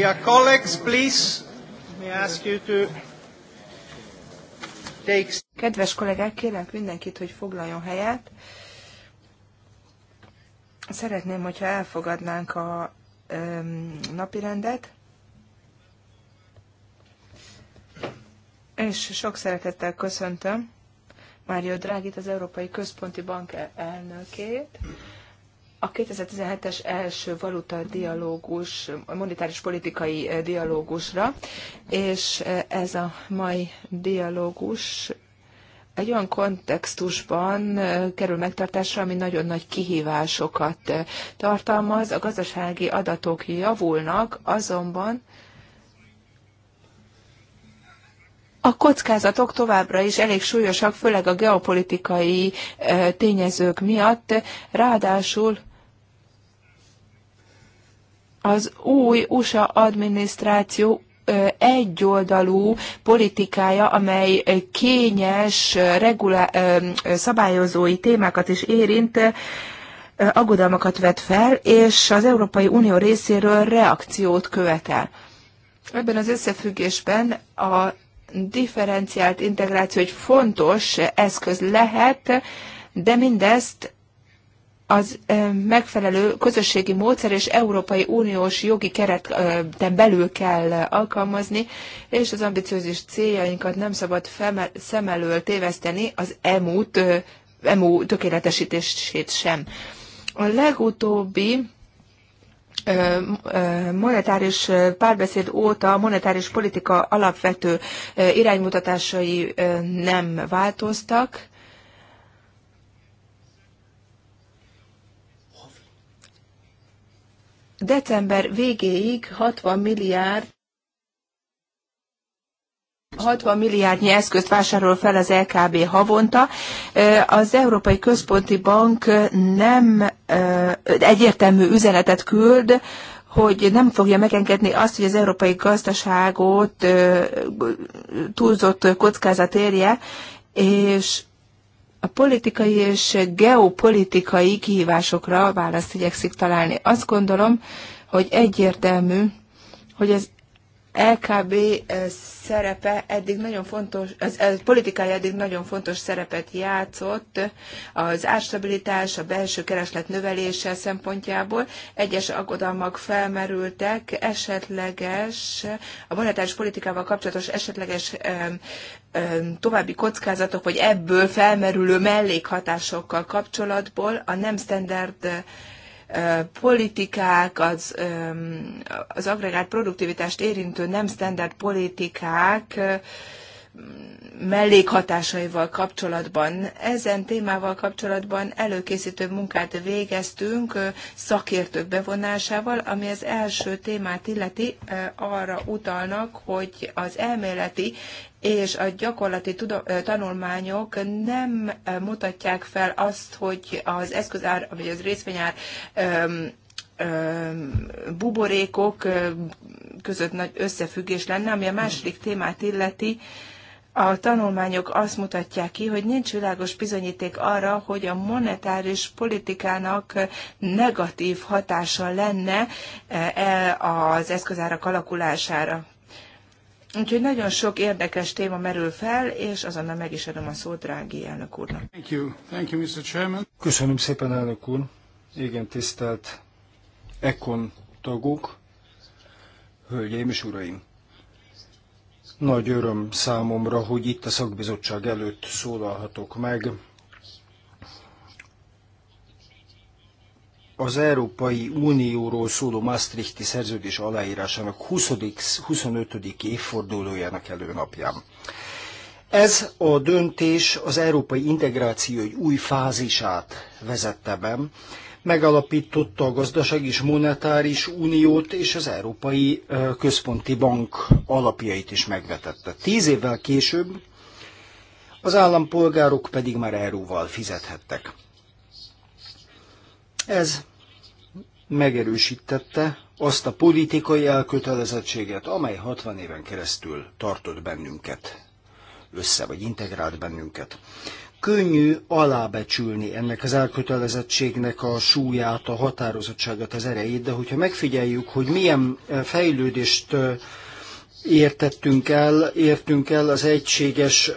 Dear colleagues, please, may I ask you to take... Kedves kollégák, kérem mindenkit, hogy foglaljon helyet. Szeretném, hogyha elfogadnánk a um, napirendet. És sok szeretettel köszöntöm Mário Drágit, az Európai Központi Bank elnökét a 2017-es első valuta dialógus, monetáris politikai eh, dialógusra, és eh, ez a mai dialógus egy olyan kontextusban eh, kerül megtartásra, ami nagyon nagy kihívásokat tartalmaz. A gazdasági adatok javulnak, azonban a kockázatok továbbra is elég súlyosak, főleg a geopolitikai tényezők miatt. Ráadásul az új USA adminisztráció egyoldalú politikája, amely kényes regulá- szabályozói témákat is érint, aggodalmakat vet fel, és az Európai Unió részéről reakciót követel. Ebben az összefüggésben a differenciált integráció egy fontos eszköz lehet, de mindezt az megfelelő közösségi módszer és Európai Uniós jogi kereten belül kell alkalmazni, és az ambiciózus céljainkat nem szabad szem elől téveszteni az EMU-t, EMU tökéletesítését sem. A legutóbbi monetáris párbeszéd óta a monetáris politika alapvető iránymutatásai nem változtak, december végéig 60 milliárd 60 milliárdnyi eszközt vásárol fel az LKB havonta. Az Európai Központi Bank nem egyértelmű üzenetet küld, hogy nem fogja megengedni azt, hogy az európai gazdaságot túlzott kockázat érje, és a politikai és geopolitikai kihívásokra választ igyekszik találni. Azt gondolom, hogy egyértelmű, hogy az LKB eh, szerepe eddig nagyon fontos, az, az eh, politikája eddig nagyon fontos szerepet játszott az árstabilitás, a belső kereslet növelése szempontjából. Egyes aggodalmak felmerültek, esetleges, a monetáris politikával kapcsolatos esetleges eh, további kockázatok, vagy ebből felmerülő mellékhatásokkal kapcsolatból a nem standard politikák, az, az agregált produktivitást érintő nem standard politikák mellékhatásaival kapcsolatban. Ezen témával kapcsolatban előkészítő munkát végeztünk szakértők bevonásával, ami az első témát illeti arra utalnak, hogy az elméleti és a gyakorlati tanulmányok nem mutatják fel azt, hogy az eszközár, vagy az részvényár buborékok között nagy összefüggés lenne, ami a második témát illeti, a tanulmányok azt mutatják ki, hogy nincs világos bizonyíték arra, hogy a monetáris politikának negatív hatása lenne e, az eszközárak alakulására. Úgyhogy nagyon sok érdekes téma merül fel, és azonnal meg is adom a szót Drági elnök úrnak. Thank you. Thank you, Mr. Chairman. Köszönöm szépen, elnök úr. Igen, tisztelt Ekon tagok, hölgyeim és uraim. Nagy öröm számomra, hogy itt a szakbizottság előtt szólalhatok meg. Az Európai Unióról szóló Maastrichti szerződés aláírásának 20. 25. évfordulójának előnapján. Ez a döntés az európai integráció egy új fázisát vezette be, megalapította a gazdaság és monetáris uniót és az Európai Központi Bank alapjait is megvetette. Tíz évvel később az állampolgárok pedig már euróval fizethettek. Ez megerősítette azt a politikai elkötelezettséget, amely 60 éven keresztül tartott bennünket össze, vagy integrált bennünket könnyű alábecsülni ennek az elkötelezettségnek a súlyát, a határozottságát, az erejét, de hogyha megfigyeljük, hogy milyen eh, fejlődést eh, értettünk el, értünk el az egységes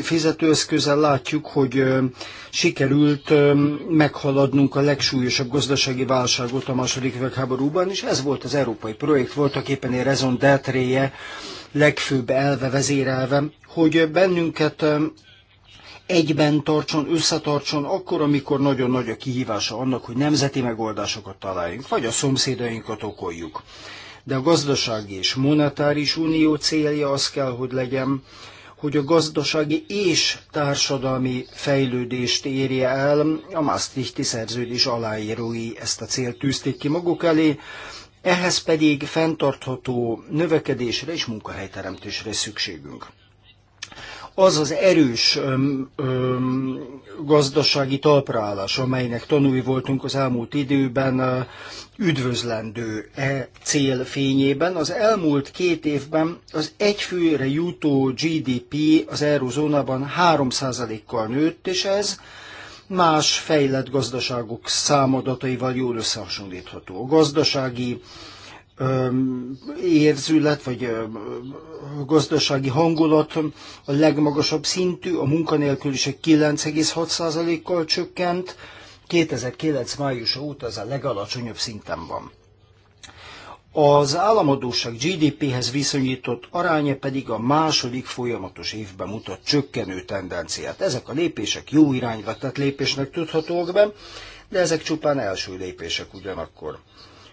fizetőeszközzel, látjuk, hogy sikerült meghaladnunk a legsúlyosabb gazdasági válságot a második világháborúban, és ez volt az európai projekt, voltak éppen egy raison legfőbb elve vezérelve, hogy bennünket egyben tartson, összetartson, akkor, amikor nagyon nagy a kihívása annak, hogy nemzeti megoldásokat találjunk, vagy a szomszédainkat okoljuk. De a gazdasági és monetáris unió célja az kell, hogy legyen, hogy a gazdasági és társadalmi fejlődést érje el. A Maastrichti szerződés aláírói ezt a célt tűzték ki maguk elé, ehhez pedig fenntartható növekedésre és munkahelyteremtésre szükségünk az az erős öm, öm, gazdasági talpraállás, amelynek tanúi voltunk az elmúlt időben, üdvözlendő e cél fényében. Az elmúlt két évben az egyfőre jutó GDP az eurozónában 3%-kal nőtt, és ez más fejlett gazdaságok számadataival jól összehasonlítható. A gazdasági érzület, vagy gazdasági hangulat a legmagasabb szintű, a munkanélküliség 9,6%-kal csökkent, 2009 május óta ez a legalacsonyabb szinten van. Az államadóság GDP-hez viszonyított aránya pedig a második folyamatos évben mutat csökkenő tendenciát. Ezek a lépések jó irányba tett lépésnek tudhatók be, de ezek csupán első lépések ugyanakkor.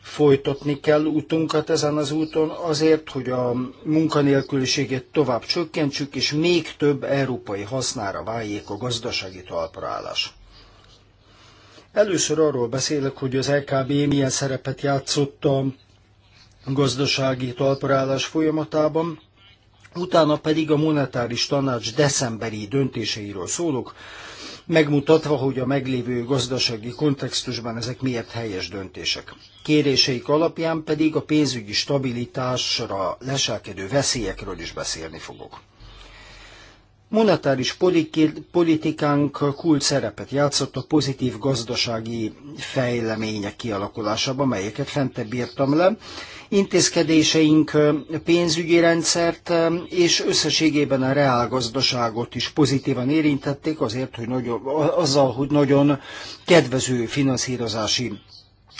Folytatni kell útunkat ezen az úton azért, hogy a munkanélküliséget tovább csökkentsük, és még több európai hasznára váljék a gazdasági talpraállás. Először arról beszélek, hogy az LKB milyen szerepet játszott a gazdasági talpraállás folyamatában, utána pedig a monetáris tanács decemberi döntéseiről szólok, megmutatva, hogy a meglévő gazdasági kontextusban ezek miért helyes döntések kéréseik alapján pedig a pénzügyi stabilitásra leselkedő veszélyekről is beszélni fogok. Monetáris politikánk kult szerepet játszott a pozitív gazdasági fejlemények kialakulásában, melyeket fentebb írtam le. Intézkedéseink pénzügyi rendszert és összességében a reálgazdaságot is pozitívan érintették, azért, hogy nagyon, azzal, hogy nagyon kedvező finanszírozási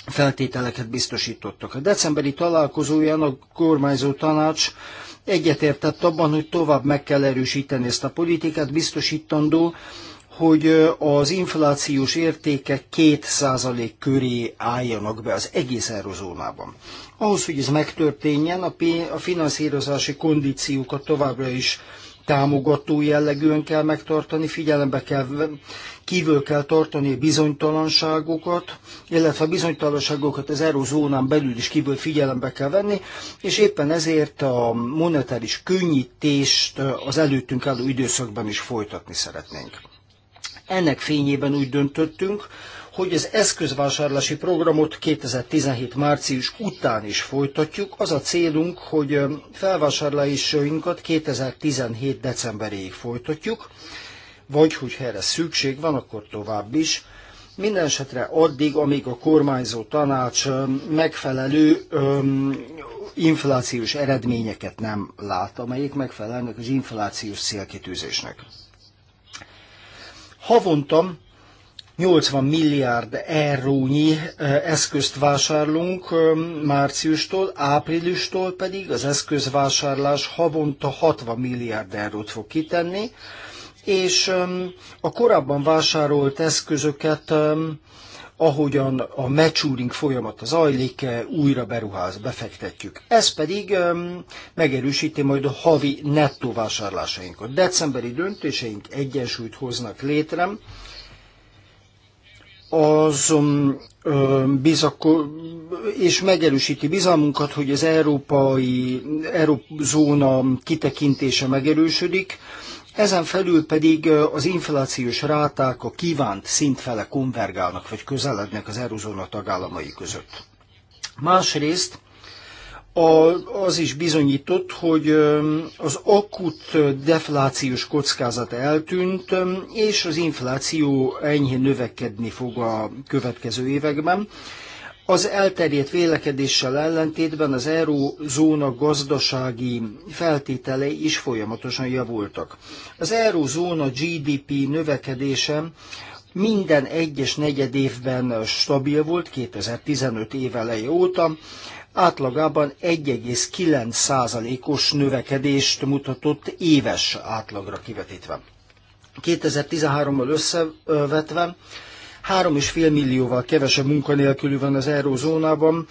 feltételeket biztosítottak. A decemberi találkozóján a kormányzó tanács egyetértett abban, hogy tovább meg kell erősíteni ezt a politikát, biztosítandó, hogy az inflációs értékek 2% köré álljanak be az egész eurozónában. Ahhoz, hogy ez megtörténjen, a, a finanszírozási kondíciókat továbbra is támogató jellegűen kell megtartani, figyelembe kell, kívül kell tartani a bizonytalanságokat, illetve a bizonytalanságokat az eurozónán belül is kívül figyelembe kell venni, és éppen ezért a monetáris könnyítést az előttünk álló időszakban is folytatni szeretnénk. Ennek fényében úgy döntöttünk, hogy az eszközvásárlási programot 2017 március után is folytatjuk. Az a célunk, hogy felvásárlásainkat 2017 decemberéig folytatjuk, vagy hogyha erre szükség van, akkor tovább is. Minden esetre addig, amíg a kormányzó tanács megfelelő öm, inflációs eredményeket nem lát, amelyek megfelelnek az inflációs célkitűzésnek. Havonta 80 milliárd eurónyi eszközt vásárlunk márciustól, áprilistól pedig az eszközvásárlás havonta 60 milliárd eurót fog kitenni, és a korábban vásárolt eszközöket ahogyan a maturing az ajlik, újra beruház, befektetjük. Ez pedig um, megerősíti majd a havi nettó vásárlásainkat. Decemberi döntéseink egyensúlyt hoznak létre az um, bizako- és megerősíti bizalmunkat, hogy az európai zóna kitekintése megerősödik, ezen felül pedig az inflációs ráták a kívánt szint fele konvergálnak, vagy közelednek az Eurózóna tagállamai között. Másrészt az is bizonyított, hogy az akut deflációs kockázat eltűnt, és az infláció enyhén növekedni fog a következő években. Az elterjedt vélekedéssel ellentétben az eurózóna gazdasági feltételei is folyamatosan javultak. Az eurózóna GDP növekedése minden egyes negyed évben stabil volt 2015 év óta, átlagában 1,9%-os növekedést mutatott éves átlagra kivetítve. 2013-mal összevetve 3,5 millióval kevesebb munkanélkülű van az eurózónában,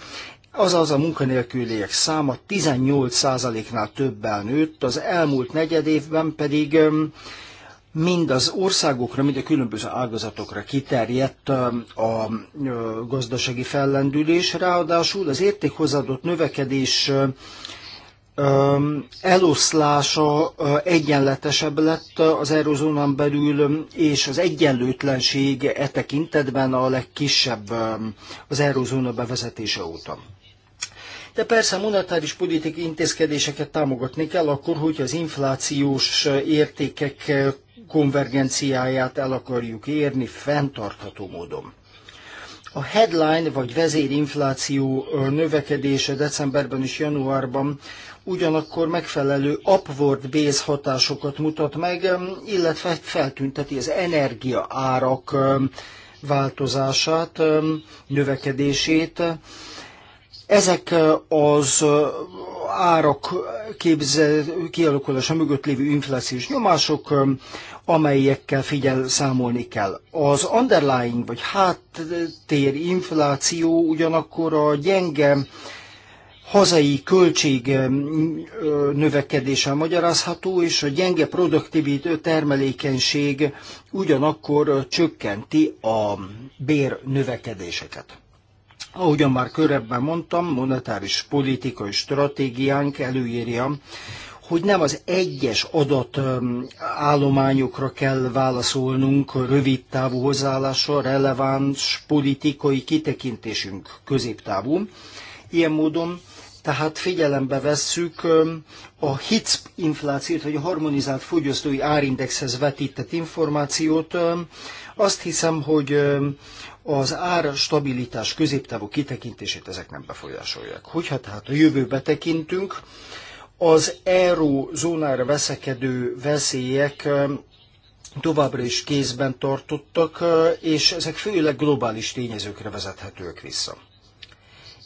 azaz a munkanélküliek száma 18%-nál többel nőtt, az elmúlt negyed évben pedig mind az országokra, mind a különböző ágazatokra kiterjedt um, a gazdasági fellendülés, ráadásul az értékhozadott növekedés um, eloszlása egyenletesebb lett az eurozónán belül, um, és az egyenlőtlenség e tekintetben a legkisebb az eurozóna bevezetése óta. De persze monetáris politikai intézkedéseket támogatni kell akkor, hogyha az inflációs értékek konvergenciáját el akarjuk érni fenntartható módon. A headline vagy vezérinfláció növekedése decemberben és januárban ugyanakkor megfelelő upward base hatásokat mutat meg, illetve feltünteti az energia árak változását, növekedését. Ezek az árak képzel, kialakulása mögött lévő inflációs nyomások amelyekkel figyel, számolni kell. Az underlying vagy háttér infláció ugyanakkor a gyenge hazai költség növekedéssel magyarázható, és a gyenge produktivitő termelékenység ugyanakkor csökkenti a bér növekedéseket. Ahogyan már körebben mondtam, monetáris politikai stratégiánk előírja, hogy nem az egyes adat állományokra kell válaszolnunk rövid távú hozzáállással, releváns politikai kitekintésünk középtávú. Ilyen módon tehát figyelembe vesszük a HICP inflációt, vagy a harmonizált fogyasztói árindexhez vetített információt. Azt hiszem, hogy az árstabilitás középtávú kitekintését ezek nem befolyásolják. Hogyha tehát a jövőbe tekintünk, az eurózónára veszekedő veszélyek továbbra is kézben tartottak, és ezek főleg globális tényezőkre vezethetők vissza.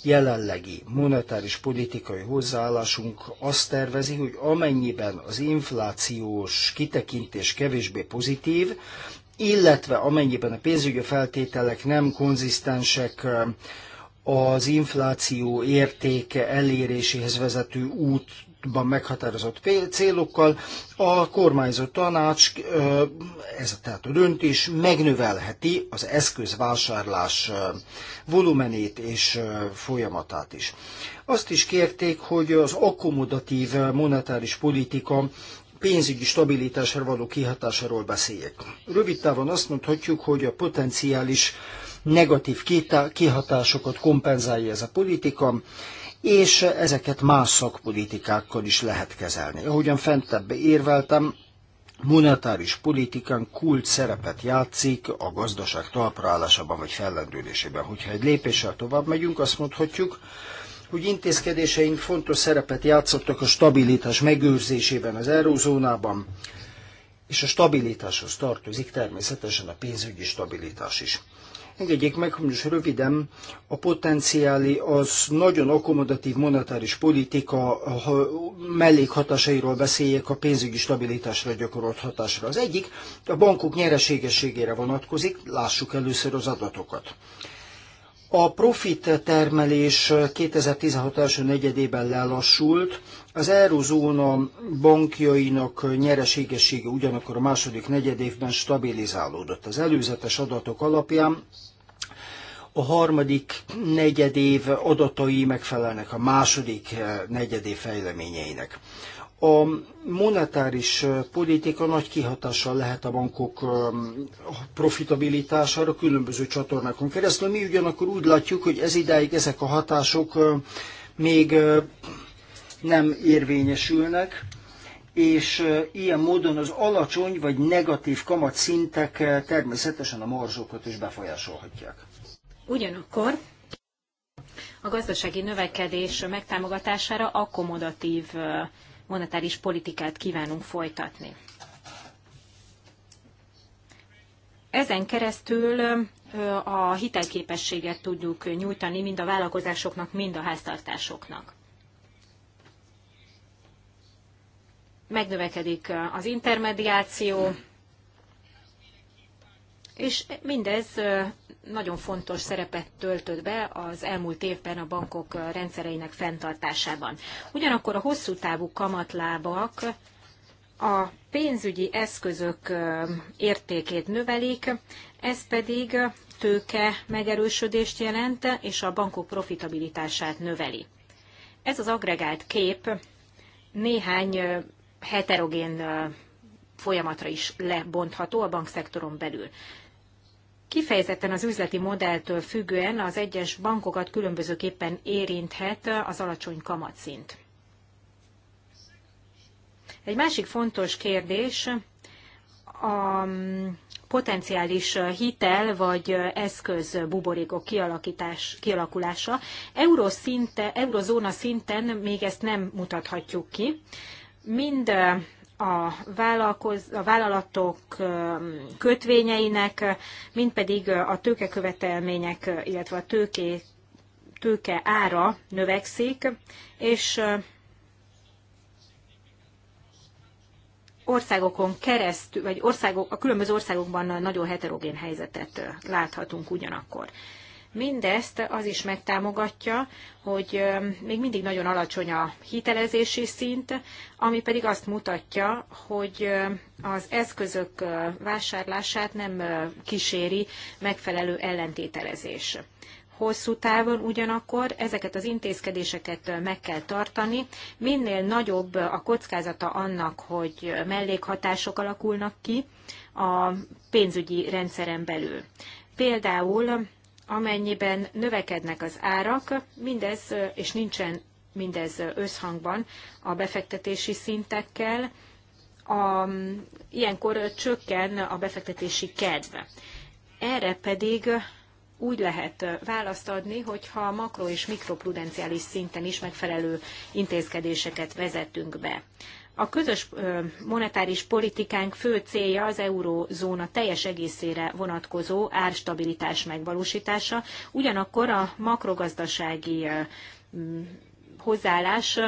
Jelenlegi monetáris politikai hozzáállásunk azt tervezi, hogy amennyiben az inflációs kitekintés kevésbé pozitív, illetve amennyiben a pénzügyi feltételek nem konzisztensek az infláció értéke eléréséhez vezető út ban meghatározott célokkal, a kormányzó tanács, ez a tehát a döntés, megnövelheti az eszközvásárlás volumenét és folyamatát is. Azt is kérték, hogy az akkomodatív monetáris politika pénzügyi stabilitásra való kihatásáról beszéljek. Rövid távon azt mondhatjuk, hogy a potenciális negatív kihatásokat kompenzálja ez a politika, és ezeket más szakpolitikákkal is lehet kezelni. Ahogyan fentebb érveltem, monetáris politikán kult szerepet játszik a gazdaság talpraállásában vagy fellendülésében. Hogyha egy lépéssel tovább megyünk, azt mondhatjuk, hogy intézkedéseink fontos szerepet játszottak a stabilitás megőrzésében az eurózónában, és a stabilitáshoz tartozik természetesen a pénzügyi stabilitás is. Engedjék meg, hogy röviden a potenciáli, az nagyon akkomodatív monetáris politika mellékhatásairól beszéljek a pénzügyi stabilitásra gyakorolt hatásra. Az egyik a bankok nyereségességére vonatkozik, lássuk először az adatokat. A profit termelés 2016 első negyedében lelassult, az eurozóna bankjainak nyereségessége ugyanakkor a második negyedévben stabilizálódott. Az előzetes adatok alapján a harmadik negyedév adatai megfelelnek a második eh, negyedév fejleményeinek. A monetáris eh, politika nagy kihatással lehet a bankok eh, profitabilitására különböző csatornákon keresztül. Mi ugyanakkor úgy látjuk, hogy ez idáig ezek a hatások még nem érvényesülnek, és ilyen módon az alacsony vagy negatív kamatszintek természetesen a marzsokat is befolyásolhatják. Ugyanakkor a gazdasági növekedés megtámogatására akkomodatív monetáris politikát kívánunk folytatni. Ezen keresztül a hitelképességet tudjuk nyújtani mind a vállalkozásoknak, mind a háztartásoknak. Megnövekedik az intermediáció, és mindez nagyon fontos szerepet töltött be az elmúlt évben a bankok rendszereinek fenntartásában. Ugyanakkor a hosszú távú kamatlábak a pénzügyi eszközök értékét növelik, ez pedig tőke megerősödést jelent, és a bankok profitabilitását növeli. Ez az agregált kép néhány heterogén folyamatra is lebontható a bankszektoron belül kifejezetten az üzleti modelltől függően az egyes bankokat különbözőképpen érinthet az alacsony kamatszint. Egy másik fontos kérdés a potenciális hitel vagy eszköz buborékok kialakítás, kialakulása. Euró szinte, eurozóna szinten még ezt nem mutathatjuk ki. Mind a, vállalkoz, a vállalatok kötvényeinek, mint pedig a tőkekövetelmények, illetve a tőké, tőke ára növekszik, és országokon keresztül, vagy országok, a különböző országokban nagyon heterogén helyzetet láthatunk ugyanakkor. Mindezt az is megtámogatja, hogy még mindig nagyon alacsony a hitelezési szint, ami pedig azt mutatja, hogy az eszközök vásárlását nem kíséri megfelelő ellentételezés hosszú távon ugyanakkor ezeket az intézkedéseket meg kell tartani. Minél nagyobb a kockázata annak, hogy mellékhatások alakulnak ki a pénzügyi rendszeren belül. Például amennyiben növekednek az árak, mindez, és nincsen mindez összhangban a befektetési szintekkel, a, ilyenkor csökken a befektetési kedv. Erre pedig úgy lehet választ adni, hogyha makro- és mikroprudenciális szinten is megfelelő intézkedéseket vezetünk be. A közös monetáris politikánk fő célja az eurózóna teljes egészére vonatkozó árstabilitás megvalósítása, ugyanakkor a makrogazdasági hozzáállás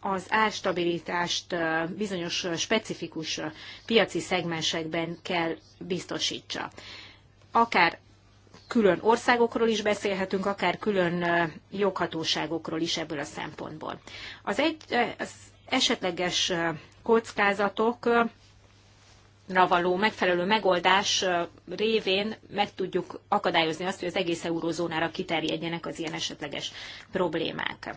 az árstabilitást bizonyos specifikus piaci szegmensekben kell biztosítsa. Akár külön országokról is beszélhetünk, akár külön joghatóságokról is ebből a szempontból. Az, egy, az esetleges kockázatokra való megfelelő megoldás révén meg tudjuk akadályozni azt, hogy az egész eurozónára kiterjedjenek az ilyen esetleges problémák.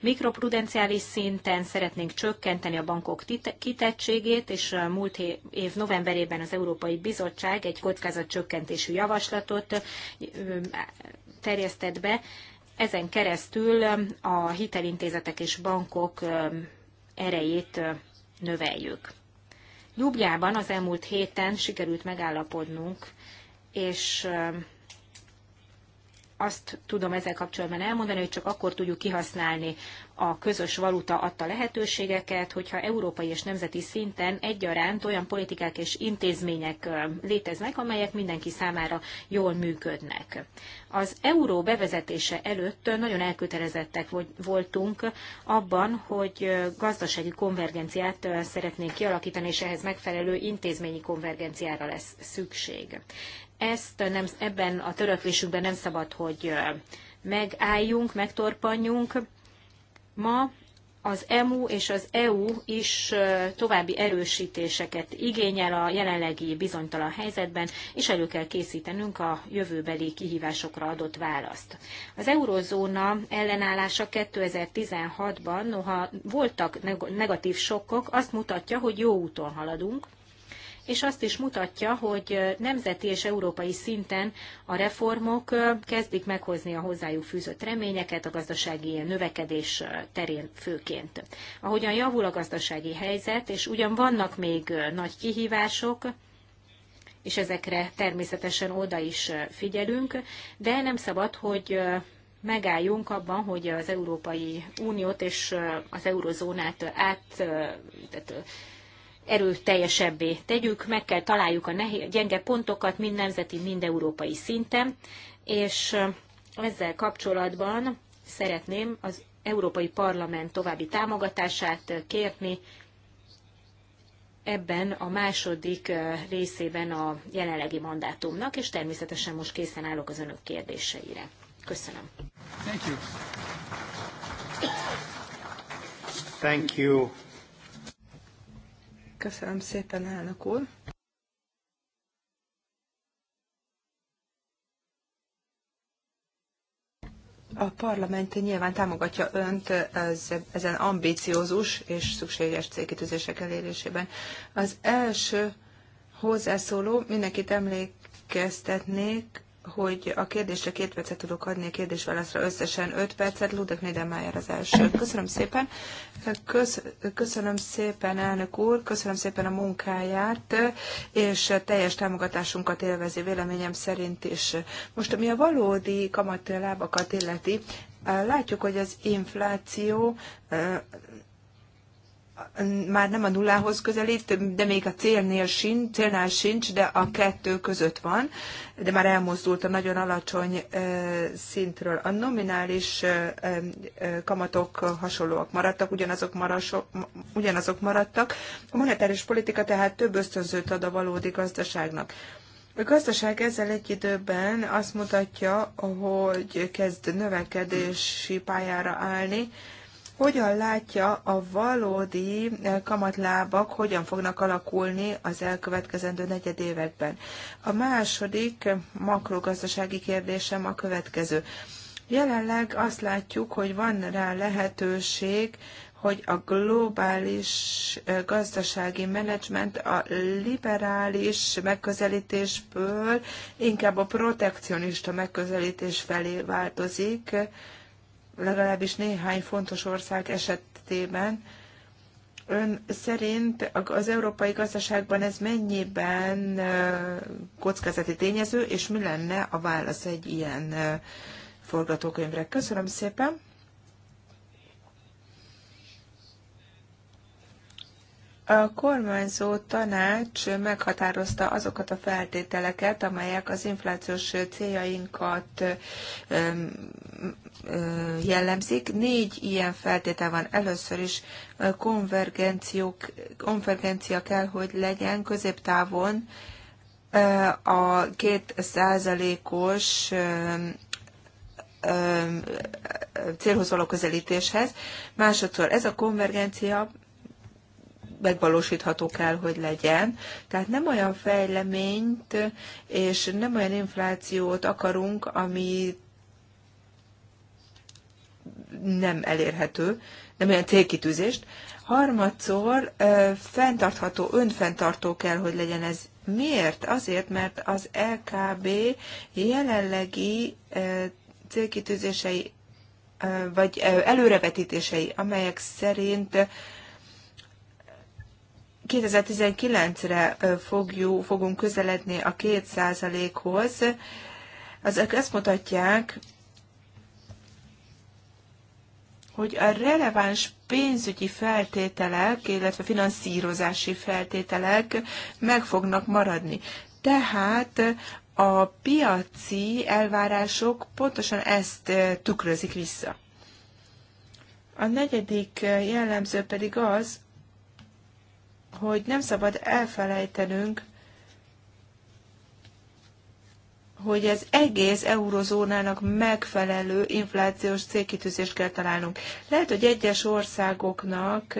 Mikroprudenciális szinten szeretnénk csökkenteni a bankok kitettségét, és múlt év novemberében az Európai Bizottság egy kockázatcsökkentésű javaslatot terjesztett be. Ezen keresztül a hitelintézetek és bankok erejét növeljük. Ljubljában az elmúlt héten sikerült megállapodnunk, és azt tudom ezzel kapcsolatban elmondani, hogy csak akkor tudjuk kihasználni a közös valuta adta lehetőségeket, hogyha európai és nemzeti szinten egyaránt olyan politikák és intézmények léteznek, amelyek mindenki számára jól működnek. Az euró bevezetése előtt nagyon elkötelezettek voltunk abban, hogy gazdasági konvergenciát szeretnénk kialakítani, és ehhez megfelelő intézményi konvergenciára lesz szükség ezt nem, ebben a töröklésünkben nem szabad, hogy megálljunk, megtorpanjunk. Ma az EMU és az EU is további erősítéseket igényel a jelenlegi bizonytalan helyzetben, és elő kell készítenünk a jövőbeli kihívásokra adott választ. Az eurozóna ellenállása 2016-ban, noha voltak negatív sokkok, azt mutatja, hogy jó úton haladunk, és azt is mutatja, hogy nemzeti és európai szinten a reformok kezdik meghozni a hozzájuk fűzött reményeket a gazdasági növekedés terén főként. Ahogyan javul a gazdasági helyzet, és ugyan vannak még nagy kihívások, és ezekre természetesen oda is figyelünk, de nem szabad, hogy megálljunk abban, hogy az Európai Uniót és az eurozónát át, tehát erőteljesebbé tegyük, meg kell találjuk a gyenge pontokat mind nemzeti, mind európai szinten, és ezzel kapcsolatban szeretném az Európai Parlament további támogatását kérni ebben a második részében a jelenlegi mandátumnak, és természetesen most készen állok az önök kérdéseire. Köszönöm. Thank you. Thank you. Köszönöm szépen, elnök úr. A parlament nyilván támogatja önt ez, ezen ambíciózus és szükséges célkitűzések elérésében. Az első hozzászóló, mindenkit emlékeztetnék hogy a kérdésre két percet tudok adni, a kérdésválaszra összesen öt percet. Ludek Niedermayer az első. Köszönöm szépen. Kösz, köszönöm szépen, elnök úr, köszönöm szépen a munkáját, és teljes támogatásunkat élvezi véleményem szerint is. Most, ami a valódi lábakat illeti, Látjuk, hogy az infláció már nem a nullához közelít, de még a célnél sincs, célnál sincs, de a kettő között van, de már elmozdult a nagyon alacsony szintről. A nominális kamatok hasonlóak maradtak, ugyanazok, marasok, ugyanazok maradtak. A monetáris politika tehát több ösztönzőt ad a valódi gazdaságnak. A gazdaság ezzel egy időben azt mutatja, hogy kezd növekedési pályára állni, hogyan látja a valódi eh, kamatlábak, hogyan fognak alakulni az elkövetkezendő negyed években? A második eh, makrogazdasági kérdésem a következő. Jelenleg azt látjuk, hogy van rá lehetőség, hogy a globális eh, gazdasági menedzsment a liberális megközelítésből inkább a protekcionista megközelítés felé változik legalábbis néhány fontos ország esetében. Ön szerint az európai gazdaságban ez mennyiben kockázati tényező, és mi lenne a válasz egy ilyen forgatókönyvre? Köszönöm szépen! A kormányzó tanács meghatározta azokat a feltételeket, amelyek az inflációs céljainkat jellemzik. Négy ilyen feltétel van. Először is konvergencia kell, hogy legyen középtávon a két százalékos célhoz való közelítéshez. Másodszor ez a konvergencia megvalósítható kell, hogy legyen. Tehát nem olyan fejleményt és nem olyan inflációt akarunk, ami nem elérhető, nem olyan célkitűzést. Harmadszor fenntartható, önfenntartó kell, hogy legyen ez. Miért? Azért, mert az LKB jelenlegi célkitűzései vagy előrevetítései, amelyek szerint 2019-re fogjuk, fogunk közeledni a 2%-hoz. Azok ezt mutatják, hogy a releváns pénzügyi feltételek, illetve finanszírozási feltételek meg fognak maradni. Tehát a piaci elvárások pontosan ezt tükrözik vissza. A negyedik jellemző pedig az, hogy nem szabad elfelejtenünk, hogy ez egész eurozónának megfelelő inflációs célkitűzést kell találnunk. Lehet, hogy egyes országoknak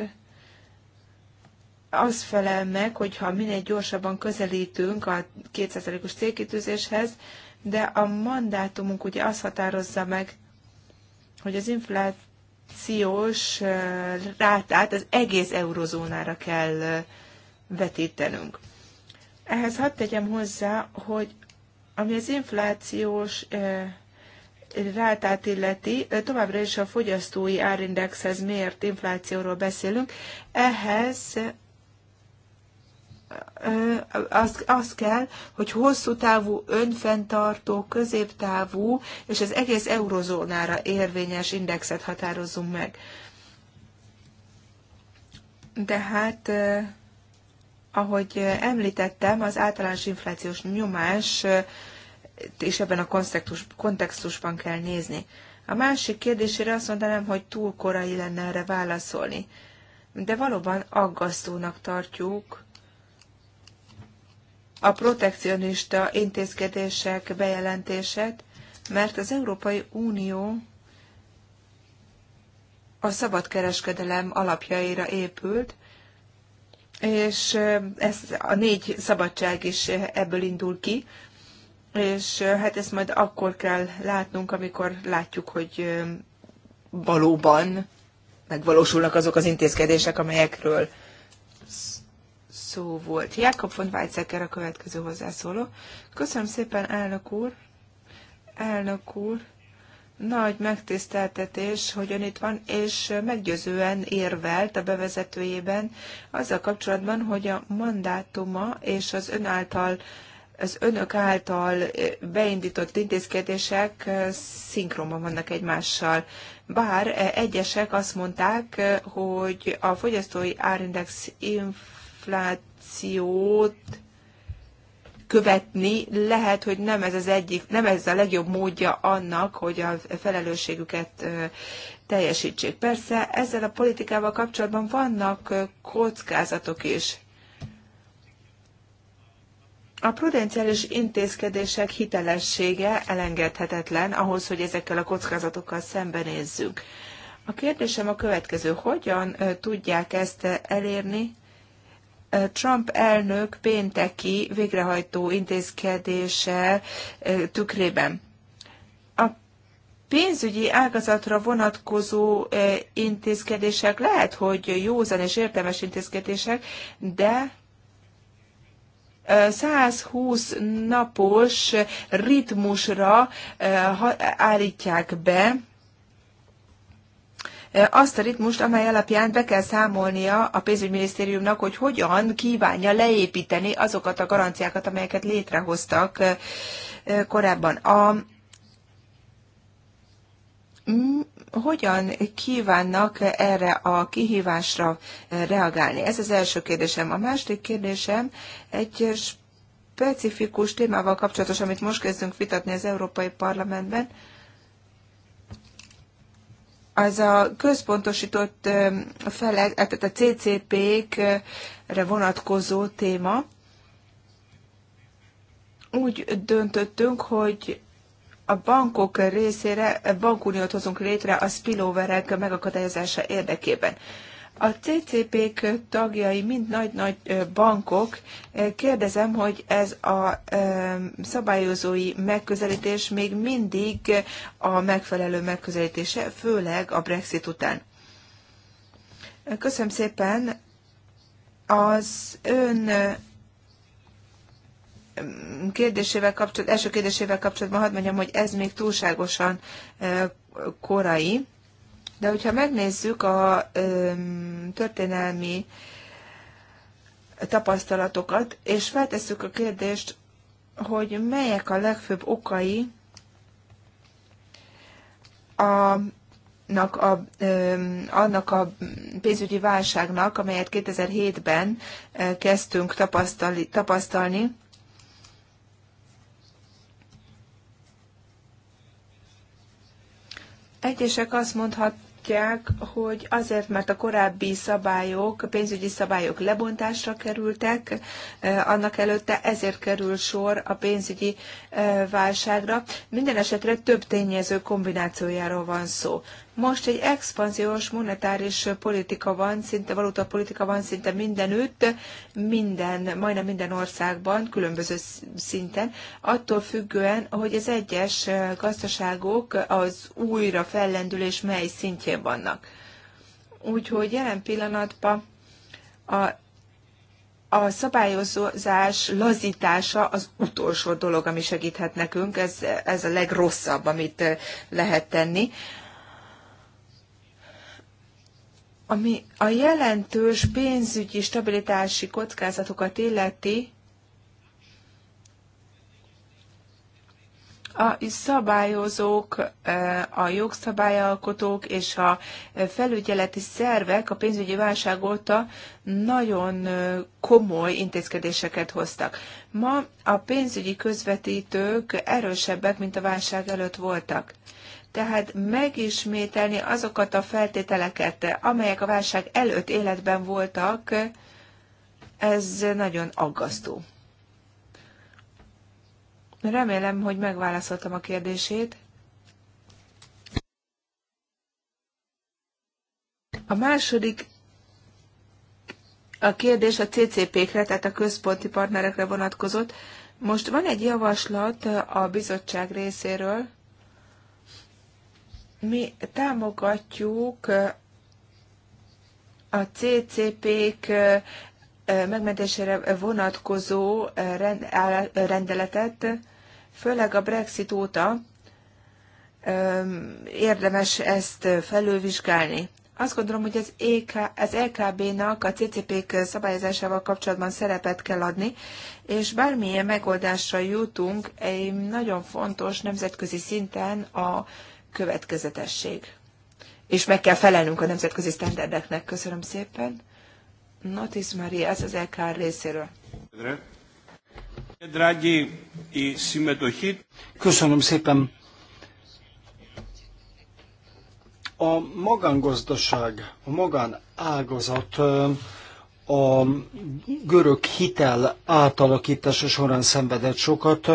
az felel meg, hogyha minél gyorsabban közelítünk a 2%-os célkitűzéshez, de a mandátumunk ugye azt határozza meg, hogy az infláció inflációs rátát az egész eurozónára kell vetítenünk. Ehhez hadd tegyem hozzá, hogy ami az inflációs rátát illeti, továbbra is a fogyasztói árindexhez mért inflációról beszélünk, ehhez az, az kell, hogy hosszú távú, önfenntartó, középtávú és az egész eurozónára érvényes indexet határozzunk meg. De hát, ahogy említettem, az általános inflációs nyomás és ebben a kontextus, kontextusban kell nézni. A másik kérdésére azt mondanám, hogy túl korai lenne erre válaszolni. De valóban aggasztónak tartjuk, a protekcionista intézkedések bejelentését, mert az Európai Unió a szabadkereskedelem alapjaira épült, és ez a négy szabadság is ebből indul ki, és hát ezt majd akkor kell látnunk, amikor látjuk, hogy valóban megvalósulnak azok az intézkedések, amelyekről szó volt. Jakob von Weizsäcker a következő hozzászóló. Köszönöm szépen, elnök úr. Elnök úr, nagy megtiszteltetés, hogy ön itt van, és meggyőzően érvelt a bevezetőjében azzal kapcsolatban, hogy a mandátuma és az ön által az önök által beindított intézkedések szinkronban vannak egymással. Bár egyesek azt mondták, hogy a fogyasztói árindex inf inflációt követni, lehet, hogy nem ez az egyik, nem ez a legjobb módja annak, hogy a felelősségüket teljesítsék. Persze ezzel a politikával kapcsolatban vannak kockázatok is. A prudenciális intézkedések hitelessége elengedhetetlen ahhoz, hogy ezekkel a kockázatokkal szembenézzünk. A kérdésem a következő, hogyan tudják ezt elérni? Trump elnök pénteki végrehajtó intézkedése tükrében. A pénzügyi ágazatra vonatkozó intézkedések lehet, hogy józan és értelmes intézkedések, de 120 napos ritmusra állítják be azt a ritmust, amely alapján be kell számolnia a pénzügyminisztériumnak, hogy hogyan kívánja leépíteni azokat a garanciákat, amelyeket létrehoztak korábban. A, hogyan kívánnak erre a kihívásra reagálni? Ez az első kérdésem. A második kérdésem egy specifikus témával kapcsolatos, amit most kezdünk vitatni az Európai Parlamentben az a központosított felek, tehát a CCP-kre vonatkozó téma. Úgy döntöttünk, hogy a bankok részére bankuniót hozunk létre a spillover-ek megakadályozása érdekében. A ccp tagjai mind nagy-nagy bankok. Kérdezem, hogy ez a szabályozói megközelítés még mindig a megfelelő megközelítése, főleg a Brexit után. Köszönöm szépen az ön kérdésével kapcsolatban, első kérdésével kapcsolatban hadd mondjam, hogy ez még túlságosan korai. De hogyha megnézzük a történelmi tapasztalatokat, és feltesszük a kérdést, hogy melyek a legfőbb okai a a, a, annak a pénzügyi válságnak, amelyet 2007-ben kezdtünk tapasztali, tapasztalni. Egyesek azt mondhat, látják, hogy azért, mert a korábbi szabályok, a pénzügyi szabályok lebontásra kerültek, annak előtte ezért kerül sor a pénzügyi válságra. Minden esetre több tényező kombinációjáról van szó. Most egy expanziós monetáris politika van, szinte valuta politika van szinte mindenütt, minden, majdnem minden országban, különböző szinten, attól függően, hogy az egyes gazdaságok az újra fellendülés mely szintjén vannak. Úgyhogy jelen pillanatban a a szabályozás lazítása az utolsó dolog, ami segíthet nekünk, ez, ez a legrosszabb, amit lehet tenni. Ami a jelentős pénzügyi stabilitási kockázatokat illeti, a szabályozók, eh, a jogszabályalkotók és a felügyeleti szervek a pénzügyi válság óta nagyon eh, komoly intézkedéseket hoztak. Ma a pénzügyi közvetítők erősebbek, mint a válság előtt voltak tehát megismételni azokat a feltételeket, amelyek a válság előtt életben voltak, ez nagyon aggasztó. Remélem, hogy megválaszoltam a kérdését. A második a kérdés a CCP-kre, tehát a központi partnerekre vonatkozott. Most van egy javaslat a bizottság részéről, mi támogatjuk a CCP-k megmentésére vonatkozó rendeletet, főleg a Brexit óta érdemes ezt felülvizsgálni. Azt gondolom, hogy az, EK, az LKB-nak e a CCP-k szabályozásával kapcsolatban szerepet kell adni, és bármilyen megoldásra jutunk, egy nagyon fontos nemzetközi szinten a következetesség. És meg kell felelnünk a nemzetközi sztenderdeknek. Köszönöm szépen. Notis Maria, ez az LKR részéről. Köszönöm szépen. A magángazdaság, a magánágazat a görög hitel átalakítása során szenvedett sokat.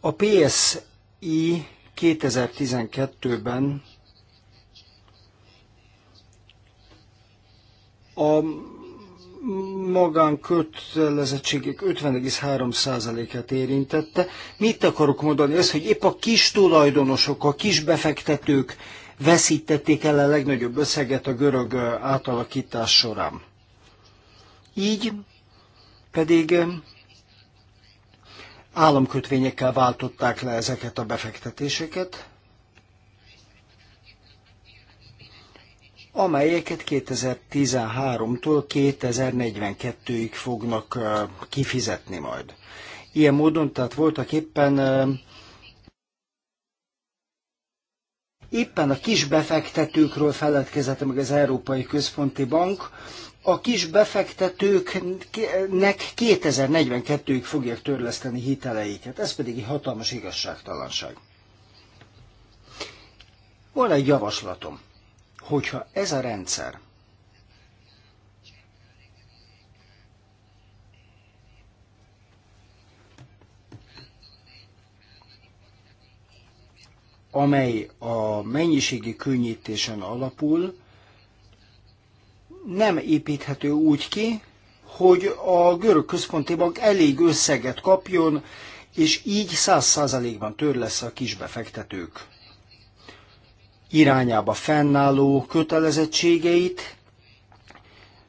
A PSI 2012-ben a magánkötelezettségek 50,3%-át érintette. Mit akarok mondani? Ez, hogy épp a kis tulajdonosok, a kis befektetők veszítették el a legnagyobb összeget a görög átalakítás során. Így pedig államkötvényekkel váltották le ezeket a befektetéseket, amelyeket 2013-tól 2042-ig fognak kifizetni majd. Ilyen módon, tehát voltak éppen éppen a kis befektetőkről feledkezett meg az Európai Központi Bank, a kis befektetőknek 2042-ig fogják törleszteni hiteleiket. Ez pedig egy hatalmas igazságtalanság. Van egy javaslatom, hogyha ez a rendszer amely a mennyiségi könnyítésen alapul, nem építhető úgy ki, hogy a görög központi bank elég összeget kapjon, és így száz százalékban tör lesz a kisbefektetők irányába fennálló kötelezettségeit,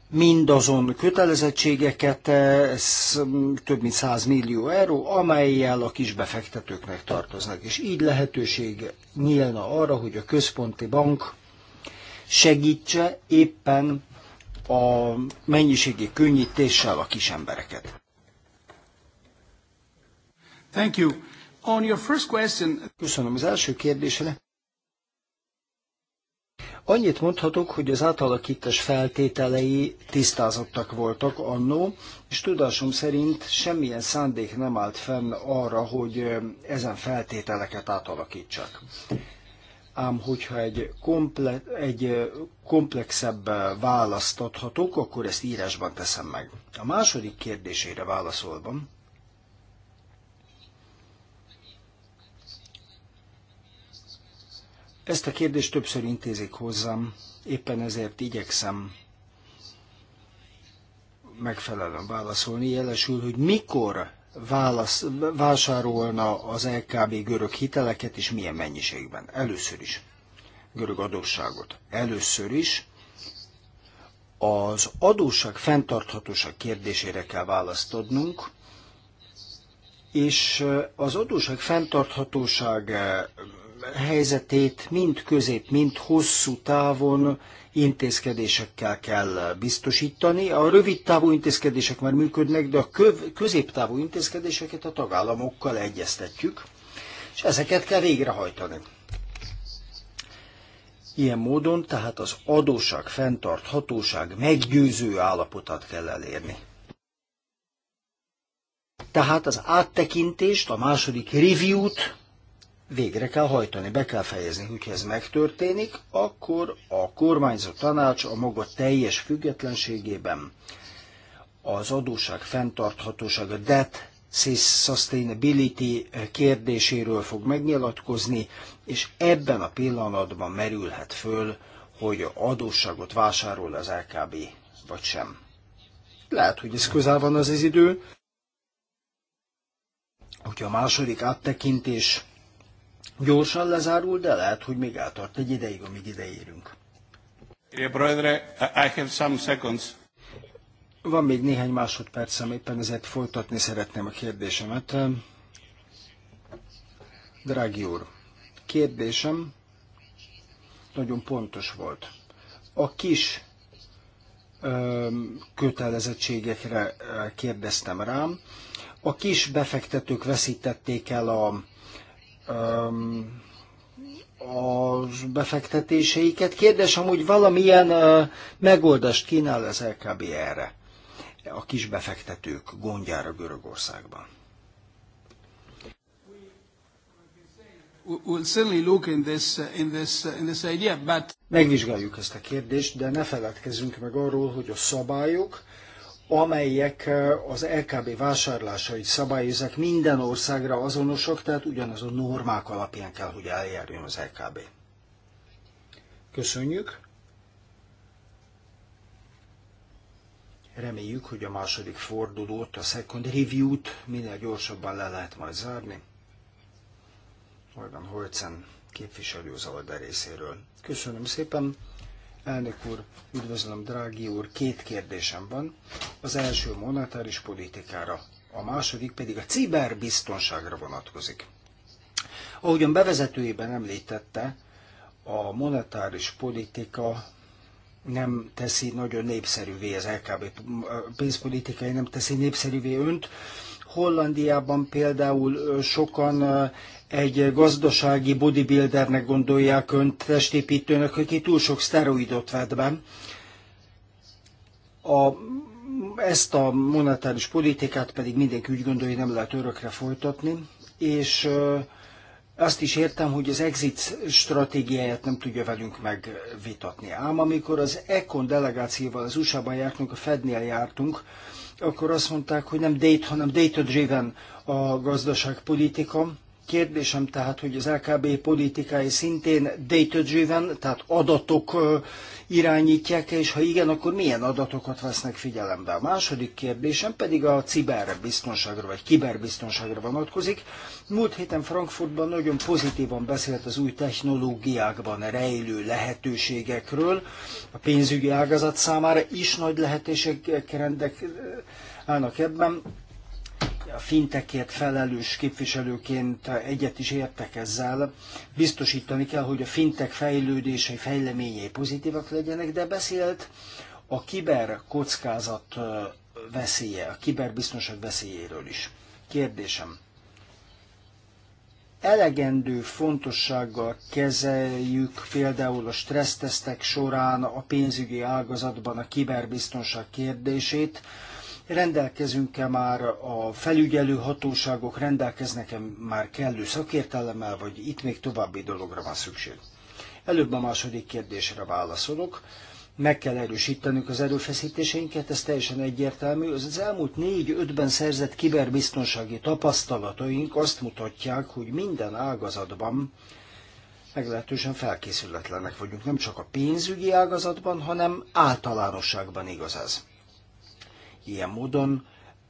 mindazon kötelezettségeket, ez eh, több mint 100 millió euró, amelyel a kisbefektetőknek tartoznak. És így lehetőség nyílna arra, hogy a központi bank segítse éppen a mennyiségi könnyítéssel a kis embereket. Thank you. On your first question... Köszönöm az első kérdésre. Annyit mondhatok, hogy az átalakítás feltételei tisztázottak voltak annó, és tudásom szerint semmilyen szándék nem állt fenn arra, hogy ezen feltételeket átalakítsak ám hogyha egy, komple, egy komplexebb választ adhatok, akkor ezt írásban teszem meg. A második kérdésére válaszolva, ezt a kérdést többször intézik hozzám, éppen ezért igyekszem megfelelően válaszolni, jelesül, hogy mikor válasz, vásárolna az LKB görög hiteleket, és milyen mennyiségben? Először is. Görög adósságot. Először is az adósság fenntarthatóság kérdésére kell választ adnunk, és az adósság fenntarthatóság helyzetét mind közép, mind hosszú távon intézkedésekkel kell biztosítani. A rövid távú intézkedések már működnek, de a köv- középtávú intézkedéseket a tagállamokkal egyeztetjük, és ezeket kell végrehajtani. Ilyen módon tehát az adóság, fenntarthatóság meggyőző állapotát kell elérni. Tehát az áttekintést, a második review-t végre kell hajtani, be kell fejezni. Hogyha ez megtörténik, akkor a kormányzó tanács a maga teljes függetlenségében az adóság fenntarthatósága, debt sustainability kérdéséről fog megnyilatkozni, és ebben a pillanatban merülhet föl, hogy adósságot vásárol az LKB, vagy sem. Lehet, hogy ez közel van az, az idő, hogyha a második áttekintés gyorsan lezárul, de lehet, hogy még eltart egy ideig, amíg ideérünk. I have some seconds. Van még néhány másodpercem, éppen ezért folytatni szeretném a kérdésemet. Drági úr, kérdésem nagyon pontos volt. A kis ö, kötelezettségekre eh, kérdeztem rám. A kis befektetők veszítették el a Um, a befektetéseiket. Kérdés amúgy valamilyen uh, megoldást kínál az LKB erre, a kis befektetők gondjára Görögországban. Uh, uh, Megvizsgáljuk ezt a kérdést, de ne feledkezzünk meg arról, hogy a szabályok amelyek az LKB vásárlásait szabályozzák, minden országra azonosak, tehát ugyanaz a normák alapján kell, hogy eljárjon az LKB. Köszönjük! Reméljük, hogy a második fordulót, a second review-t minél gyorsabban le lehet majd zárni. Olyan Holcen képviselő az részéről. Köszönöm szépen! Elnök úr, üdvözlöm, drági úr, két kérdésem van. Az első monetáris politikára, a második pedig a ciberbiztonságra vonatkozik. Ahogyan bevezetőjében említette, a monetáris politika nem teszi nagyon népszerűvé az LKB pénzpolitikai, nem teszi népszerűvé önt. Hollandiában például sokan egy gazdasági bodybuildernek gondolják önt, testépítőnek, aki túl sok szteroidot vett be. A, ezt a monetáris politikát pedig mindenki úgy gondolja, hogy nem lehet örökre folytatni, és azt is értem, hogy az exit stratégiáját nem tudja velünk megvitatni. Ám amikor az Econ delegációval az USA-ban jártunk, a Fednél jártunk, akkor azt mondták, hogy nem date, hanem data-driven a gazdaságpolitika, Kérdésem tehát, hogy az LKB politikái szintén data-driven, tehát adatok irányítják -e, és ha igen, akkor milyen adatokat vesznek figyelembe? A második kérdésem pedig a ciberbiztonságra, vagy kiberbiztonságra vonatkozik. Múlt héten Frankfurtban nagyon pozitívan beszélt az új technológiákban rejlő lehetőségekről. A pénzügyi ágazat számára is nagy lehetőségek rendek állnak ebben a fintekért felelős képviselőként egyet is értek ezzel. Biztosítani kell, hogy a fintek fejlődései, fejleményei pozitívak legyenek, de beszélt a kiber kockázat veszélye, a kiberbiztonság veszélyéről is. Kérdésem. Elegendő fontossággal kezeljük például a stressztesztek során a pénzügyi ágazatban a kiberbiztonság kérdését, rendelkezünk-e már a felügyelő hatóságok, rendelkeznek-e már kellő szakértelemmel, vagy itt még további dologra van szükség? Előbb a második kérdésre válaszolok. Meg kell erősítenünk az erőfeszítéseinket, ez teljesen egyértelmű. Az elmúlt négy-ötben szerzett kiberbiztonsági tapasztalataink azt mutatják, hogy minden ágazatban meglehetősen felkészületlenek vagyunk, nem csak a pénzügyi ágazatban, hanem általánosságban igaz ez. Ilyen módon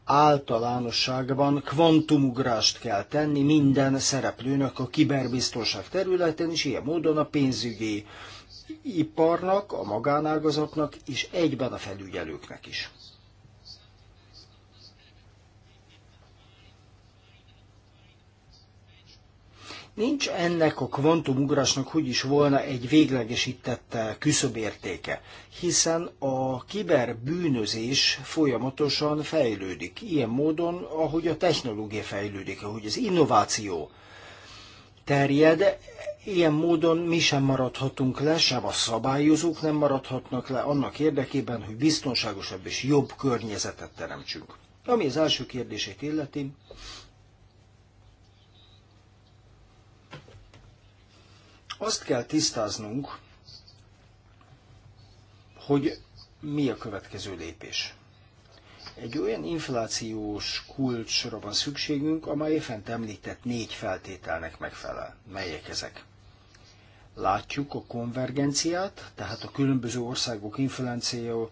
általánosságban kvantumugrást kell tenni minden szereplőnek a kiberbiztonság területén, és ilyen módon a pénzügyi iparnak, a magánágazatnak és egyben a felügyelőknek is. Nincs ennek a kvantumugrásnak hogy is volna egy véglegesített eh, küszöbértéke, hiszen a kiberbűnözés folyamatosan fejlődik. Ilyen módon, ahogy a technológia fejlődik, ahogy az innováció terjed, ilyen módon mi sem maradhatunk le, sem a szabályozók nem maradhatnak le annak érdekében, hogy biztonságosabb és jobb környezetet teremtsünk. Ami az első kérdését illeti, Azt kell tisztáznunk, hogy mi a következő lépés. Egy olyan inflációs kulcsra van szükségünk, amely fent említett négy feltételnek megfelel. Melyek ezek? Látjuk a konvergenciát, tehát a különböző országok infláció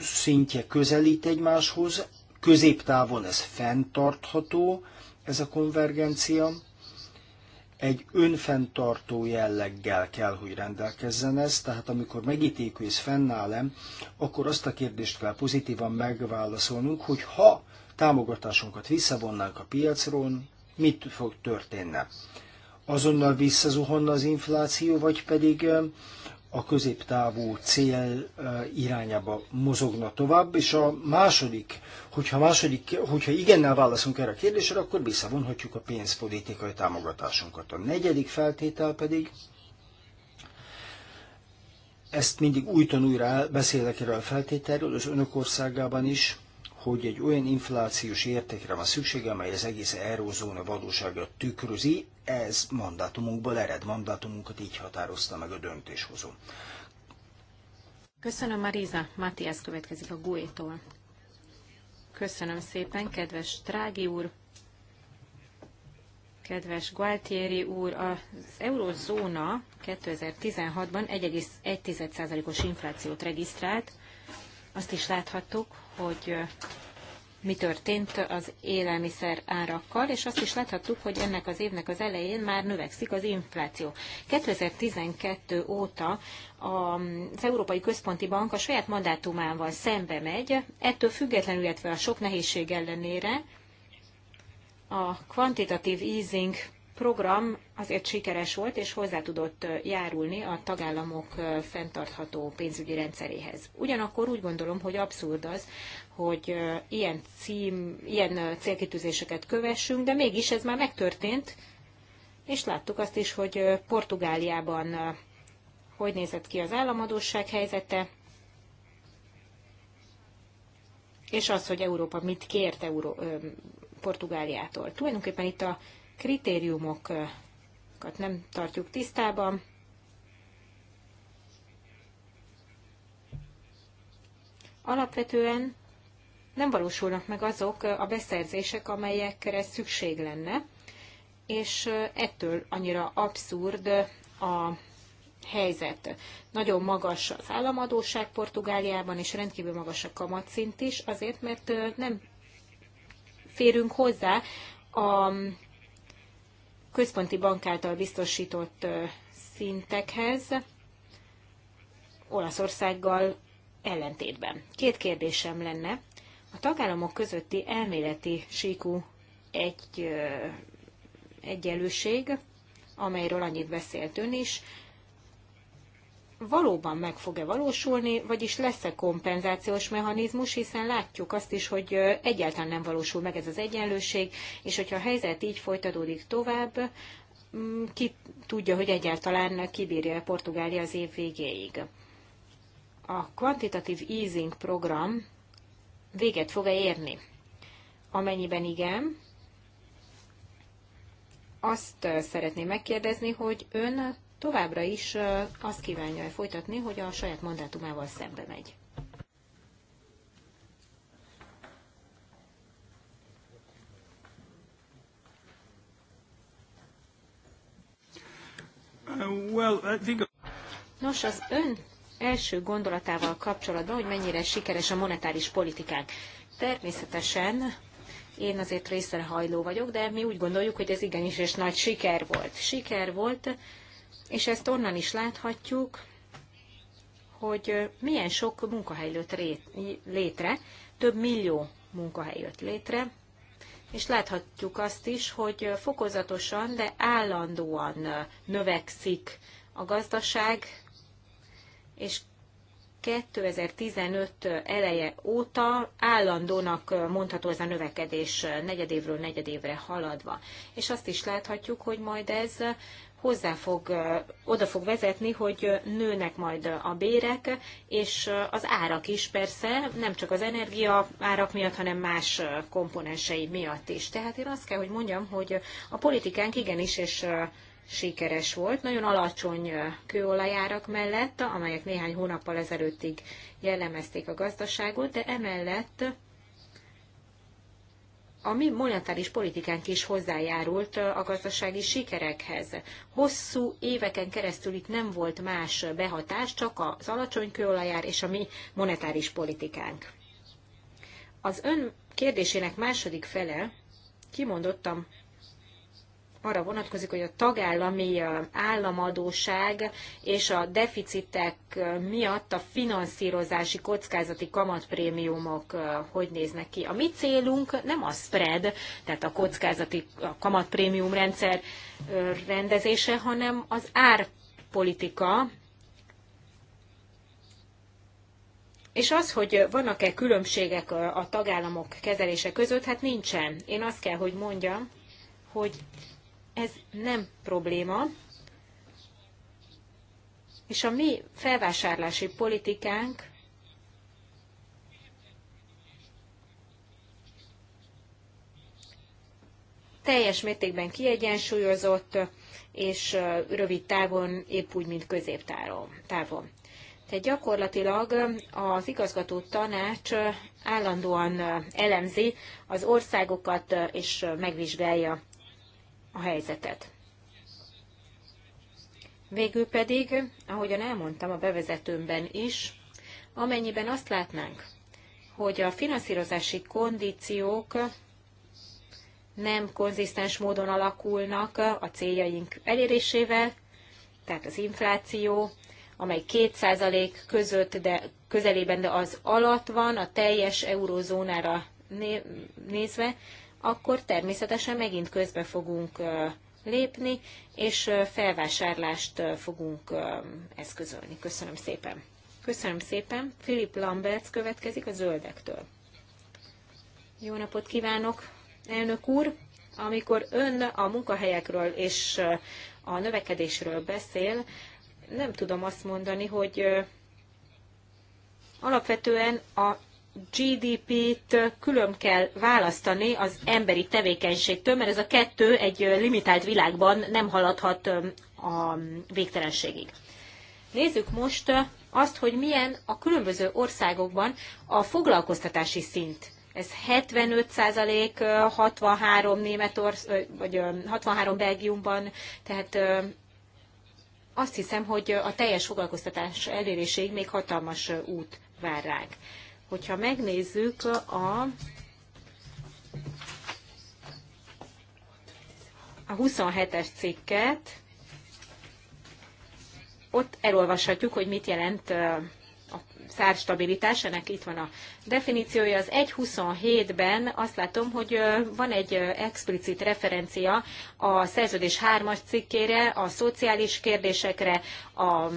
szintje közelít egymáshoz, középtávon ez fenntartható, ez a konvergencia, egy önfenntartó jelleggel kell, hogy rendelkezzen ez, tehát amikor megítéljük, hogy ez fennáll akkor azt a kérdést kell pozitívan megválaszolnunk, hogy ha támogatásunkat visszavonnánk a piacról, mit fog történne? Azonnal visszazuhanna az infláció, vagy pedig a középtávú cél irányába mozogna tovább, és a második Hogyha, második, hogyha igennel válaszunk erre a kérdésre, akkor visszavonhatjuk a pénzpolitikai támogatásunkat. A negyedik feltétel pedig, ezt mindig újton újra beszélek erről a feltételről, az önök országában is, hogy egy olyan inflációs értékre van szüksége, amely az egész eurózóna valósága tükrözi, ez mandátumunkból ered, mandátumunkat így határozta meg a döntéshozó. Köszönöm, Maríza, Matthias következik a GUE-tól. Köszönöm szépen, kedves Trági úr, kedves Gualtieri úr, az eurozóna 2016-ban 1,1%-os inflációt regisztrált. Azt is láthattuk, hogy mi történt az élelmiszer árakkal, és azt is láthattuk, hogy ennek az évnek az elején már növekszik az infláció. 2012 óta az Európai Központi Bank a saját mandátumával szembe megy, ettől függetlenül, illetve a sok nehézség ellenére a kvantitatív easing program azért sikeres volt, és hozzá tudott járulni a tagállamok fenntartható pénzügyi rendszeréhez. Ugyanakkor úgy gondolom, hogy abszurd az, hogy ilyen, cím, ilyen célkitűzéseket kövessünk, de mégis ez már megtörtént, és láttuk azt is, hogy Portugáliában hogy nézett ki az államadóság helyzete, és az, hogy Európa mit kért Euró, Portugáliától. Tulajdonképpen itt a kritériumokat nem tartjuk tisztában. Alapvetően nem valósulnak meg azok a beszerzések, amelyekre szükség lenne, és ettől annyira abszurd a helyzet. Nagyon magas az államadóság Portugáliában, és rendkívül magas a kamatszint is, azért, mert nem férünk hozzá a központi bank által biztosított szintekhez Olaszországgal ellentétben. Két kérdésem lenne. A tagállamok közötti elméleti síkú egy egyenlőség, amelyről annyit beszélt ön is, valóban meg fog-e valósulni, vagyis lesz-e kompenzációs mechanizmus, hiszen látjuk azt is, hogy egyáltalán nem valósul meg ez az egyenlőség, és hogyha a helyzet így folytatódik tovább, mm, ki tudja, hogy egyáltalán kibírja -e Portugália az év végéig. A kvantitatív easing program véget fog-e érni? Amennyiben igen, azt szeretném megkérdezni, hogy ön továbbra is azt kívánja folytatni, hogy a saját mandátumával szembe megy. Uh, Nos, az ön első gondolatával kapcsolatban, hogy mennyire sikeres a monetáris politikánk. Természetesen én azért részre hajló vagyok, de mi úgy gondoljuk, hogy ez igenis és nagy siker volt. Siker volt, és ezt onnan is láthatjuk, hogy milyen sok munkahely jött létre, több millió munkahely jött létre, és láthatjuk azt is, hogy fokozatosan, de állandóan növekszik a gazdaság, és 2015 eleje óta állandónak mondható ez a növekedés negyedévről negyedévre haladva. És azt is láthatjuk, hogy majd ez hozzá fog, oda fog vezetni, hogy nőnek majd a bérek, és az árak is persze, nem csak az energia árak miatt, hanem más komponensei miatt is. Tehát én azt kell, hogy mondjam, hogy a politikánk igenis, és sikeres volt, nagyon alacsony kőolajárak mellett, amelyek néhány hónappal ezelőttig jellemezték a gazdaságot, de emellett a mi monetáris politikánk is hozzájárult a gazdasági sikerekhez. Hosszú éveken keresztül itt nem volt más behatás, csak az alacsony kőolajár és a mi monetáris politikánk. Az ön kérdésének második fele kimondottam arra vonatkozik, hogy a tagállami államadóság és a deficitek miatt a finanszírozási kockázati kamatprémiumok hogy néznek ki. A mi célunk nem a spread, tehát a kockázati a kamatprémium rendszer rendezése, hanem az árpolitika, És az, hogy vannak-e különbségek a tagállamok kezelése között, hát nincsen. Én azt kell, hogy mondjam, hogy ez nem probléma, és a mi felvásárlási politikánk teljes mértékben kiegyensúlyozott, és rövid távon épp úgy, mint középtávon. Tehát gyakorlatilag az igazgató tanács állandóan elemzi az országokat, és megvizsgálja a helyzetet. Végül pedig, ahogyan elmondtam a bevezetőmben is, amennyiben azt látnánk, hogy a finanszírozási kondíciók nem konzisztens módon alakulnak a céljaink elérésével, tehát az infláció, amely 2% között, de közelében, de az alatt van a teljes eurózónára nézve, akkor természetesen megint közbe fogunk lépni, és felvásárlást fogunk eszközölni. Köszönöm szépen. Köszönöm szépen. Filip Lamberts következik a zöldektől. Jó napot kívánok, elnök úr! Amikor ön a munkahelyekről és a növekedésről beszél, nem tudom azt mondani, hogy alapvetően a GDP-t külön kell választani az emberi tevékenységtől, mert ez a kettő egy limitált világban nem haladhat a végtelenségig. Nézzük most azt, hogy milyen a különböző országokban a foglalkoztatási szint. Ez 75 százalék, 63 Németorsz, vagy 63 Belgiumban, tehát azt hiszem, hogy a teljes foglalkoztatás eléréséig még hatalmas út vár ránk. Hogyha megnézzük a a 27-es cikket, ott elolvashatjuk, hogy mit jelent a stabilitás, ennek itt van a definíciója. Az 1.27-ben azt látom, hogy van egy explicit referencia a szerződés 3-as cikkére, a szociális kérdésekre, a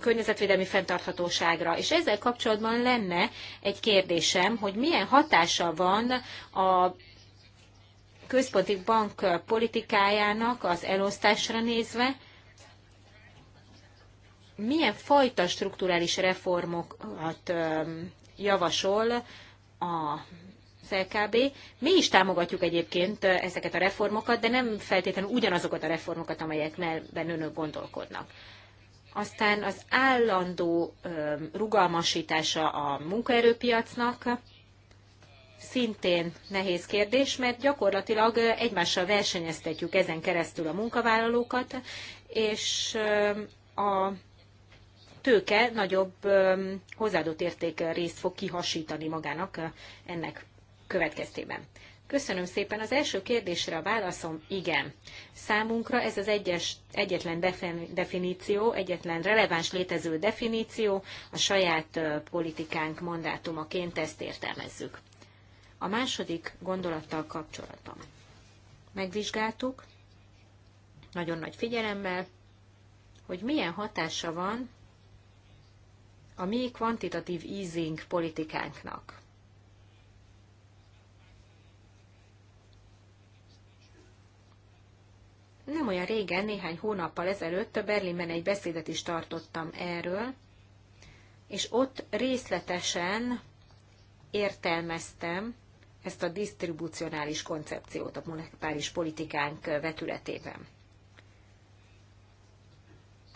környezetvédelmi fenntarthatóságra. És ezzel kapcsolatban lenne egy kérdésem, hogy milyen hatása van a központi bank politikájának az elosztásra nézve, milyen fajta strukturális reformokat javasol a LKB. Mi is támogatjuk egyébként ezeket a reformokat, de nem feltétlenül ugyanazokat a reformokat, amelyekben önök gondolkodnak. Aztán az állandó rugalmasítása a munkaerőpiacnak szintén nehéz kérdés, mert gyakorlatilag egymással versenyeztetjük ezen keresztül a munkavállalókat, és a tőke nagyobb hozzáadott érték részt fog kihasítani magának ennek következtében. Köszönöm szépen. Az első kérdésre a válaszom igen. Számunkra ez az egyes, egyetlen definíció, egyetlen releváns létező definíció, a saját politikánk mandátumaként ezt értelmezzük. A második gondolattal kapcsolatban. Megvizsgáltuk, nagyon nagy figyelemmel, hogy milyen hatása van a mi kvantitatív easing politikánknak. Nem olyan régen, néhány hónappal ezelőtt a Berlinben egy beszédet is tartottam erről, és ott részletesen értelmeztem ezt a disztribucionális koncepciót a monetáris politikánk vetületében.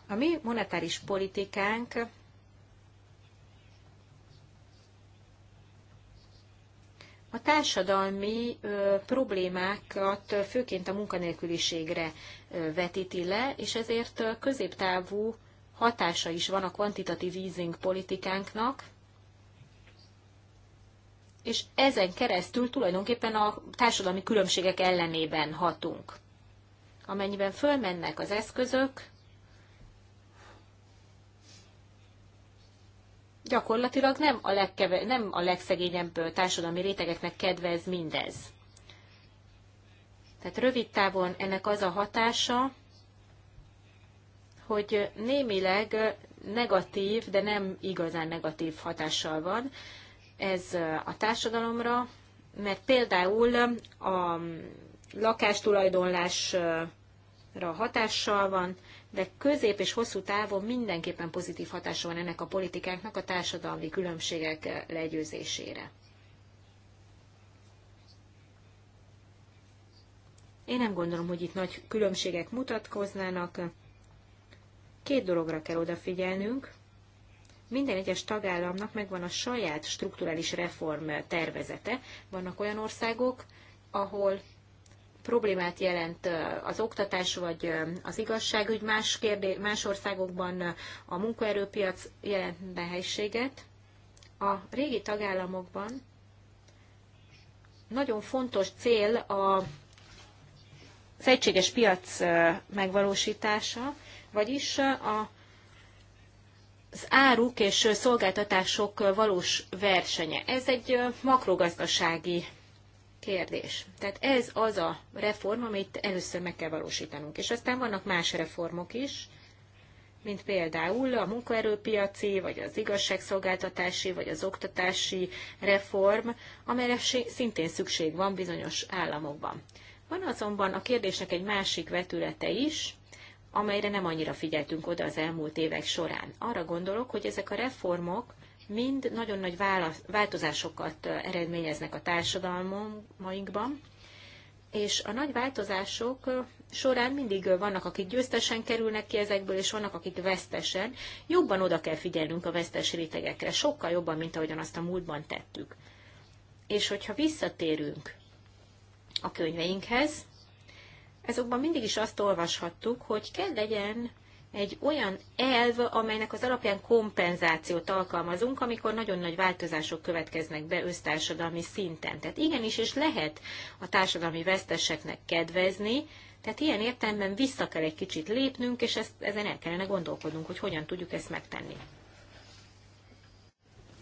A mi monetáris politikánk A társadalmi ö, problémákat főként a munkanélküliségre ö, vetíti le, és ezért ö, középtávú hatása is van a kvantitatív easing politikánknak, és ezen keresztül tulajdonképpen a társadalmi különbségek ellenében hatunk. Amennyiben fölmennek az eszközök, gyakorlatilag nem a, legkeve, nem a legszegényebb társadalmi rétegeknek kedvez mindez. Tehát rövid távon ennek az a hatása, hogy némileg negatív, de nem igazán negatív hatással van ez a társadalomra, mert például a lakástulajdonlásra hatással van, de közép és hosszú távon mindenképpen pozitív hatása van ennek a politikáknak a társadalmi különbségek legyőzésére. Én nem gondolom, hogy itt nagy különbségek mutatkoznának. Két dologra kell odafigyelnünk. Minden egyes tagállamnak megvan a saját strukturális reform tervezete. Vannak olyan országok, ahol problémát jelent az oktatás vagy az igazságügy, más, kérdé, más országokban a munkaerőpiac jelent nehézséget. A régi tagállamokban nagyon fontos cél a, az egységes piac megvalósítása, vagyis a az áruk és szolgáltatások valós versenye. Ez egy makrogazdasági kérdés. Tehát ez az a reform, amit először meg kell valósítanunk. És aztán vannak más reformok is, mint például a munkaerőpiaci, vagy az igazságszolgáltatási, vagy az oktatási reform, amelyre szintén szükség van bizonyos államokban. Van azonban a kérdésnek egy másik vetülete is, amelyre nem annyira figyeltünk oda az elmúlt évek során. Arra gondolok, hogy ezek a reformok mind nagyon nagy változásokat eredményeznek a társadalmainkban, és a nagy változások során mindig vannak, akik győztesen kerülnek ki ezekből, és vannak, akik vesztesen. Jobban oda kell figyelnünk a vesztes rétegekre, sokkal jobban, mint ahogyan azt a múltban tettük. És hogyha visszatérünk a könyveinkhez, ezokban mindig is azt olvashattuk, hogy kell legyen egy olyan elv, amelynek az alapján kompenzációt alkalmazunk, amikor nagyon nagy változások következnek be össztársadalmi szinten. Tehát igenis, és lehet a társadalmi veszteseknek kedvezni, tehát ilyen értelemben vissza kell egy kicsit lépnünk, és ezt, ezen el kellene gondolkodnunk, hogy hogyan tudjuk ezt megtenni.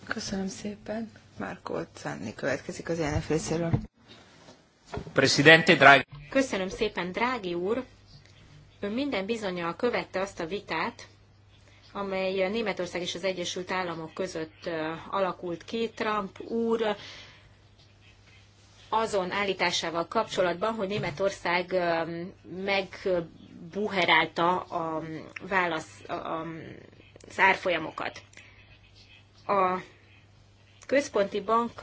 Köszönöm szépen. Márko Czanni következik az ilyen Presidente, drági. Köszönöm szépen, drági úr. Ön minden bizonyal követte azt a vitát, amely Németország és az Egyesült Államok között alakult ki. Trump úr azon állításával kapcsolatban, hogy Németország megbuherálta a válasz, a szárfolyamokat. A központi bank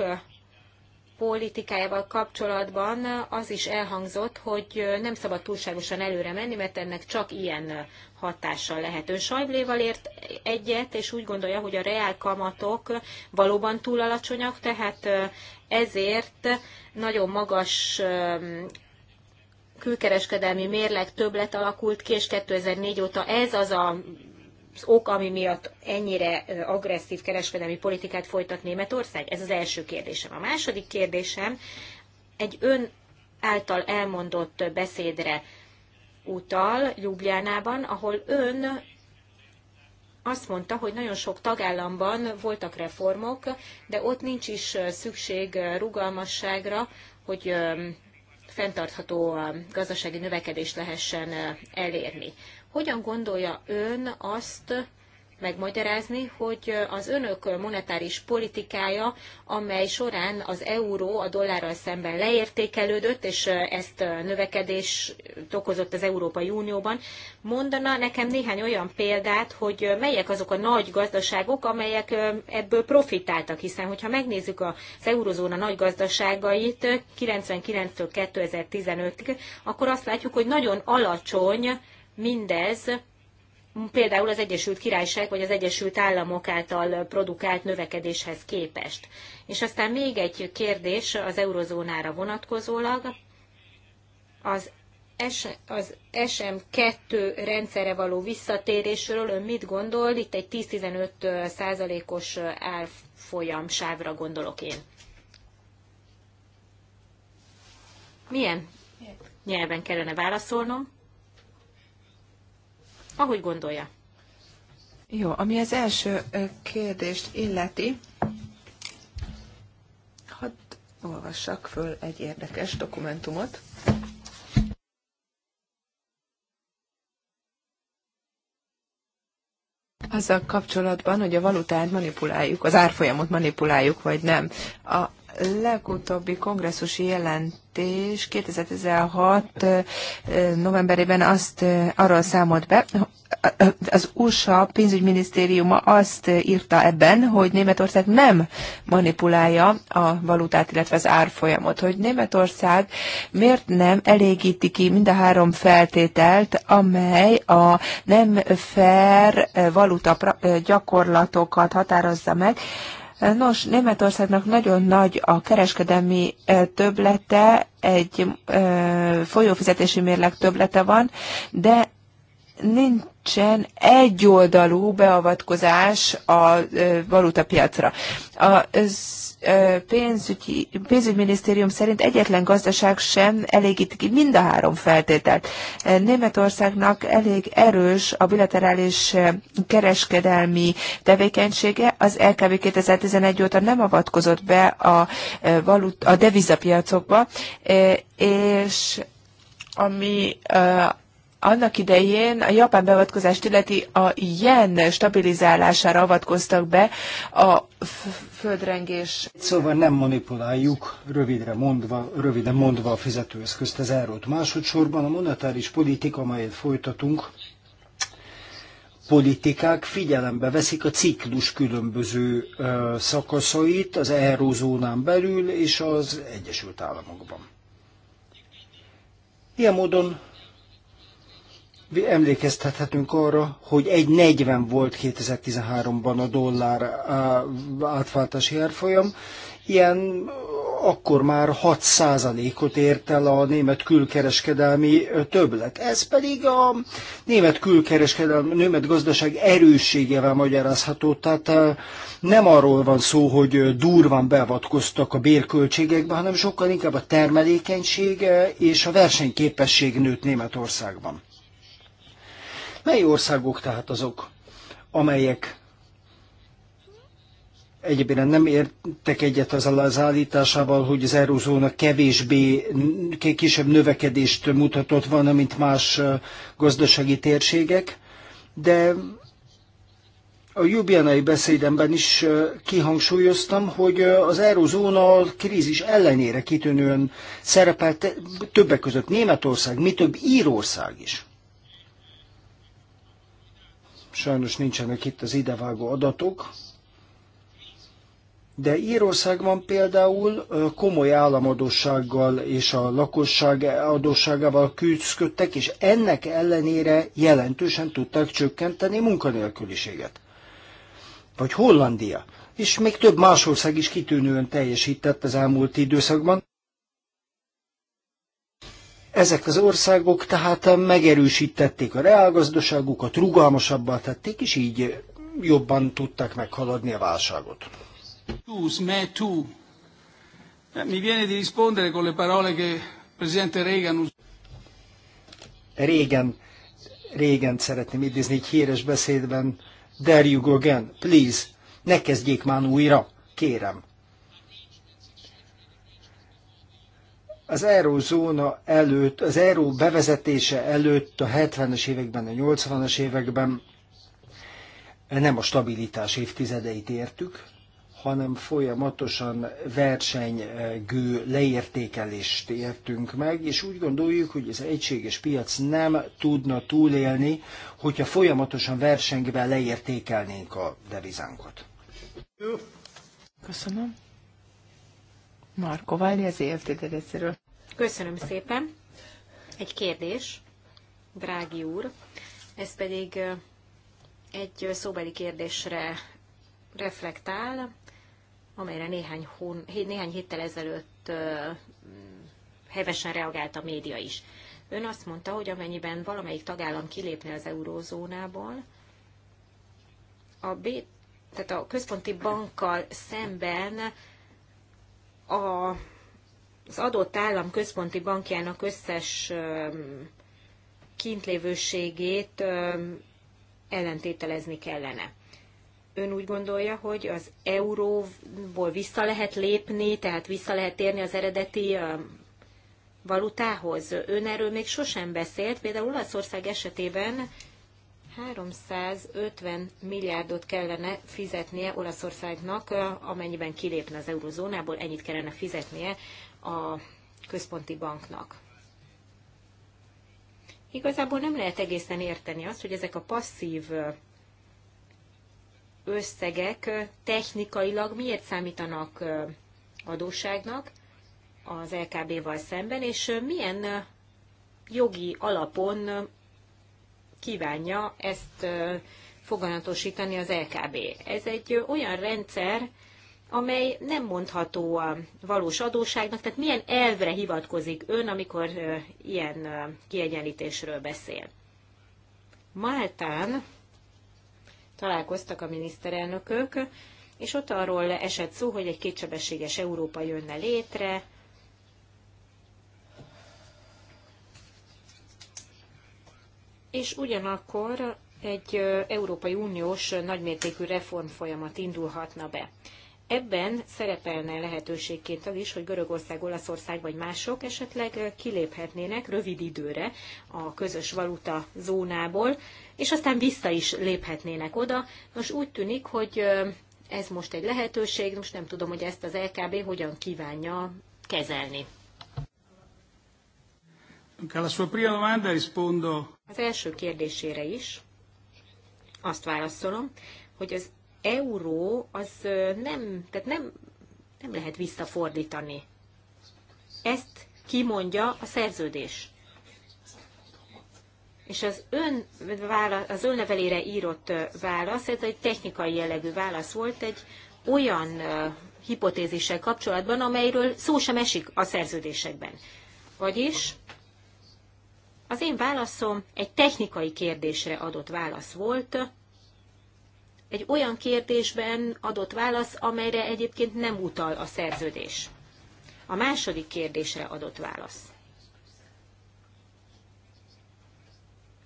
politikájával kapcsolatban az is elhangzott, hogy nem szabad túlságosan előre menni, mert ennek csak ilyen hatással lehet. Ön Sajbléval ért egyet, és úgy gondolja, hogy a reál kamatok valóban túl alacsonyak, tehát ezért nagyon magas külkereskedelmi mérleg többlet alakult ki, és 2004 óta ez az a ok, ami miatt ennyire agresszív kereskedelmi politikát folytat Németország? Ez az első kérdésem. A második kérdésem egy ön által elmondott beszédre utal Ljubljánában, ahol ön azt mondta, hogy nagyon sok tagállamban voltak reformok, de ott nincs is szükség rugalmasságra, hogy fenntartható gazdasági növekedést lehessen elérni. Hogyan gondolja ön azt megmagyarázni, hogy az önök monetáris politikája, amely során az euró a dollárral szemben leértékelődött, és ezt növekedés okozott az Európai Unióban, mondana nekem néhány olyan példát, hogy melyek azok a nagy gazdaságok, amelyek ebből profitáltak, hiszen hogyha megnézzük az eurozóna nagy gazdaságait 99-től 2015-ig, akkor azt látjuk, hogy nagyon alacsony mindez például az Egyesült Királyság vagy az Egyesült Államok által produkált növekedéshez képest. És aztán még egy kérdés az eurozónára vonatkozólag. Az az SM2 rendszere való visszatérésről ön mit gondol? Itt egy 10-15 százalékos árfolyam sávra gondolok én. Milyen nyelven kellene válaszolnom? ahogy gondolja. Jó, ami az első kérdést illeti, hadd olvassak föl egy érdekes dokumentumot. Azzal kapcsolatban, hogy a valutát manipuláljuk, az árfolyamot manipuláljuk, vagy nem. A legutóbbi kongresszusi jelentés 2016 novemberében azt arról számolt be, az USA pénzügyminisztériuma azt írta ebben, hogy Németország nem manipulálja a valutát, illetve az árfolyamot, hogy Németország miért nem elégíti ki mind a három feltételt, amely a nem fair valuta gyakorlatokat határozza meg, Nos, Németországnak nagyon nagy a kereskedelmi töblete, egy folyófizetési mérleg töblete van, de nincsen egyoldalú beavatkozás a valutapiacra. A pénzügyi, pénzügyminisztérium szerint egyetlen gazdaság sem elégít ki mind a három feltételt. Németországnak elég erős a bilaterális kereskedelmi tevékenysége. Az LKB 2011 óta nem avatkozott be a, valut, a devizapiacokba, és ami annak idején a japán beavatkozást illeti a yen stabilizálására avatkoztak be a földrengés. Szóval nem manipuláljuk, rövidre mondva, röviden mondva a fizetőeszközt, az erőt. Másodszorban a monetáris politika, amelyet folytatunk, politikák figyelembe veszik a ciklus különböző ö, szakaszait az eurozónán belül és az Egyesült Államokban. Ilyen módon emlékeztethetünk arra, hogy egy 40 volt 2013-ban a dollár átváltási árfolyam, ilyen akkor már 6%-ot ért el a német külkereskedelmi többlet. Ez pedig a német külkereskedelmi, német gazdaság erősségevel magyarázható. Tehát nem arról van szó, hogy durván beavatkoztak a bérköltségekbe, hanem sokkal inkább a termelékenység és a versenyképesség nőtt Németországban. Mely országok tehát azok, amelyek egyébként nem értek egyet azzal az állításával, hogy az eurozóna kevésbé, kisebb növekedést mutatott volna, mint más gazdasági térségek, de a jubianai beszédemben is kihangsúlyoztam, hogy az eurozóna krízis ellenére kitűnően szerepelt többek között Németország, mi több Írország is. Sajnos nincsenek itt az idevágó adatok, de Írországban például komoly államadósággal és a lakosság adósságával küzdködtek, és ennek ellenére jelentősen tudták csökkenteni munkanélküliséget. Vagy Hollandia, és még több más ország is kitűnően teljesített az elmúlt időszakban. Ezek az országok tehát megerősítették a reálgazdaságukat, rugalmasabbá tették, és így jobban tudták meghaladni a válságot. Régen, régen eh, Mi di con le parole che Presidente Reagan szeretném idézni egy híres beszédben. There you go again, please. Ne kezdjék már újra, kérem. az eurózóna előtt, az euró bevezetése előtt a 70-es években, a 80-as években nem a stabilitás évtizedeit értük, hanem folyamatosan versenygő leértékelést értünk meg, és úgy gondoljuk, hogy az egységes piac nem tudna túlélni, hogyha folyamatosan versengve leértékelnénk a devizánkat. Köszönöm. Marko Váli az EFT részéről. Köszönöm szépen. Egy kérdés, drági úr. Ez pedig egy szóbeli kérdésre reflektál, amelyre néhány, hón, néhány héttel ezelőtt hevesen reagált a média is. Ön azt mondta, hogy amennyiben valamelyik tagállam kilépne az eurózónából, a B, tehát a központi bankkal szemben a, az adott állam központi bankjának összes kintlévőségét ellentételezni kellene. Ön úgy gondolja, hogy az euróból vissza lehet lépni, tehát vissza lehet térni az eredeti valutához? Ön erről még sosem beszélt, például Olaszország esetében 350 milliárdot kellene fizetnie Olaszországnak, amennyiben kilépne az eurozónából, ennyit kellene fizetnie a központi banknak. Igazából nem lehet egészen érteni azt, hogy ezek a passzív összegek technikailag miért számítanak adósságnak az LKB-val szemben, és milyen jogi alapon kívánja ezt foganatosítani az LKB. Ez egy olyan rendszer, amely nem mondható a valós adóságnak, tehát milyen elvre hivatkozik ön, amikor ilyen kiegyenlítésről beszél. Máltán találkoztak a miniszterelnökök, és ott arról esett szó, hogy egy kétsebességes Európa jönne létre, és ugyanakkor egy Európai Uniós nagymértékű reformfolyamat indulhatna be. Ebben szerepelne lehetőségként az is, hogy Görögország, Olaszország vagy mások esetleg kiléphetnének rövid időre a közös valuta zónából, és aztán vissza is léphetnének oda. Most úgy tűnik, hogy ez most egy lehetőség, most nem tudom, hogy ezt az LKB hogyan kívánja kezelni. Az első kérdésére is azt válaszolom, hogy az euró az nem, tehát nem, nem lehet visszafordítani. Ezt kimondja a szerződés. És az, ön, az önlevelére írott válasz, ez egy technikai jellegű válasz volt, egy olyan hipotézissel kapcsolatban, amelyről szó sem esik a szerződésekben. Vagyis az én válaszom egy technikai kérdésre adott válasz volt, egy olyan kérdésben adott válasz, amelyre egyébként nem utal a szerződés. A második kérdésre adott válasz.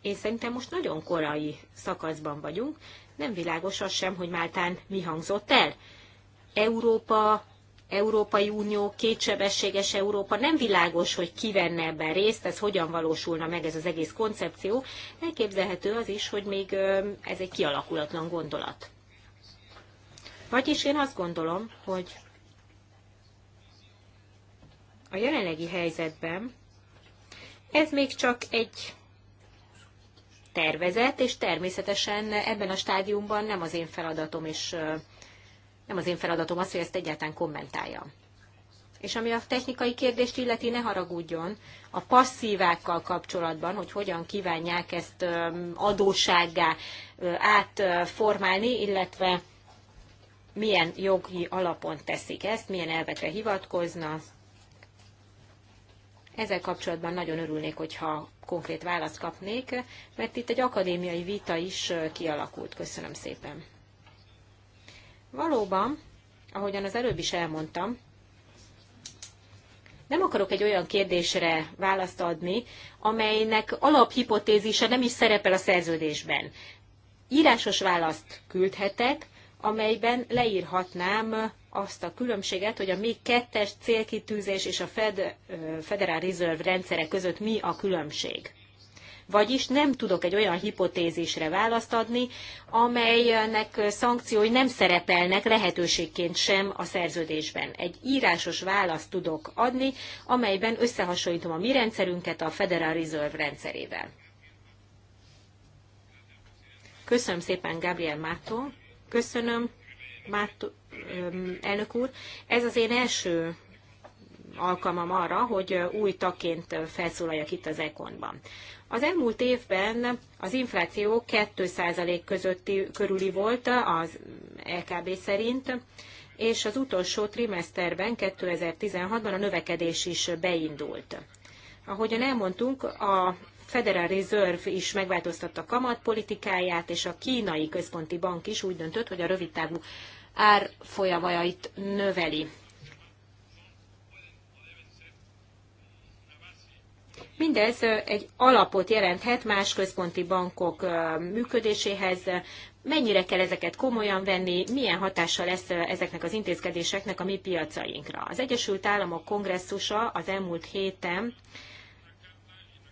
Én szerintem most nagyon korai szakaszban vagyunk, nem világos az sem, hogy Máltán mi hangzott el. Európa Európai Unió, kétsebességes Európa, nem világos, hogy ki venne ebben részt, ez hogyan valósulna meg ez az egész koncepció. Elképzelhető az is, hogy még ez egy kialakulatlan gondolat. Vagyis én azt gondolom, hogy a jelenlegi helyzetben ez még csak egy tervezet, és természetesen ebben a stádiumban nem az én feladatom és nem az én feladatom az, hogy ezt egyáltalán kommentáljam. És ami a technikai kérdést illeti, ne haragudjon, a passzívákkal kapcsolatban, hogy hogyan kívánják ezt adósággá átformálni, illetve milyen jogi alapon teszik ezt, milyen elvekre hivatkoznak. Ezzel kapcsolatban nagyon örülnék, hogyha konkrét választ kapnék, mert itt egy akadémiai vita is kialakult. Köszönöm szépen. Valóban, ahogyan az előbb is elmondtam, nem akarok egy olyan kérdésre választ adni, amelynek alaphipotézise nem is szerepel a szerződésben. Írásos választ küldhetek, amelyben leírhatnám azt a különbséget, hogy a mi kettes célkitűzés és a Fed, Federal Reserve rendszere között mi a különbség. Vagyis nem tudok egy olyan hipotézisre választ adni, amelynek szankciói nem szerepelnek lehetőségként sem a szerződésben. Egy írásos választ tudok adni, amelyben összehasonlítom a mi rendszerünket a Federal Reserve rendszerével. Köszönöm szépen Gabriel Mátó. Köszönöm, Mátó, elnök úr. Ez az én első alkalmam arra, hogy új tagként felszólaljak itt az Ekonban. Az elmúlt évben az infláció 2% közötti, körüli volt az LKB szerint, és az utolsó trimeszterben, 2016-ban a növekedés is beindult. Ahogyan elmondtunk, a Federal Reserve is megváltoztatta kamatpolitikáját, és a kínai központi bank is úgy döntött, hogy a rövidtávú árfolyamait növeli. Mindez egy alapot jelenthet más központi bankok működéséhez, mennyire kell ezeket komolyan venni, milyen hatással lesz ezeknek az intézkedéseknek a mi piacainkra. Az Egyesült Államok kongresszusa az elmúlt héten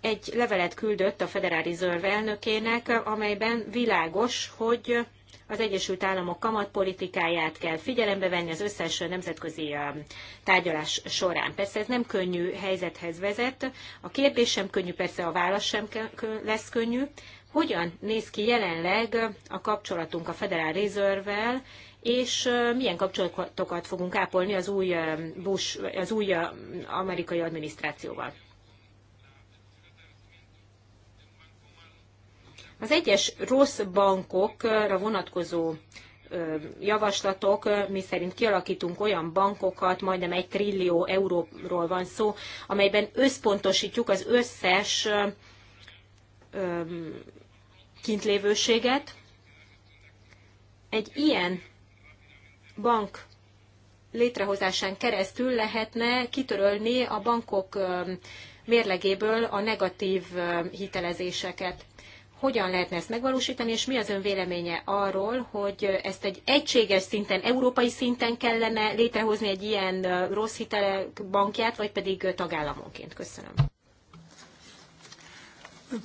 egy levelet küldött a Federal Reserve elnökének, amelyben világos, hogy az Egyesült Államok kamatpolitikáját kell figyelembe venni az összes nemzetközi tárgyalás során. Persze ez nem könnyű helyzethez vezet. A kérdés sem könnyű, persze a válasz sem lesz könnyű. Hogyan néz ki jelenleg a kapcsolatunk a Federal Reserve-vel, és milyen kapcsolatokat fogunk ápolni az új, Bush, az új amerikai adminisztrációval? Az egyes rossz bankokra vonatkozó javaslatok, mi szerint kialakítunk olyan bankokat, majdnem egy trillió euróról van szó, amelyben összpontosítjuk az összes kintlévőséget. Egy ilyen bank létrehozásán keresztül lehetne kitörölni a bankok mérlegéből a negatív hitelezéseket hogyan lehetne ezt megvalósítani, és mi az ön véleménye arról, hogy ezt egy egységes szinten, európai szinten kellene létrehozni egy ilyen rossz hitelek bankját, vagy pedig tagállamonként? Köszönöm.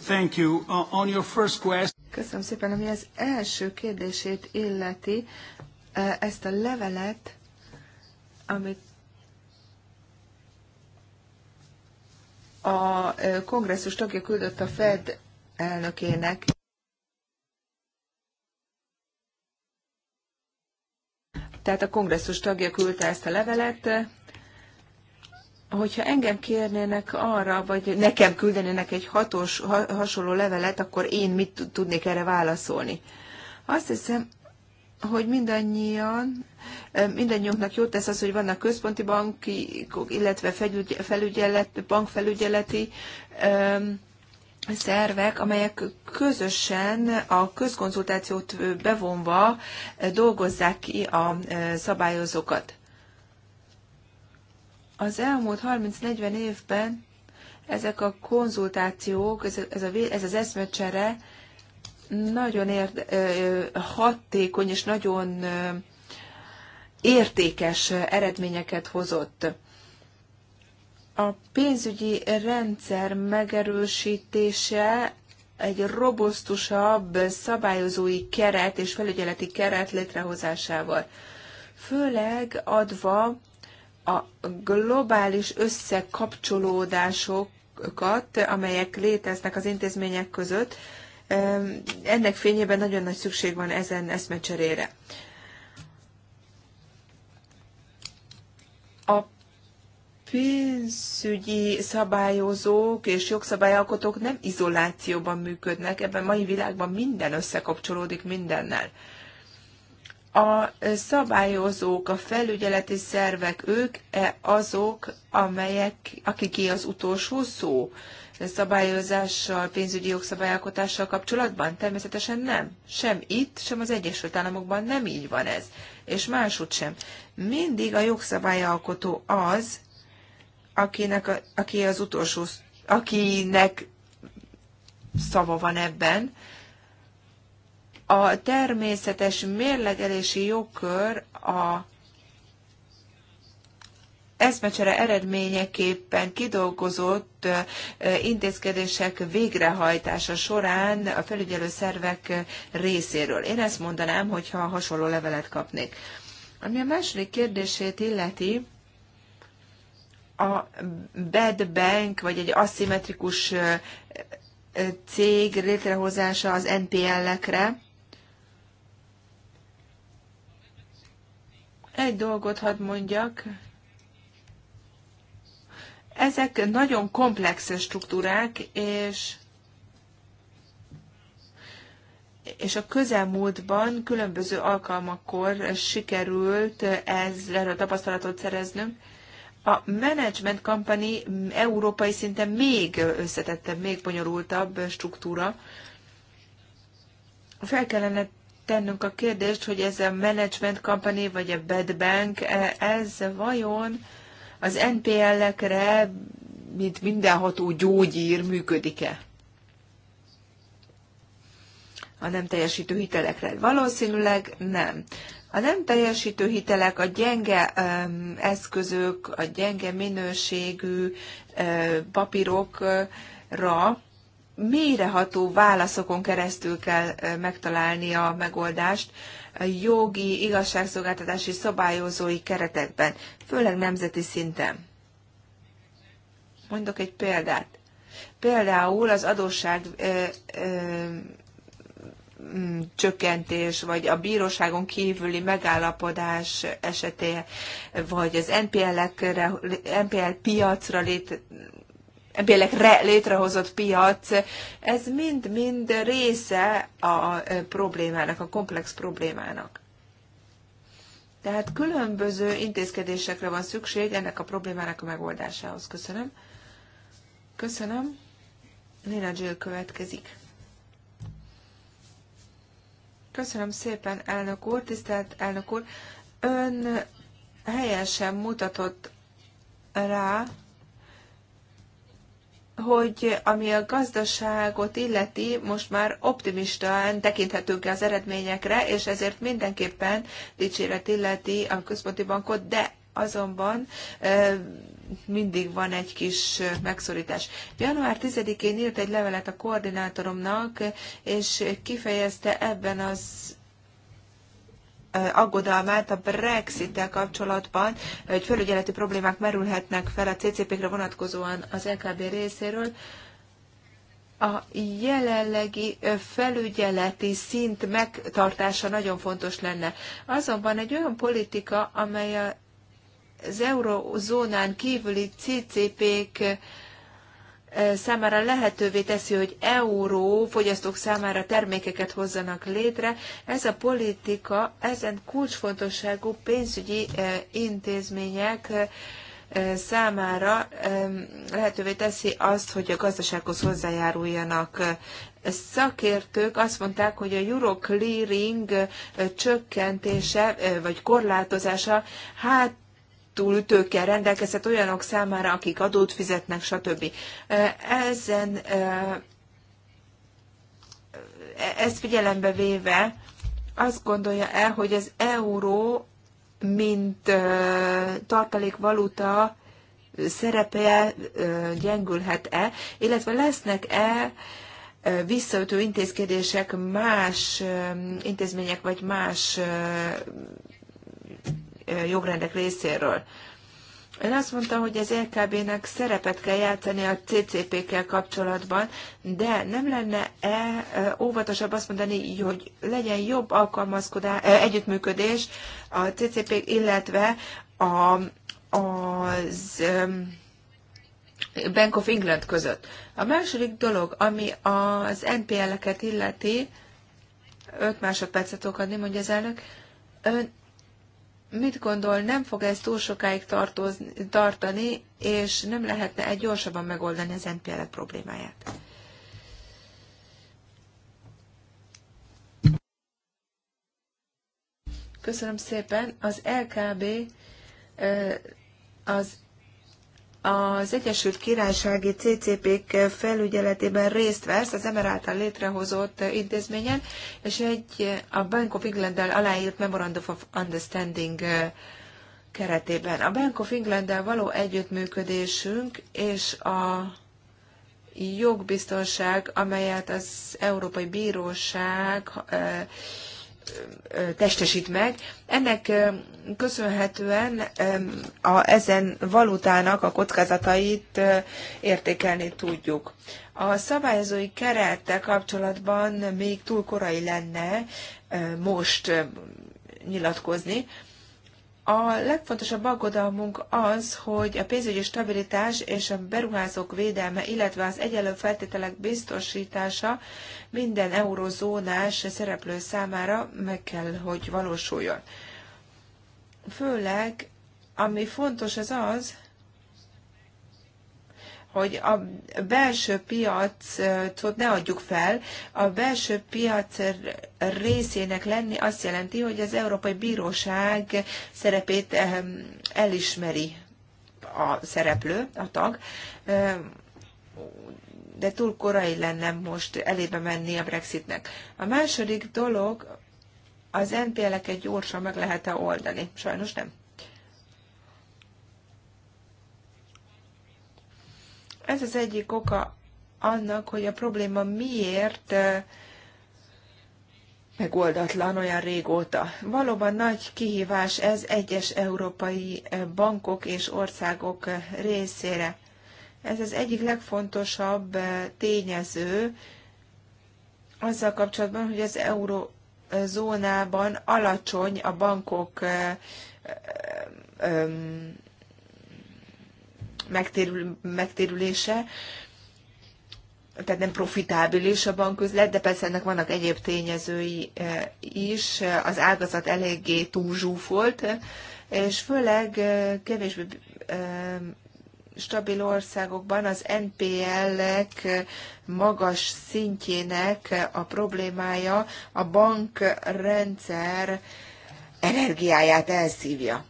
Thank you. Uh, on your first quest... Köszönöm szépen, ami az első kérdését illeti, ezt a levelet, amit a kongresszus tagja küldött a Fed elnökének. Tehát a kongresszus tagja küldte ezt a levelet, hogyha engem kérnének arra, vagy nekem küldenének egy hatos, hasonló levelet, akkor én mit tudnék erre válaszolni? Azt hiszem, hogy mindannyian, mindannyiunknak jót tesz az, hogy vannak központi banki, illetve felügyelet, bankfelügyeleti um, szervek, amelyek közösen a közkonzultációt bevonva dolgozzák ki a e, szabályozókat. Az elmúlt 30-40 évben ezek a konzultációk, ez, a, ez az eszmecsere nagyon érde, e, e, hatékony és nagyon értékes eredményeket hozott. A pénzügyi rendszer megerősítése egy robosztusabb szabályozói keret és felügyeleti keret létrehozásával, főleg adva a globális összekapcsolódásokat, amelyek léteznek az intézmények között, ennek fényében nagyon nagy szükség van ezen eszmecserére. pénzügyi szabályozók és jogszabályalkotók nem izolációban működnek, ebben mai világban minden összekapcsolódik mindennel. A szabályozók, a felügyeleti szervek, ők -e azok, amelyek, akiké az utolsó szó szabályozással, pénzügyi jogszabályalkotással kapcsolatban? Természetesen nem. Sem itt, sem az Egyesült Államokban nem így van ez, és máshogy sem. Mindig a jogszabályalkotó az, akinek, a, aki az utolsó, akinek szava van ebben. A természetes mérlegelési jogkör a eszmecsere eredményeképpen kidolgozott intézkedések végrehajtása során a felügyelő szervek részéről. Én ezt mondanám, hogyha hasonló levelet kapnék. Ami a második kérdését illeti, a bad bank, vagy egy aszimmetrikus cég létrehozása az NPL-ekre. Egy dolgot hadd mondjak. Ezek nagyon komplex struktúrák, és és a közelmúltban különböző alkalmakkor sikerült ezzel a tapasztalatot szereznünk. A Management Company európai szinten még összetettebb, még bonyolultabb struktúra. Fel kellene tennünk a kérdést, hogy ez a Management Company vagy a Bad Bank, e, ez vajon az NPL-ekre, mint mindenható gyógyír működik-e? A nem teljesítő hitelekre valószínűleg nem. A nem teljesítő hitelek, a gyenge eszközök, a gyenge minőségű papírokra mélyreható válaszokon keresztül kell megtalálni a megoldást a jogi, igazságszolgáltatási szabályozói keretekben, főleg nemzeti szinten. Mondok egy példát. Például az adósság Mm, csökkentés, vagy a bíróságon kívüli megállapodás esetén, vagy az NPL-ekre, NPL piacra lét, npl létrehozott piac, ez mind-mind része a problémának, a komplex problémának. Tehát különböző intézkedésekre van szükség ennek a problémának a megoldásához. Köszönöm. Köszönöm. Nina Jill következik. Köszönöm szépen, elnök úr, tisztelt elnök úr. Ön helyesen mutatott rá, hogy ami a gazdaságot illeti, most már optimistán tekinthetünk az eredményekre, és ezért mindenképpen dicséret illeti a központi bankot, de azonban mindig van egy kis megszorítás. Január 10-én írt egy levelet a koordinátoromnak, és kifejezte ebben az aggodalmát a Brexit-tel kapcsolatban, hogy fölügyeleti problémák merülhetnek fel a CCP-kre vonatkozóan az LKB e részéről. A jelenlegi felügyeleti szint megtartása nagyon fontos lenne. Azonban egy olyan politika, amely a az eurozónán kívüli CCP-k eh, számára lehetővé teszi, hogy euró fogyasztók számára termékeket hozzanak létre. Ez a politika ezen kulcsfontosságú pénzügyi eh, intézmények eh, számára lehetővé teszi azt, hogy a gazdasághoz hozzájáruljanak. Szakértők azt mondták, hogy a euro clearing csökkentése vagy korlátozása hát túlütőkkel rendelkezett olyanok számára, akik adót fizetnek, stb. Ezen e, ezt figyelembe véve azt gondolja el, hogy az euró, mint tartalékvaluta szerepe gyengülhet-e, illetve lesznek-e visszaütő intézkedések más intézmények vagy más jogrendek részéről. Ön azt mondta, hogy az LKB-nek szerepet kell játszani a CCP-kkel kapcsolatban, de nem lenne-e óvatosabb azt mondani, hogy legyen jobb alkalmazkodás, együttműködés a CCP, illetve a, az Bank of England között. A második dolog, ami az NPL-eket illeti, 5 másodpercet okadni, mondja az elnök, ön mit gondol, nem fog ez túl sokáig tartozni, tartani, és nem lehetne egy gyorsabban megoldani az npl problémáját? Köszönöm szépen. Az LKB az az Egyesült Királysági CCP-k felügyeletében részt vesz az Emer által létrehozott intézményen, és egy a Bank of england aláírt Memorandum of Understanding keretében. A Bank of england való együttműködésünk és a jogbiztonság, amelyet az Európai Bíróság testesít meg. Ennek köszönhetően a, ezen valutának a kockázatait értékelni tudjuk. A szabályozói kerettel kapcsolatban még túl korai lenne most nyilatkozni, a legfontosabb aggodalmunk az, hogy a pénzügyi stabilitás és a beruházók védelme, illetve az egyenlő feltételek biztosítása minden eurozónás szereplő számára meg kell, hogy valósuljon. Főleg, ami fontos, az az, hogy a belső piacot ne adjuk fel. A belső piac részének lenni azt jelenti, hogy az Európai Bíróság szerepét ehm, elismeri a szereplő, a tag, ehm, de túl korai lenne most elébe menni a Brexitnek. A második dolog, az NPL-eket gyorsan meg lehet-e oldani? Sajnos nem. Ez az egyik oka annak, hogy a probléma miért megoldatlan olyan régóta. Valóban nagy kihívás ez egyes európai bankok és országok részére. Ez az egyik legfontosabb tényező azzal kapcsolatban, hogy az eurozónában alacsony a bankok megtérül, megtérülése, tehát nem profitábilis a banközlet, de persze ennek vannak egyéb tényezői eh, is. Az ágazat eléggé túlzsúfolt, és főleg eh, kevésbé eh, stabil országokban az NPL-ek magas szintjének a problémája a bankrendszer energiáját elszívja.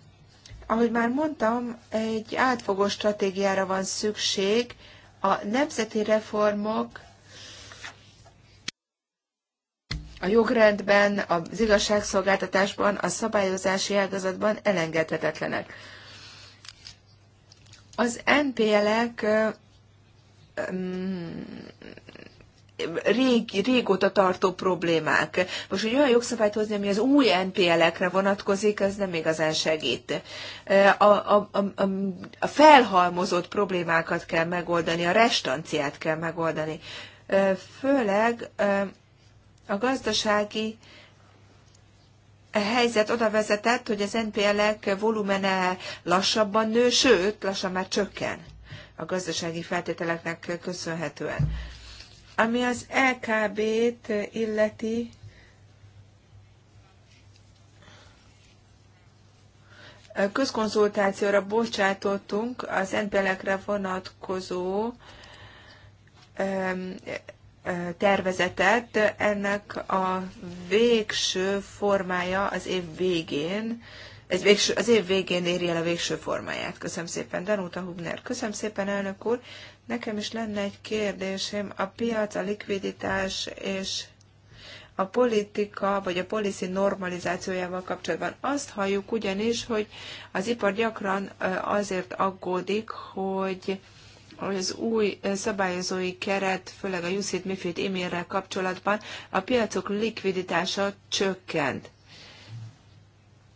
Ahogy már mondtam, egy átfogó stratégiára van szükség. A nemzeti reformok a jogrendben, az igazságszolgáltatásban, a szabályozási ágazatban elengedhetetlenek. Az NPL-ek régi, régóta tartó problémák. Most hogy olyan jogszabályt hozni, ami az új NPL-ekre vonatkozik, ez nem igazán segít. A, a, a, a felhalmozott problémákat kell megoldani, a restanciát kell megoldani. Főleg a gazdasági helyzet oda vezetett, hogy az NPL-ek volumene lassabban nő, sőt, lassan már csökken a gazdasági feltételeknek köszönhetően. Ami az LKB-t illeti, közkonzultációra bocsátottunk az entbelekre vonatkozó tervezetet. Ennek a végső formája az év végén, ez végső, az év végén éri el a végső formáját. Köszönöm szépen, Danuta Hubner. Köszönöm szépen, elnök úr. Nekem is lenne egy kérdésem, a piac, a likviditás és a politika vagy a policy normalizációjával kapcsolatban. Azt halljuk ugyanis, hogy az ipar gyakran azért aggódik, hogy az új szabályozói keret, főleg a UCIT MIFID imérrel kapcsolatban a piacok likviditása csökkent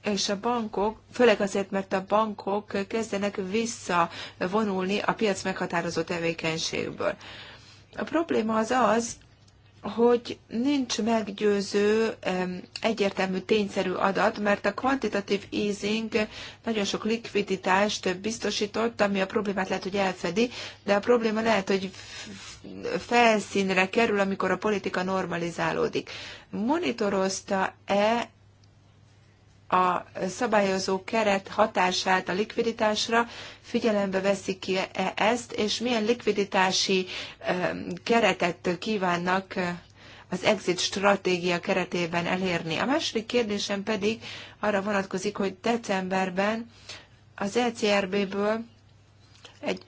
és a bankok, főleg azért, mert a bankok kezdenek visszavonulni a piac meghatározó tevékenységből. A probléma az az, hogy nincs meggyőző, egyértelmű, tényszerű adat, mert a kvantitatív easing nagyon sok likviditást biztosított, ami a problémát lehet, hogy elfedi, de a probléma lehet, hogy felszínre kerül, amikor a politika normalizálódik. Monitorozta-e a szabályozó keret hatását a likviditásra, figyelembe veszik ki -e ezt, és milyen likviditási keretet kívánnak az exit stratégia keretében elérni. A második kérdésem pedig arra vonatkozik, hogy decemberben az ECRB-ből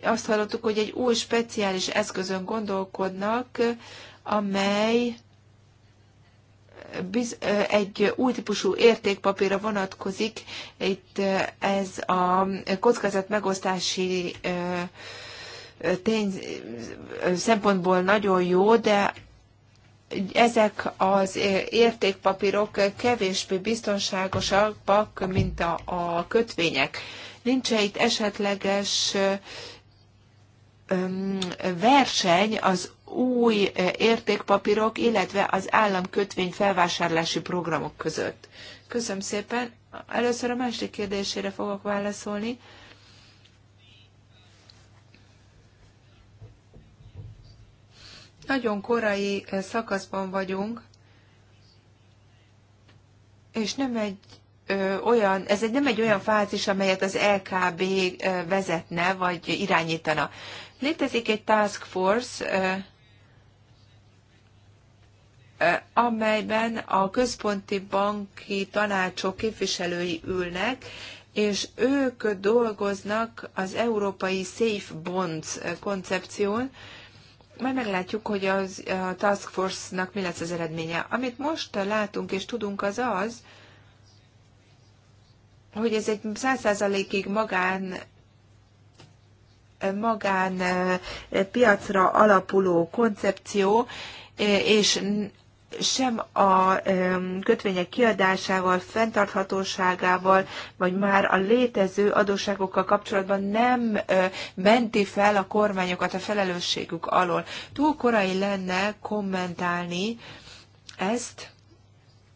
azt hallottuk, hogy egy új speciális eszközön gondolkodnak, amely biz, egy új típusú értékpapírra vonatkozik. Itt ez a kockázat megosztási tény szempontból nagyon jó, de ezek az értékpapírok kevésbé biztonságosabbak, mint a, a kötvények. nincs -e itt esetleges verseny az új eh, értékpapírok, illetve az államkötvény felvásárlási programok között. Köszönöm szépen. Először a másik kérdésére fogok válaszolni. Nagyon korai eh, szakaszban vagyunk, és nem egy ö, olyan, ez egy, nem egy olyan fázis, amelyet az LKB ö, eh, vezetne, vagy irányítana. Létezik egy task force, amelyben a központi banki tanácsok képviselői ülnek, és ők dolgoznak az európai Safe Bonds koncepción, majd meglátjuk, hogy az, a Task Force-nak mi lesz az eredménye. Amit most látunk és tudunk, az az, hogy ez egy százszázalékig magán magán piacra alapuló koncepció, és sem a kötvények kiadásával, fenntarthatóságával, vagy már a létező adósságokkal kapcsolatban nem menti fel a kormányokat a felelősségük alól. Túl korai lenne kommentálni ezt.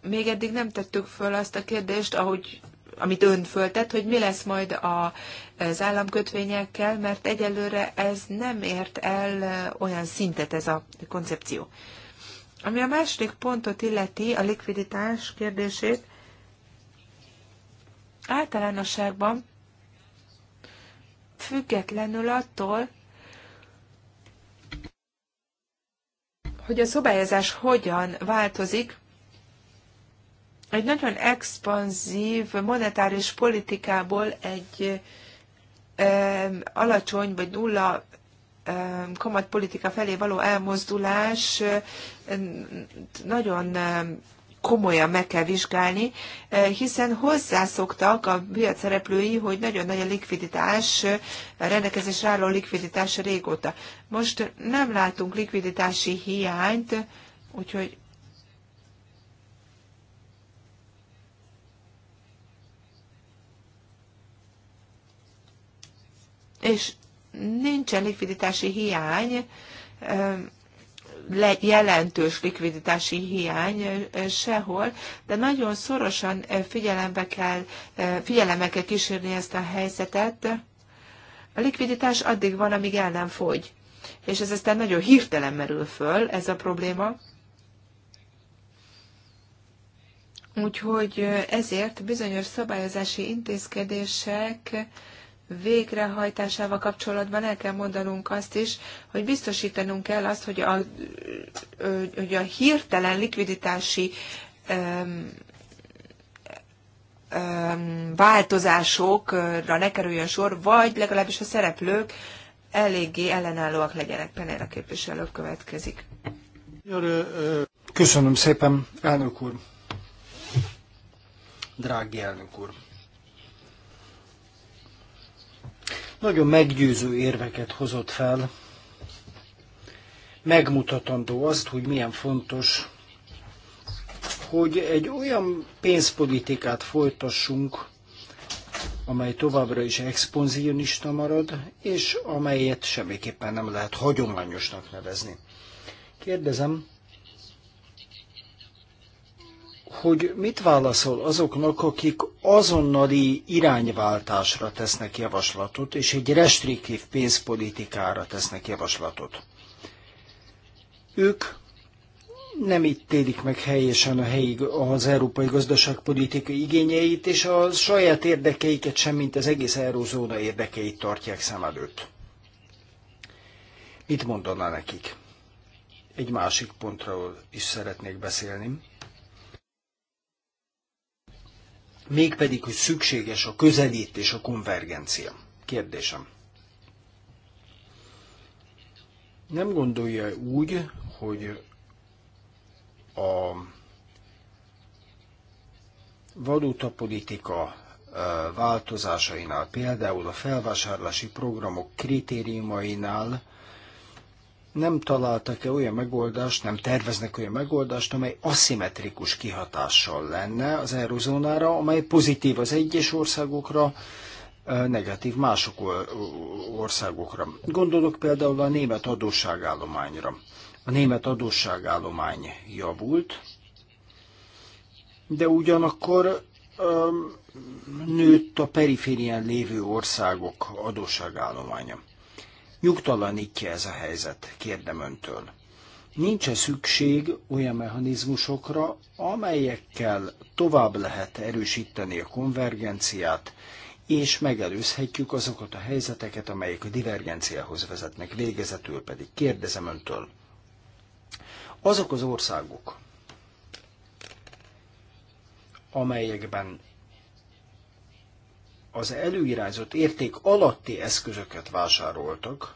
Még eddig nem tettük föl azt a kérdést, ahogy amit ön föltett, hogy mi lesz majd a, az államkötvényekkel, mert egyelőre ez nem ért el olyan szintet ez a koncepció. Ami a második pontot illeti, a likviditás kérdését, általánosságban függetlenül attól, hogy a szobályozás hogyan változik, egy nagyon expanzív monetáris politikából egy alacsony vagy nulla Um, komat politika felé való elmozdulás nagyon um, komolyan meg kell vizsgálni, hiszen hozzászoktak a piac szereplői, hogy nagyon nagy a likviditás, a rendelkezésre álló likviditás régóta. Most nem látunk likviditási hiányt, úgyhogy és nincsen likviditási hiány, jelentős likviditási hiány sehol, de nagyon szorosan figyelembe kell, figyelembe kell kísérni ezt a helyzetet. A likviditás addig van, amíg el nem fogy. És ez aztán nagyon hirtelen merül föl, ez a probléma. Úgyhogy ezért bizonyos szabályozási intézkedések végrehajtásával kapcsolatban el kell mondanunk azt is, hogy biztosítanunk kell azt, hogy a, hogy a hirtelen likviditási um, um, változásokra ne kerüljön sor, vagy legalábbis a szereplők eléggé ellenállóak legyenek. a képviselők következik. Köszönöm szépen, elnök úr. Drági elnök úr. Nagyon meggyőző érveket hozott fel, megmutatandó azt, hogy milyen fontos, hogy egy olyan pénzpolitikát folytassunk, amely továbbra is exponzionista marad, és amelyet semmiképpen nem lehet hagyományosnak nevezni. Kérdezem, hogy mit válaszol azoknak, akik azonnali irányváltásra tesznek javaslatot, és egy restriktív pénzpolitikára tesznek javaslatot. Ők nem ítélik meg helyesen a helyi, az európai gazdaságpolitikai igényeit, és a saját érdekeiket sem, mint az egész eurózóna érdekeit tartják szem előtt. Mit mondaná nekik? Egy másik pontról is szeretnék beszélni mégpedig, hogy szükséges a közelítés, a konvergencia. Kérdésem. Nem gondolja úgy, hogy a politika változásainál, például a felvásárlási programok kritériumainál nem találtak-e olyan megoldást, nem terveznek olyan megoldást, amely aszimmetrikus kihatással lenne az eurozónára, amely pozitív az egyes országokra, negatív mások országokra. Gondolok például a német adósságállományra. A német adósságállomány javult, de ugyanakkor nőtt a periférián lévő országok adósságállománya nyugtalanítja ez a helyzet, kérdem öntől. Nincs-e szükség olyan mechanizmusokra, amelyekkel tovább lehet erősíteni a konvergenciát, és megelőzhetjük azokat a helyzeteket, amelyek a divergenciához vezetnek. Végezetül pedig kérdezem öntől. Azok az országok, amelyekben az előirányzott érték alatti eszközöket vásároltak,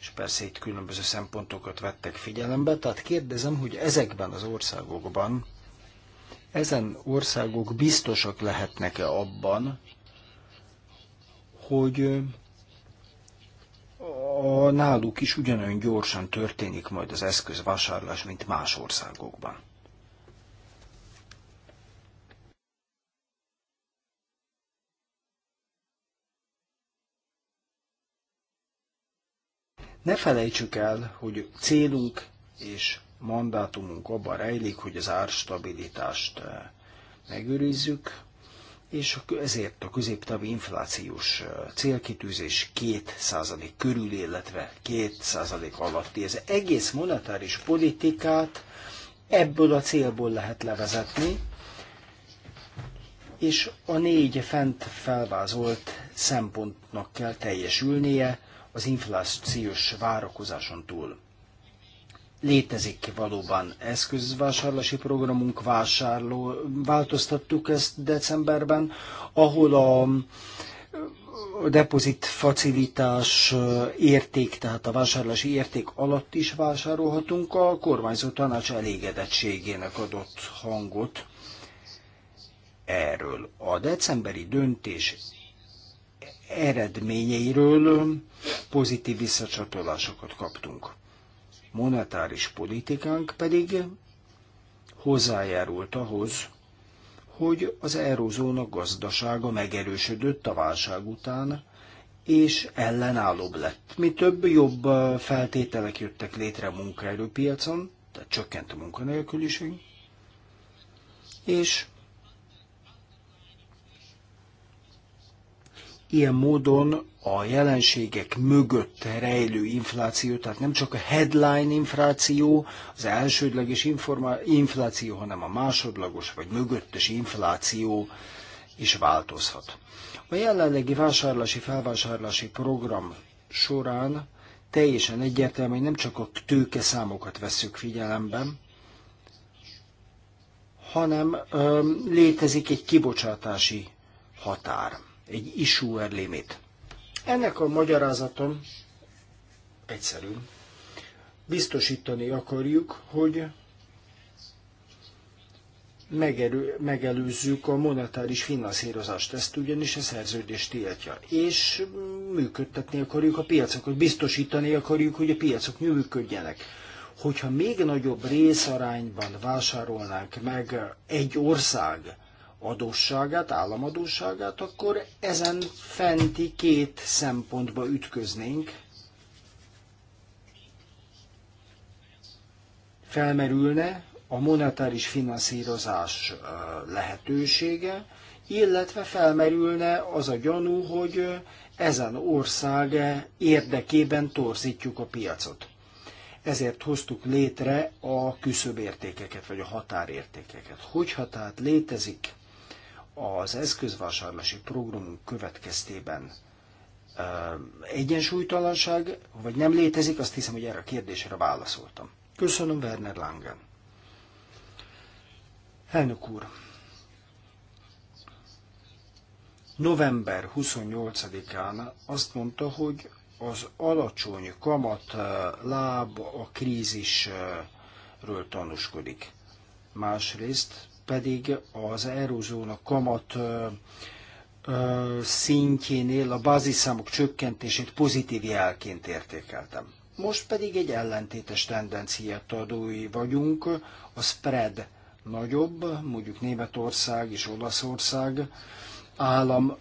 és persze itt különböző szempontokat vettek figyelembe, tehát kérdezem, hogy ezekben az országokban ezen országok biztosak lehetnek-e abban, hogy a náluk is ugyanolyan gyorsan történik majd az eszközvásárlás, mint más országokban. Ne felejtsük el, hogy célunk és mandátumunk abban rejlik, hogy az árstabilitást eh, megőrizzük, és ezért a középtavi inflációs eh, célkitűzés 2% körül, illetve 2% alatti. Ez egész monetáris politikát ebből a célból lehet levezetni, és a négy fent felvázolt szempontnak kell teljesülnie, az inflációs várakozáson túl. Létezik valóban eszközvásárlási programunk, vásárló, változtattuk ezt decemberben, ahol a depozit facilitás érték, tehát a vásárlási érték alatt is vásárolhatunk, a kormányzó tanács elégedettségének adott hangot erről. A decemberi döntés eredményeiről pozitív visszacsatolásokat kaptunk. Monetáris politikánk pedig hozzájárult ahhoz, hogy az eurozóna gazdasága megerősödött a válság után, és ellenállóbb lett. Mi több, jobb feltételek jöttek létre a munkaerőpiacon, tehát csökkent a munkanélküliség, és Ilyen módon a jelenségek mögött rejlő infláció, tehát nem csak a headline infláció, az elsődleges infláció, hanem a másodlagos vagy mögöttes infláció is változhat. A jelenlegi vásárlási-felvásárlási program során teljesen egyértelmű, hogy nem csak a tőke számokat veszük figyelembe, hanem ö, létezik egy kibocsátási határ egy issuer limit. Ennek a magyarázatom egyszerű. Biztosítani akarjuk, hogy megerő, megelőzzük a monetáris finanszírozást, ezt ugyanis a szerződés tiltja. És működtetni akarjuk a piacokat, biztosítani akarjuk, hogy a piacok működjenek. Hogyha még nagyobb részarányban vásárolnánk meg egy ország adósságát, államadósságát, akkor ezen fenti két szempontba ütköznénk. Felmerülne a monetáris finanszírozás lehetősége, illetve felmerülne az a gyanú, hogy ezen ország érdekében torzítjuk a piacot. Ezért hoztuk létre a küszöbértékeket, vagy a határértékeket. Hogyha tehát létezik az eszközvásárlási programunk következtében egyensúlytalanság, vagy nem létezik, azt hiszem, hogy erre a kérdésre válaszoltam. Köszönöm, Werner Langen. Elnök úr, november 28-án azt mondta, hogy az alacsony kamat láb a krízisről tanúskodik. Másrészt pedig az eurozóna kamat szintjénél a bázisszámok csökkentését pozitív jelként értékeltem. Most pedig egy ellentétes tendenciát adói vagyunk, a spread nagyobb, mondjuk Németország és Olaszország állam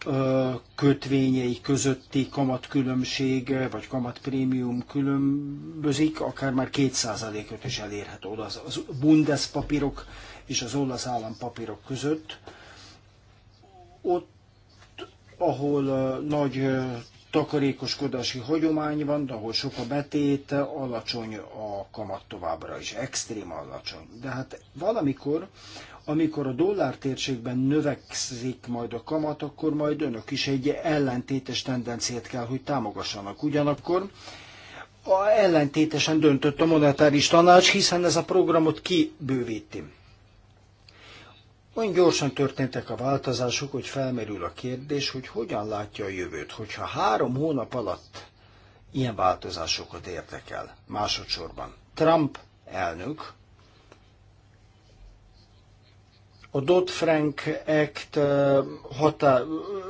kötvényei közötti kamatkülönbség, vagy kamatprémium különbözik, akár már 2%-ot is elérhet oda. Az Bundespapírok és az olasz állampapírok között. Ott, ahol nagy takarékoskodási hagyomány van, de ahol sok a betét, alacsony a kamat továbbra is, extrém alacsony. De hát valamikor, amikor a dollár térségben növekszik majd a kamat, akkor majd önök is egy ellentétes tendenciát kell, hogy támogassanak. Ugyanakkor a ellentétesen döntött a monetáris tanács, hiszen ez a programot kibővíti. Olyan gyorsan történtek a változások, hogy felmerül a kérdés, hogy hogyan látja a jövőt, hogyha három hónap alatt ilyen változásokat értek el. Másodszorban Trump elnök a Dodd-Frank Act hatá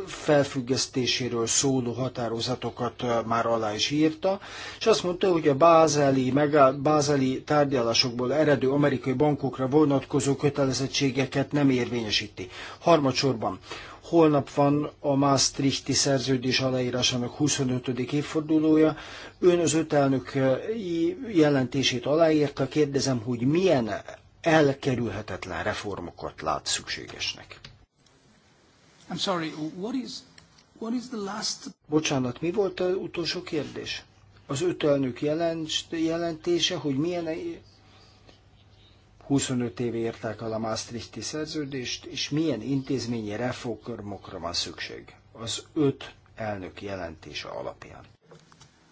felfüggesztéséről szóló határozatokat már alá is írta, és azt mondta, hogy a bázeli, megá, bázeli tárgyalásokból eredő amerikai bankokra vonatkozó kötelezettségeket nem érvényesíti. Harmadsorban, holnap van a Maastrichti szerződés aláírásának 25. évfordulója. Ön az öt elnök jelentését aláírta, kérdezem, hogy milyen elkerülhetetlen reformokat lát szükségesnek. I'm sorry, what is, what is the last... Bocsánat, mi volt az utolsó kérdés? Az öt elnök jelent, jelentése, hogy milyen 25 éve írták el a Maastrichti szerződést, és milyen intézményi reformokra van szükség az öt elnök jelentése alapján.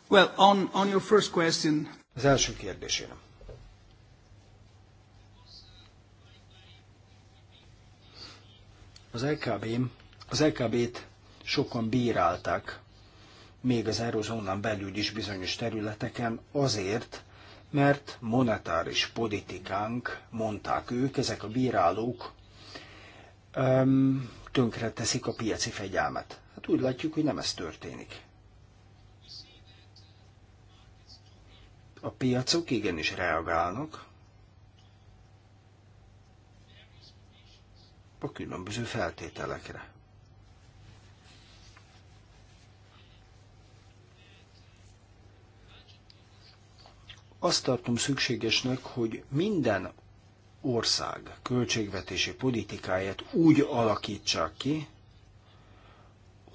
Well, on, on your first question... Az első kérdésére. Az LKB, az LKB-t sokan bírálták, még az eurozónán belül is bizonyos területeken, azért, mert monetáris politikánk, mondták ők, ezek a bírálók, öm, tönkre teszik a piaci fegyelmet. Hát úgy látjuk, hogy nem ez történik. A piacok igenis reagálnak, a különböző feltételekre. Azt tartom szükségesnek, hogy minden ország költségvetési politikáját úgy alakítsák ki,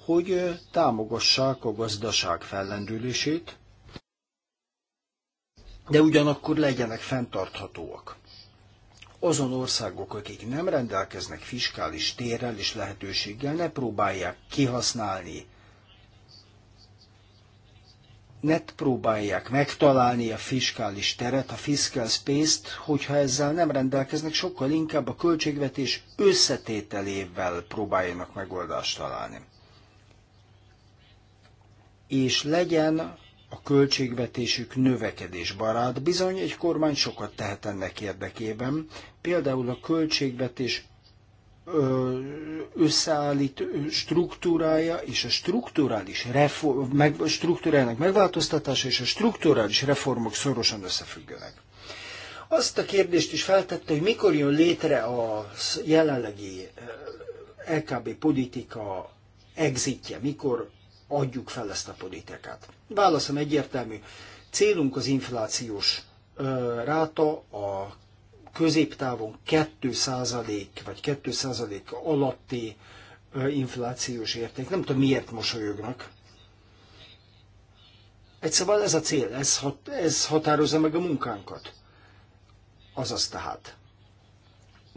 hogy támogassák a gazdaság fellendülését, de ugyanakkor legyenek fenntarthatóak azon országok, akik nem rendelkeznek fiskális térrel és lehetőséggel, ne próbálják kihasználni, ne próbálják megtalálni a fiskális teret, a fiscal space-t, hogyha ezzel nem rendelkeznek, sokkal inkább a költségvetés összetételével próbáljanak megoldást találni. És legyen a költségvetésük növekedés barát. Bizony egy kormány sokat tehet ennek érdekében. Például a költségvetés összeállít struktúrája és a strukturális reform, meg, struktúrának megváltoztatása és a strukturális reformok szorosan összefüggenek. Azt a kérdést is feltette, hogy mikor jön létre a jelenlegi LKB politika exitje, mikor adjuk fel ezt a politikát. Válaszom egyértelmű. Célunk az inflációs ráta, a középtávon 2% vagy 2% alatti inflációs érték. Nem tudom, miért mosolyognak. Egy szóval ez a cél, ez, ez határozza meg a munkánkat. Azaz tehát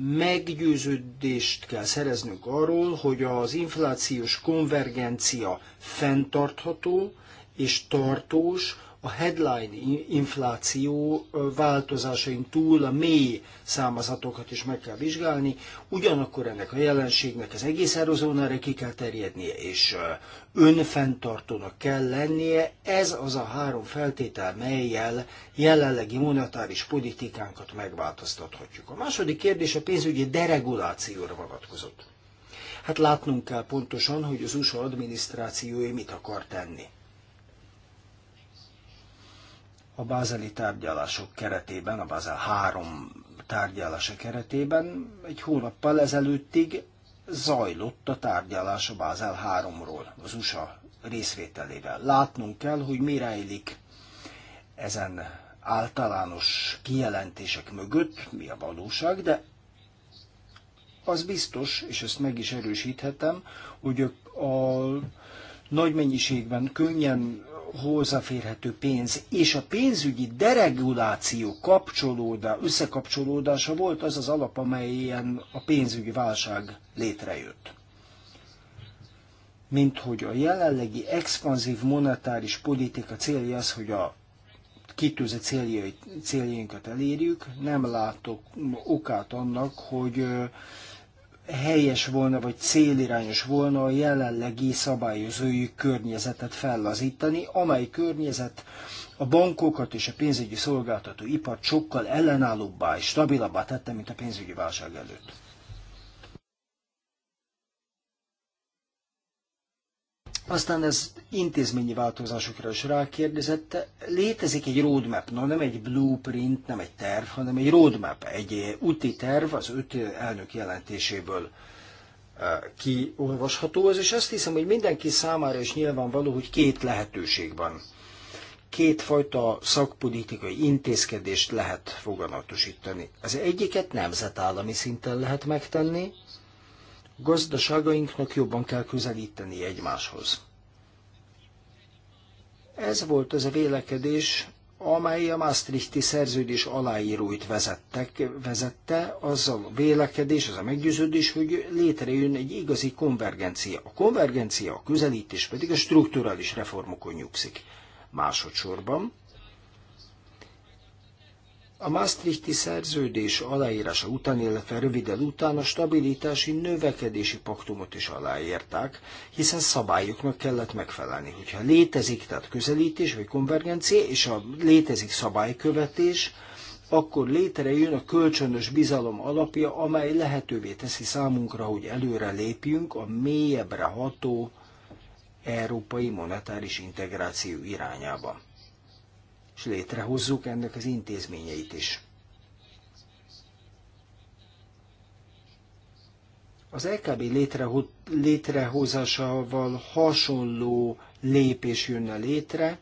meggyőződést kell szereznünk arról, hogy az inflációs konvergencia fenntartható és tartós, a headline infláció változásain túl a mély számazatokat is meg kell vizsgálni, ugyanakkor ennek a jelenségnek az egész erozónára ki kell terjednie, és önfenntartónak kell lennie. Ez az a három feltétel, melyel jelenlegi monetáris politikánkat megváltoztathatjuk. A második kérdés a pénzügyi deregulációra vonatkozott. Hát látnunk kell pontosan, hogy az USA adminisztrációja mit akar tenni a bázeli tárgyalások keretében, a Bázel 3 tárgyalása keretében egy hónappal ezelőttig zajlott a tárgyalás a Bázel 3-ról, az USA részvételével. Látnunk kell, hogy mi rejlik ezen általános kijelentések mögött, mi a valóság, de az biztos, és ezt meg is erősíthetem, hogy a nagy mennyiségben könnyen hozzáférhető pénz és a pénzügyi dereguláció kapcsolódása, összekapcsolódása volt az az alap, amelyen a pénzügyi válság létrejött. Mint hogy a jelenlegi expanzív monetáris politika célja az, hogy a kitűző céljainkat elérjük, nem látok okát annak, hogy helyes volna, vagy célirányos volna a jelenlegi szabályozói környezetet fellazítani, amely környezet a bankokat és a pénzügyi szolgáltató ipart sokkal ellenállóbbá és stabilabbá tette, mint a pénzügyi válság előtt. Aztán ez intézményi változásokra is rákérdezett. Létezik egy roadmap, no nem egy blueprint, nem egy terv, hanem egy roadmap, egy úti terv az öt elnök jelentéséből eh, kiolvasható az, és azt hiszem, hogy mindenki számára is nyilvánvaló, hogy két lehetőség van. Kétfajta szakpolitikai intézkedést lehet foganatosítani. Az egyiket nemzetállami szinten lehet megtenni, gazdaságainknak jobban kell közelíteni egymáshoz. Ez volt az a vélekedés, amely a Maastrichti szerződés aláíróit vezettek, vezette, azzal a vélekedés, az a meggyőződés, hogy létrejön egy igazi konvergencia. A konvergencia, a közelítés pedig a strukturális reformokon nyugszik. Másodszorban a Maastrichti szerződés aláírása után, illetve röviddel után a stabilitási növekedési paktumot is aláírták, hiszen szabályoknak kellett megfelelni. Hogyha létezik, tehát közelítés vagy konvergencia, és a létezik szabálykövetés, akkor létrejön a kölcsönös bizalom alapja, amely lehetővé teszi számunkra, hogy előre lépjünk a mélyebbre ható európai monetáris integráció irányába és létrehozzuk ennek az intézményeit is. Az LKB létreho- létrehozásával hasonló lépés jönne létre,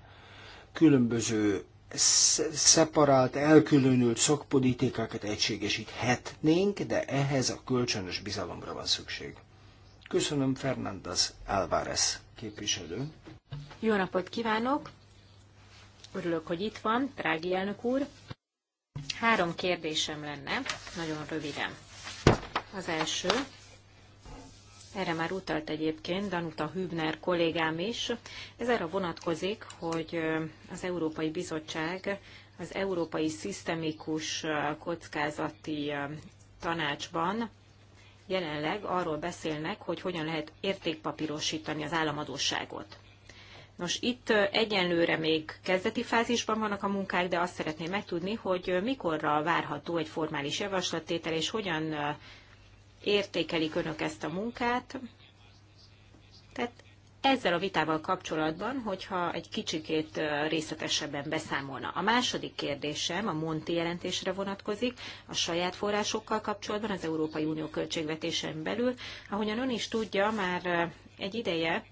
különböző szeparált, elkülönült szakpolitikákat egységesíthetnénk, de ehhez a kölcsönös bizalomra van szükség. Köszönöm, Fernandez Álvarez képviselő. Jó napot kívánok! Örülök, hogy itt van, drági elnök úr. Három kérdésem lenne, nagyon röviden. Az első, erre már utalt egyébként Danuta Hübner kollégám is. Ez arra vonatkozik, hogy az Európai Bizottság az Európai Szisztemikus Kockázati Tanácsban jelenleg arról beszélnek, hogy hogyan lehet értékpapírosítani az államadóságot. Nos, itt egyenlőre még kezdeti fázisban vannak a munkák, de azt szeretném megtudni, hogy mikorra várható egy formális javaslattétel, és hogyan értékelik önök ezt a munkát. Tehát ezzel a vitával kapcsolatban, hogyha egy kicsikét részletesebben beszámolna. A második kérdésem a Monti jelentésre vonatkozik, a saját forrásokkal kapcsolatban az Európai Unió költségvetésen belül. Ahogyan ön is tudja, már egy ideje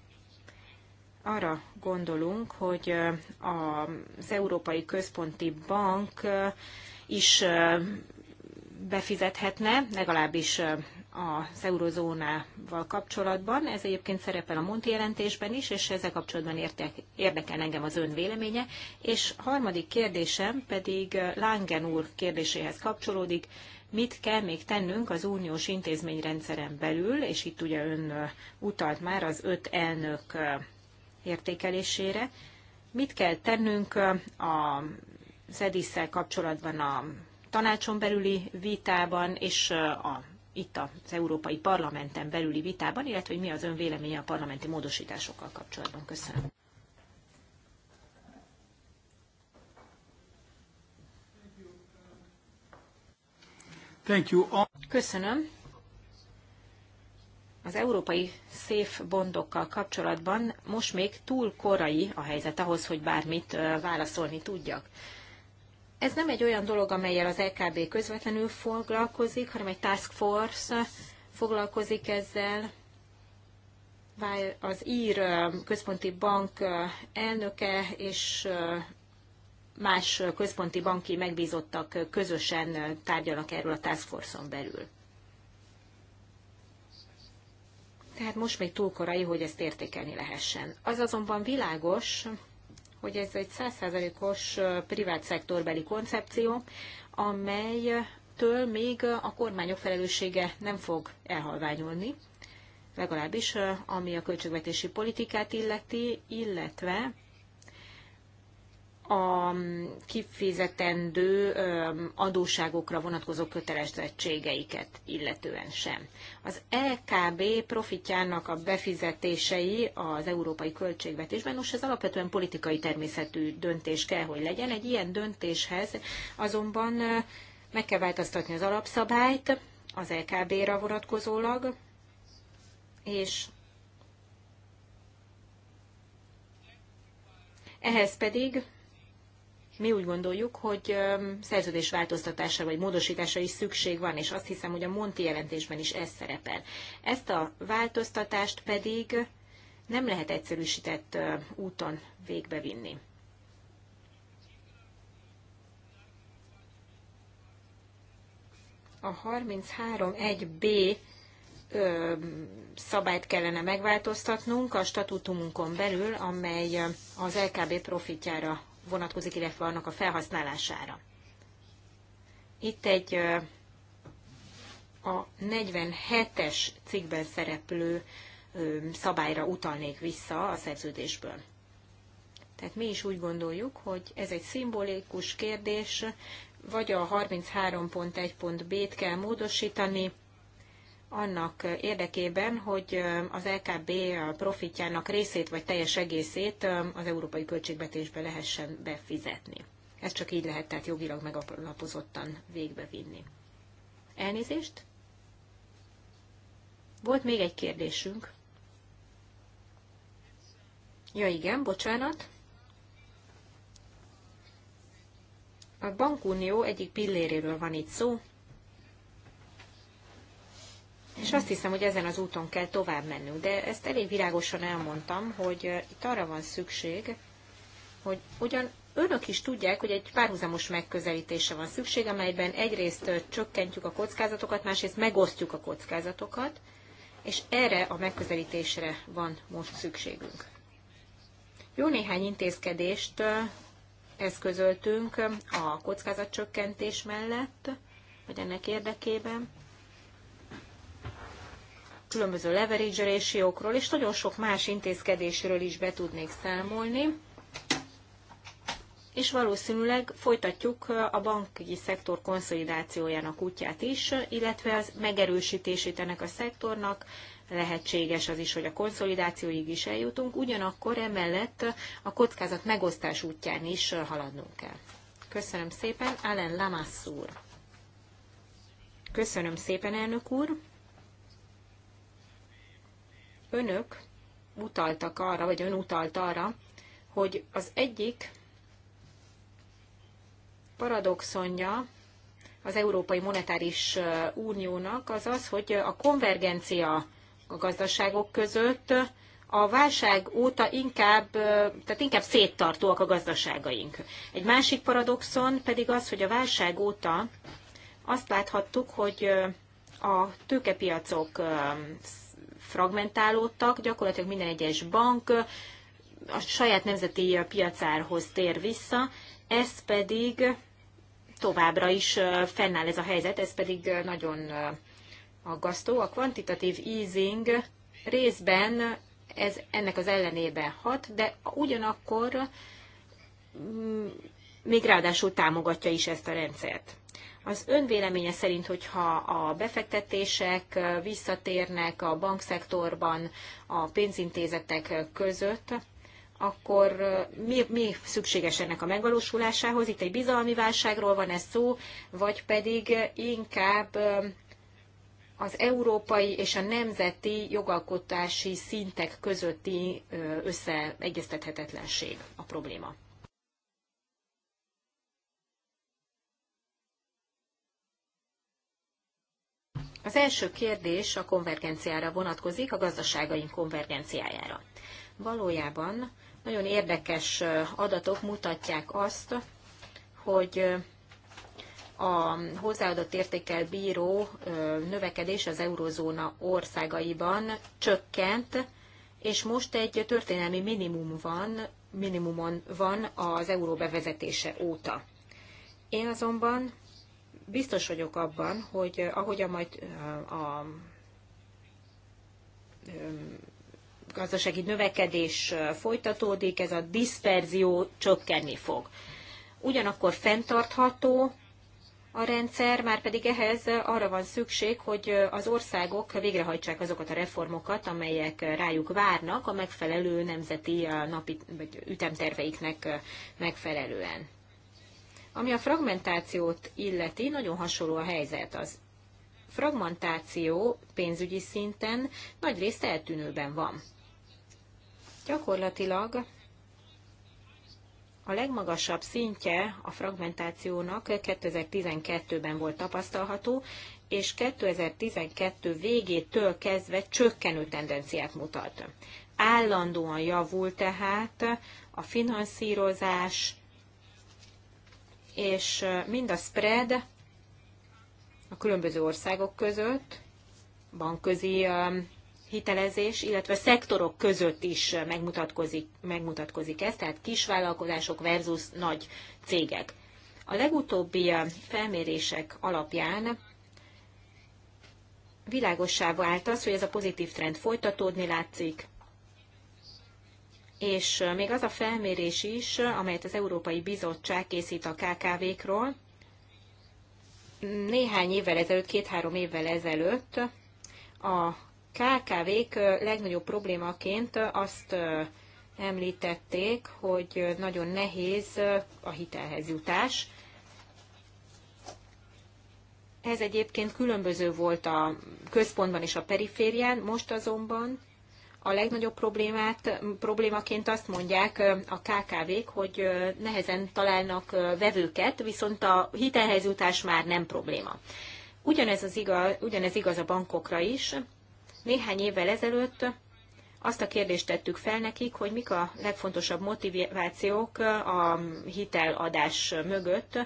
arra gondolunk, hogy az Európai Központi Bank is befizethetne, legalábbis az eurozónával kapcsolatban. Ez egyébként szerepel a Monti jelentésben is, és ezzel kapcsolatban értek, érdekel engem az ön véleménye. És harmadik kérdésem pedig Lángen úr kérdéséhez kapcsolódik. Mit kell még tennünk az uniós intézményrendszeren belül, és itt ugye ön utalt már az öt elnök értékelésére. Mit kell tennünk a edisszel kapcsolatban a tanácson belüli vitában és a, itt az Európai Parlamenten belüli vitában, illetve hogy mi az ön véleménye a parlamenti módosításokkal kapcsolatban. Köszönöm. Köszönöm az európai szép bondokkal kapcsolatban most még túl korai a helyzet ahhoz, hogy bármit válaszolni tudjak. Ez nem egy olyan dolog, amelyel az LKB közvetlenül foglalkozik, hanem egy task force foglalkozik ezzel. Az ír központi bank elnöke és más központi banki megbízottak közösen tárgyalnak erről a task force-on belül. tehát most még túl korai, hogy ezt értékelni lehessen. Az azonban világos, hogy ez egy százszázalékos privát szektorbeli koncepció, amelytől még a kormányok felelőssége nem fog elhalványulni, legalábbis ami a költségvetési politikát illeti, illetve a kifizetendő adóságokra vonatkozó kötelezettségeiket illetően sem. Az EKB profitjának a befizetései az európai költségvetésben, most ez alapvetően politikai természetű döntés kell, hogy legyen. Egy ilyen döntéshez azonban meg kell változtatni az alapszabályt az LKB-ra vonatkozólag, és ehhez pedig mi úgy gondoljuk, hogy szerződés változtatásra vagy módosításra is szükség van, és azt hiszem, hogy a Monti jelentésben is ez szerepel. Ezt a változtatást pedig nem lehet egyszerűsített úton végbevinni. A 33.1b ö, szabályt kellene megváltoztatnunk a statútumunkon belül, amely az LKB profitjára vonatkozik, illetve annak a felhasználására. Itt egy a 47-es cikkben szereplő szabályra utalnék vissza a szerződésből. Tehát mi is úgy gondoljuk, hogy ez egy szimbolikus kérdés, vagy a 33.1.b-t kell módosítani, annak érdekében, hogy az LKB profitjának részét vagy teljes egészét az európai költségvetésbe lehessen befizetni. Ez csak így lehet tehát jogilag megalapozottan végbevinni. Elnézést? Volt még egy kérdésünk. Ja igen, bocsánat. A bankunió egyik pilléréről van itt szó, és azt hiszem, hogy ezen az úton kell tovább mennünk. De ezt elég virágosan elmondtam, hogy itt arra van szükség, hogy ugyan önök is tudják, hogy egy párhuzamos megközelítése van szükség, amelyben egyrészt csökkentjük a kockázatokat, másrészt megosztjuk a kockázatokat, és erre a megközelítésre van most szükségünk. Jó néhány intézkedést eszközöltünk a kockázatcsökkentés mellett, vagy ennek érdekében különböző leverage ratio-król és nagyon sok más intézkedésről is be tudnék számolni. És valószínűleg folytatjuk a banki szektor konszolidációjának útját is, illetve az megerősítését ennek a szektornak, lehetséges az is, hogy a konszolidációig is eljutunk, ugyanakkor emellett a kockázat megosztás útján is haladnunk kell. Köszönöm szépen, Allen Lamassur. Köszönöm szépen, elnök úr önök utaltak arra, vagy ön utalt arra, hogy az egyik paradoxonja az Európai Monetáris Uniónak az az, hogy a konvergencia a gazdaságok között a válság óta inkább, tehát inkább széttartóak a gazdaságaink. Egy másik paradoxon pedig az, hogy a válság óta azt láthattuk, hogy a tőkepiacok fragmentálódtak, gyakorlatilag minden egyes bank a saját nemzeti piacárhoz tér vissza, ez pedig továbbra is fennáll ez a helyzet, ez pedig nagyon aggasztó. A kvantitatív easing részben ez ennek az ellenében hat, de ugyanakkor még ráadásul támogatja is ezt a rendszert. Az ön véleménye szerint, hogyha a befektetések visszatérnek a bankszektorban a pénzintézetek között, akkor mi, mi szükséges ennek a megvalósulásához? Itt egy bizalmi válságról van ez szó, vagy pedig inkább az európai és a nemzeti jogalkotási szintek közötti összeegyeztethetetlenség a probléma. Az első kérdés a konvergenciára vonatkozik, a gazdaságaink konvergenciájára. Valójában nagyon érdekes adatok mutatják azt, hogy a hozzáadott értékkel bíró növekedés az eurozóna országaiban csökkent, és most egy történelmi minimum van, minimumon van az euró bevezetése óta. Én azonban biztos vagyok abban, hogy eh, ahogyan majd eh, a eh, gazdasági növekedés folytatódik, ez a diszperzió csökkenni fog. Ugyanakkor fenntartható a rendszer, már pedig ehhez arra van szükség, hogy az országok végrehajtsák azokat a reformokat, amelyek rájuk várnak a megfelelő nemzeti napi vagy ütemterveiknek megfelelően. Ami a fragmentációt illeti, nagyon hasonló a helyzet az fragmentáció pénzügyi szinten részt eltűnőben van. Gyakorlatilag a legmagasabb szintje a fragmentációnak 2012-ben volt tapasztalható, és 2012 végétől kezdve csökkenő tendenciát mutat. Állandóan javul tehát a finanszírozás, és mind a spread a különböző országok között, bankközi hitelezés, illetve szektorok között is megmutatkozik, megmutatkozik ez, tehát kisvállalkozások versus nagy cégek. A legutóbbi felmérések alapján világossá vált az, hogy ez a pozitív trend folytatódni látszik, és még az a felmérés is, amelyet az Európai Bizottság készít a KKV-król, néhány évvel ezelőtt, két-három évvel ezelőtt a KKV-k legnagyobb problémaként azt említették, hogy nagyon nehéz a hitelhez jutás. Ez egyébként különböző volt a központban és a periférián, most azonban a legnagyobb problémát, problémaként azt mondják a KKV-k, hogy nehezen találnak vevőket, viszont a hitelhez jutás már nem probléma. Ugyanez, az igaz, ugyanez igaz a bankokra is. Néhány évvel ezelőtt azt a kérdést tettük fel nekik, hogy mik a legfontosabb motivációk a hiteladás mögött.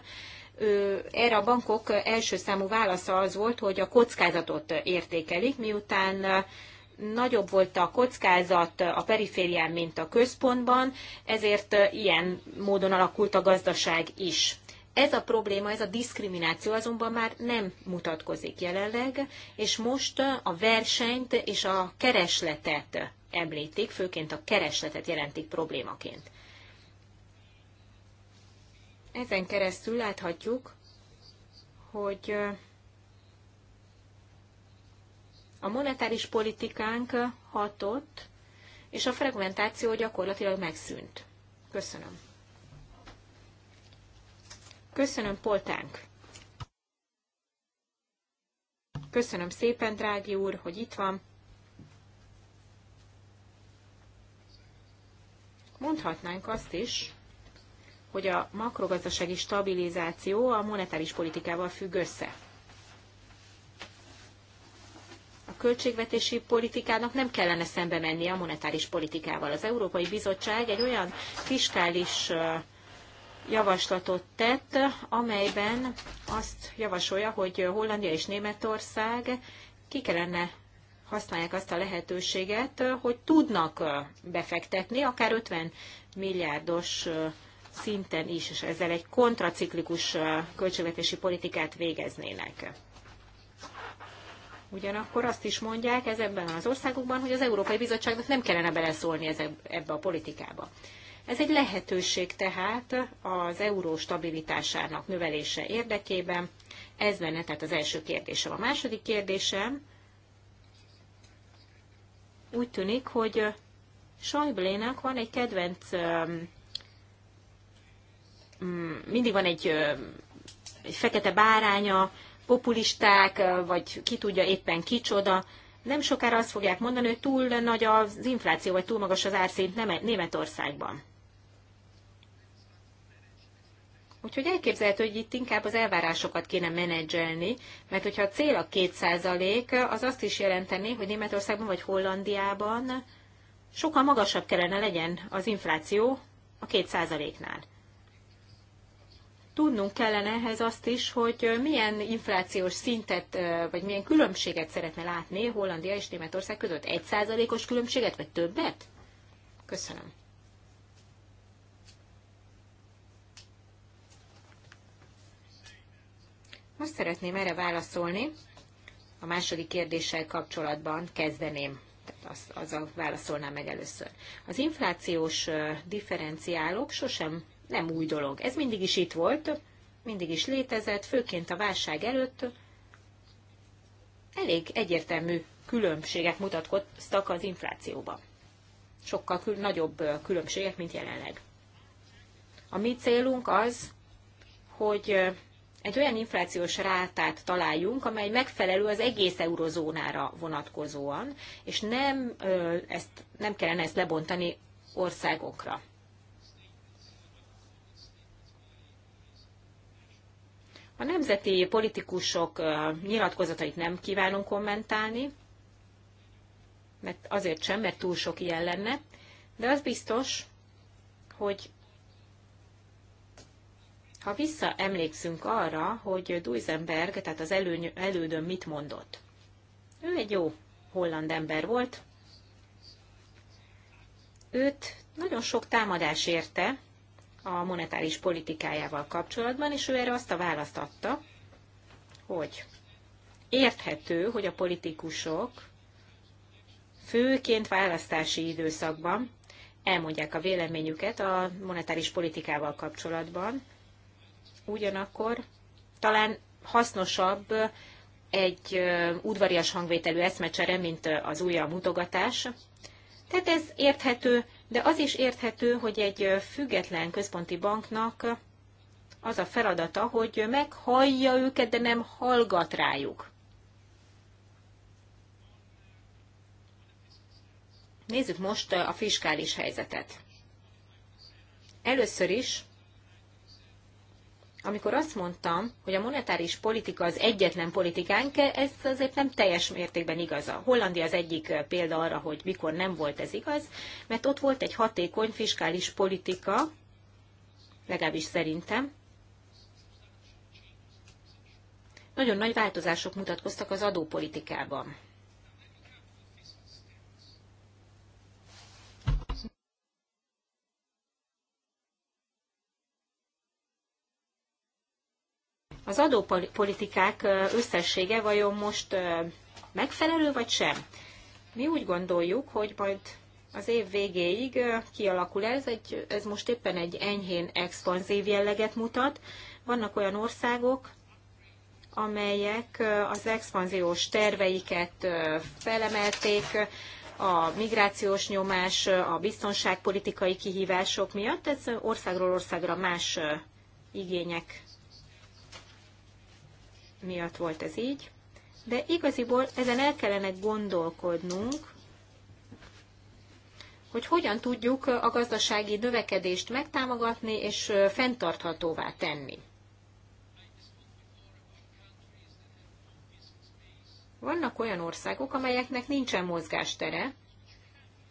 Erre a bankok első számú válasza az volt, hogy a kockázatot értékelik, miután nagyobb volt a kockázat a periférián, mint a központban, ezért ilyen módon alakult a gazdaság is. Ez a probléma, ez a diszkrimináció azonban már nem mutatkozik jelenleg, és most a versenyt és a keresletet említik, főként a keresletet jelentik problémaként. Ezen keresztül láthatjuk, hogy a monetáris politikánk hatott, és a fragmentáció gyakorlatilag megszűnt. Köszönöm. Köszönöm, Poltánk. Köszönöm szépen, drági úr, hogy itt van. Mondhatnánk azt is, hogy a makrogazdasági stabilizáció a monetáris politikával függ össze. költségvetési politikának nem kellene szembe mennie a monetáris politikával. Az Európai Bizottság egy olyan fiskális javaslatot tett, amelyben azt javasolja, hogy Hollandia és Németország ki kellene használják azt a lehetőséget, hogy tudnak befektetni, akár 50 milliárdos szinten is, és ezzel egy kontraciklikus költségvetési politikát végeznének. Ugyanakkor azt is mondják ezekben az országokban, hogy az Európai Bizottságnak nem kellene beleszólni ebbe a politikába. Ez egy lehetőség tehát az euró stabilitásának növelése érdekében. Ez lenne tehát az első kérdésem. A második kérdésem úgy tűnik, hogy Sajblének van egy kedvenc, mm, mindig van egy, egy fekete báránya, populisták, vagy ki tudja éppen kicsoda, nem sokára azt fogják mondani, hogy túl nagy az infláció, vagy túl magas az árszint Németországban. Úgyhogy elképzelhető, hogy itt inkább az elvárásokat kéne menedzselni, mert hogyha a cél a 2% az azt is jelenteni, hogy Németországban vagy Hollandiában sokkal magasabb kellene legyen az infláció a 2%-nál tudnunk kellene ehhez azt is, hogy milyen inflációs szintet, vagy milyen különbséget szeretne látni Hollandia és Németország között. Egy százalékos különbséget, vagy többet? Köszönöm. Most szeretném erre válaszolni. A második kérdéssel kapcsolatban kezdeném. Tehát azzal válaszolnám meg először. Az inflációs differenciálok sosem nem új dolog. Ez mindig is itt volt, mindig is létezett, főként a válság előtt elég egyértelmű különbségek mutatkoztak az inflációban. Sokkal kül- nagyobb különbségek, mint jelenleg. A mi célunk az, hogy egy olyan inflációs rátát találjunk, amely megfelelő az egész eurozónára vonatkozóan, és nem, ezt, nem kellene ezt lebontani országokra. A nemzeti politikusok nyilatkozatait nem kívánunk kommentálni, mert azért sem, mert túl sok ilyen lenne, de az biztos, hogy ha visszaemlékszünk arra, hogy Duisenberg, tehát az előny, elődön mit mondott. Ő egy jó holland ember volt. Őt nagyon sok támadás érte, a monetáris politikájával kapcsolatban, és ő erre azt a választ adta, hogy érthető, hogy a politikusok főként választási időszakban elmondják a véleményüket a monetáris politikával kapcsolatban, ugyanakkor talán hasznosabb egy udvarias hangvételű eszmecsere, mint az újabb mutogatás. Tehát ez érthető, de az is érthető, hogy egy független központi banknak az a feladata, hogy meghallja őket, de nem hallgat rájuk. Nézzük most a fiskális helyzetet. Először is amikor azt mondtam, hogy a monetáris politika az egyetlen politikánk, ez azért nem teljes mértékben igaz. A Hollandia az egyik példa arra, hogy mikor nem volt ez igaz, mert ott volt egy hatékony fiskális politika, legalábbis szerintem. Nagyon nagy változások mutatkoztak az adópolitikában. az adópolitikák összessége vajon most megfelelő vagy sem. Mi úgy gondoljuk, hogy majd az év végéig kialakul ez, egy, ez most éppen egy enyhén expanzív jelleget mutat. Vannak olyan országok, amelyek az expanziós terveiket felemelték, a migrációs nyomás, a biztonságpolitikai kihívások miatt, ez országról országra más igények miatt volt ez így, de igaziból ezen el kellene gondolkodnunk, hogy hogyan tudjuk a gazdasági növekedést megtámogatni és fenntarthatóvá tenni. Vannak olyan országok, amelyeknek nincsen mozgástere,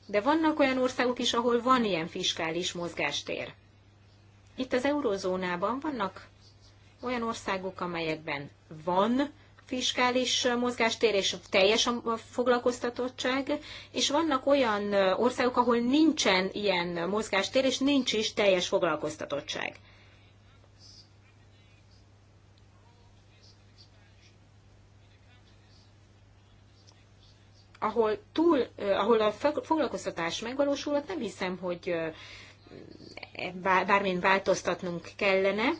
de vannak olyan országok is, ahol van ilyen fiskális mozgástér. Itt az eurozónában vannak olyan országok, amelyekben van fiskális mozgástér és teljes a foglalkoztatottság, és vannak olyan országok, ahol nincsen ilyen mozgástér, és nincs is teljes foglalkoztatottság. Ahol, túl, ahol a foglalkoztatás megvalósul, nem hiszem, hogy bármilyen változtatnunk kellene,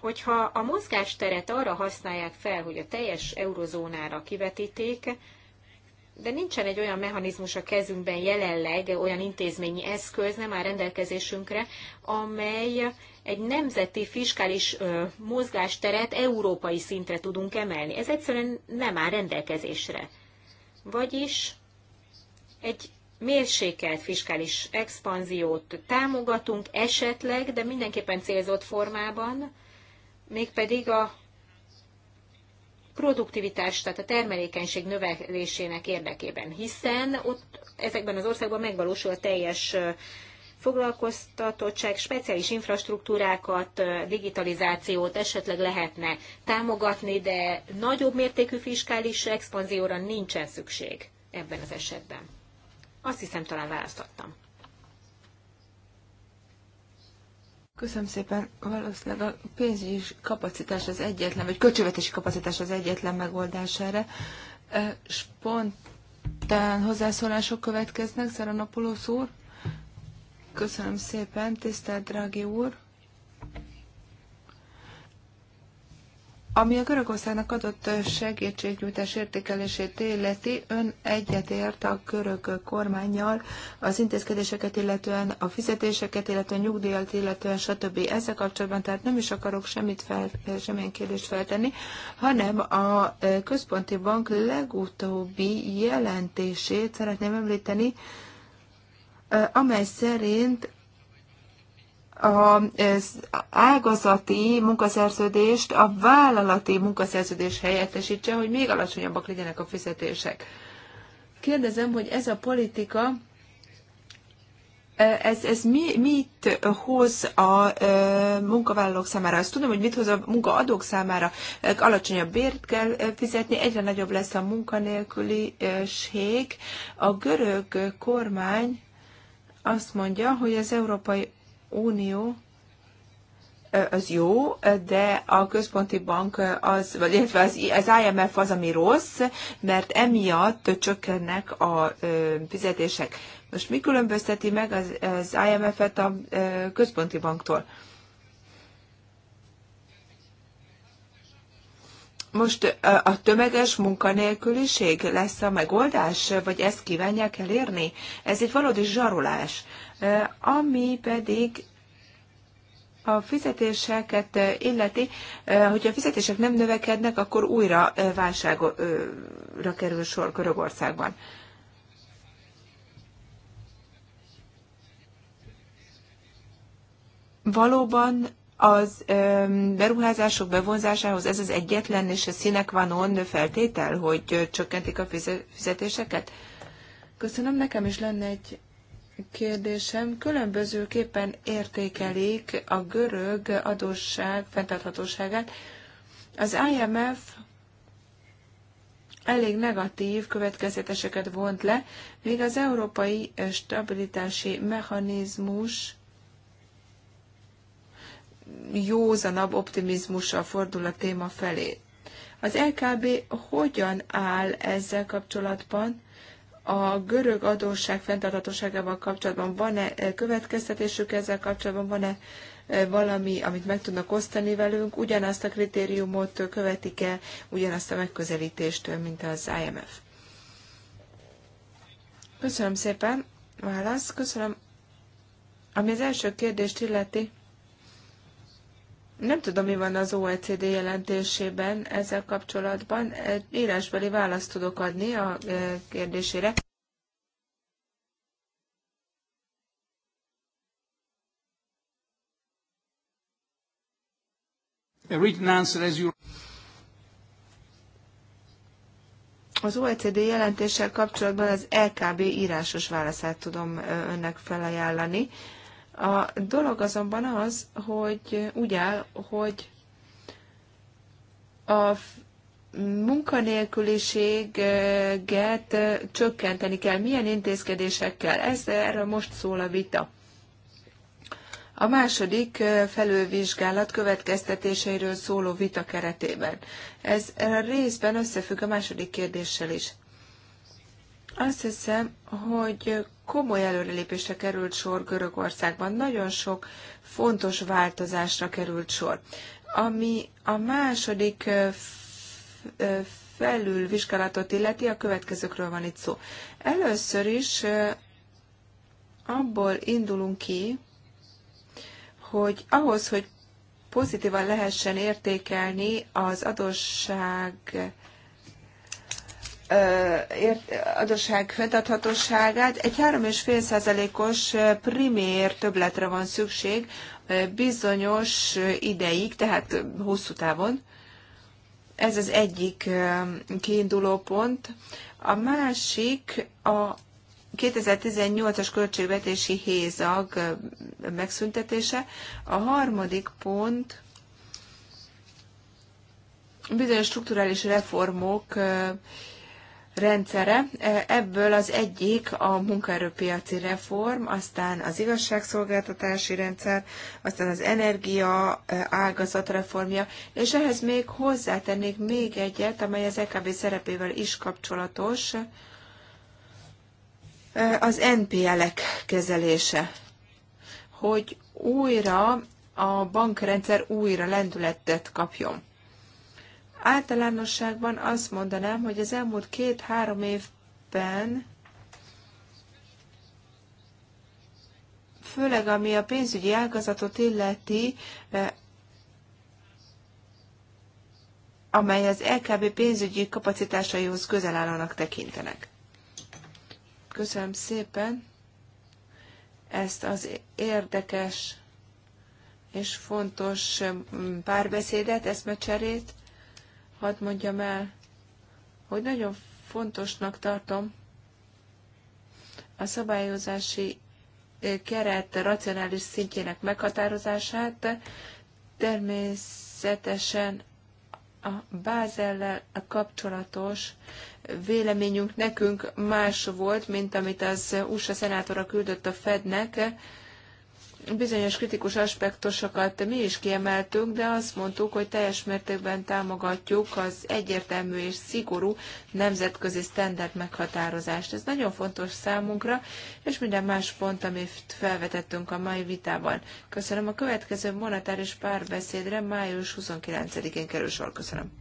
hogyha a mozgásteret arra használják fel, hogy a teljes eurozónára kivetíték, de nincsen egy olyan mechanizmus a kezünkben jelenleg, olyan intézményi eszköz nem áll rendelkezésünkre, amely egy nemzeti fiskális ö, mozgásteret európai szintre tudunk emelni. Ez egyszerűen nem áll rendelkezésre. Vagyis egy mérsékelt fiskális expanziót támogatunk esetleg, de mindenképpen célzott formában, mégpedig a produktivitás, tehát a termelékenység növelésének érdekében, hiszen ott ezekben az országban megvalósul a teljes foglalkoztatottság, speciális infrastruktúrákat, digitalizációt esetleg lehetne támogatni, de nagyobb mértékű fiskális expanzióra nincsen szükség ebben az esetben. Azt hiszem, talán választottam. Köszönöm szépen. Valószínűleg a pénzügyi kapacitás az egyetlen, vagy költségvetési kapacitás az egyetlen megoldás erre. Spontán hozzászólások következnek, Szeranapolósz úr. Köszönöm szépen, tisztelt Drági úr. Ami a Görögországnak adott segítségnyújtás értékelését illeti, ön egyetért a görög kormányjal az intézkedéseket illetően, a fizetéseket illetően, nyugdíjat illetően, stb. Ezzel kapcsolatban tehát nem is akarok semmit fel, semmilyen kérdést feltenni, hanem a központi bank legutóbbi jelentését szeretném említeni, amely szerint az ágazati munkaszerződést a vállalati munkaszerződés helyettesítse, hogy még alacsonyabbak legyenek a fizetések. Kérdezem, hogy ez a politika, e, ez, ez mi, mit hoz a e, munkavállalók számára? Azt tudom, hogy mit hoz a munkaadók számára. Alacsonyabb bért kell e, fizetni, egyre nagyobb lesz a munkanélküliség. A görög kormány azt mondja, hogy az Európai Unió az jó, de a központi bank az, vagy illetve az, az IMF az, ami rossz, mert emiatt csökkennek a fizetések. Most mi különbözteti meg az, az IMF-et a központi banktól? Most a tömeges munkanélküliség lesz a megoldás, vagy ezt kívánják elérni? Ez egy valódi zsarolás, ami pedig a fizetéseket illeti, hogy a fizetések nem növekednek, akkor újra válságra kerül sor Görögországban. Valóban az beruházások bevonzásához ez az egyetlen és a színek van on feltétel, hogy csökkentik a fizetéseket? Köszönöm, nekem is lenne egy kérdésem. Különbözőképpen értékelik a görög adósság fenntarthatóságát. Az IMF elég negatív következeteseket vont le, míg az európai stabilitási mechanizmus józanabb optimizmussal fordul a téma felé. Az LKB hogyan áll ezzel kapcsolatban? A görög adósság fenntarthatóságával kapcsolatban van-e e, következtetésük ezzel kapcsolatban? Van-e e, valami, amit meg tudnak osztani velünk? Ugyanazt a kritériumot követik-e, ugyanazt a megközelítést, mint az IMF? Köszönöm szépen. Válasz, köszönöm. Ami az első kérdést illeti, nem tudom, mi van az OECD jelentésében ezzel kapcsolatban. Írásbeli választ tudok adni a e, kérdésére. Az OECD jelentéssel kapcsolatban az LKB írásos válaszát tudom e, önnek felajánlani. A dolog azonban az, hogy úgy áll, hogy a munkanélküliséget csökkenteni kell. Milyen intézkedésekkel? Ez erről most szól a vita. A második felülvizsgálat következtetéseiről szóló vita keretében. Ez részben összefügg a második kérdéssel is. Azt hiszem, hogy komoly előrelépésre került sor Görögországban. Nagyon sok fontos változásra került sor. Ami a második felülvizsgálatot illeti, a következőkről van itt szó. Először is abból indulunk ki, hogy ahhoz, hogy pozitívan lehessen értékelni az adósság adósság fenntarthatóságát. Egy 3,5%-os primér többletre van szükség bizonyos ideig, tehát hosszú távon. Ez az egyik kiinduló pont. A másik a 2018-as költségvetési hézag megszüntetése. A harmadik pont bizonyos strukturális reformok rendszere. E, ebből az egyik a munkaerőpiaci reform, aztán az igazságszolgáltatási rendszer, aztán az energia e, ágazat reformja, és ehhez még hozzátennék még egyet, amely az EKB szerepével is kapcsolatos, e, az NPL-ek kezelése, hogy újra a bankrendszer újra lendületet kapjon. Általánosságban azt mondanám, hogy az elmúlt két-három évben főleg ami a pénzügyi ágazatot illeti, eh, amely az LKB pénzügyi kapacitásaihoz közel állónak tekintenek. Köszönöm szépen ezt az érdekes és fontos mm, párbeszédet, eszmecserét hadd mondjam el, hogy nagyon fontosnak tartom a szabályozási eh, keret racionális szintjének meghatározását, természetesen a Bázellel a kapcsolatos véleményünk nekünk más volt, mint amit az USA szenátora küldött a Fednek, bizonyos kritikus aspektusokat mi is kiemeltünk, de azt mondtuk, hogy teljes mértékben támogatjuk az egyértelmű és szigorú nemzetközi standard meghatározást. Ez nagyon fontos számunkra, és minden más pont, amit felvetettünk a mai vitában. Köszönöm a következő monetáris párbeszédre május 29-én kerül sor. Köszönöm.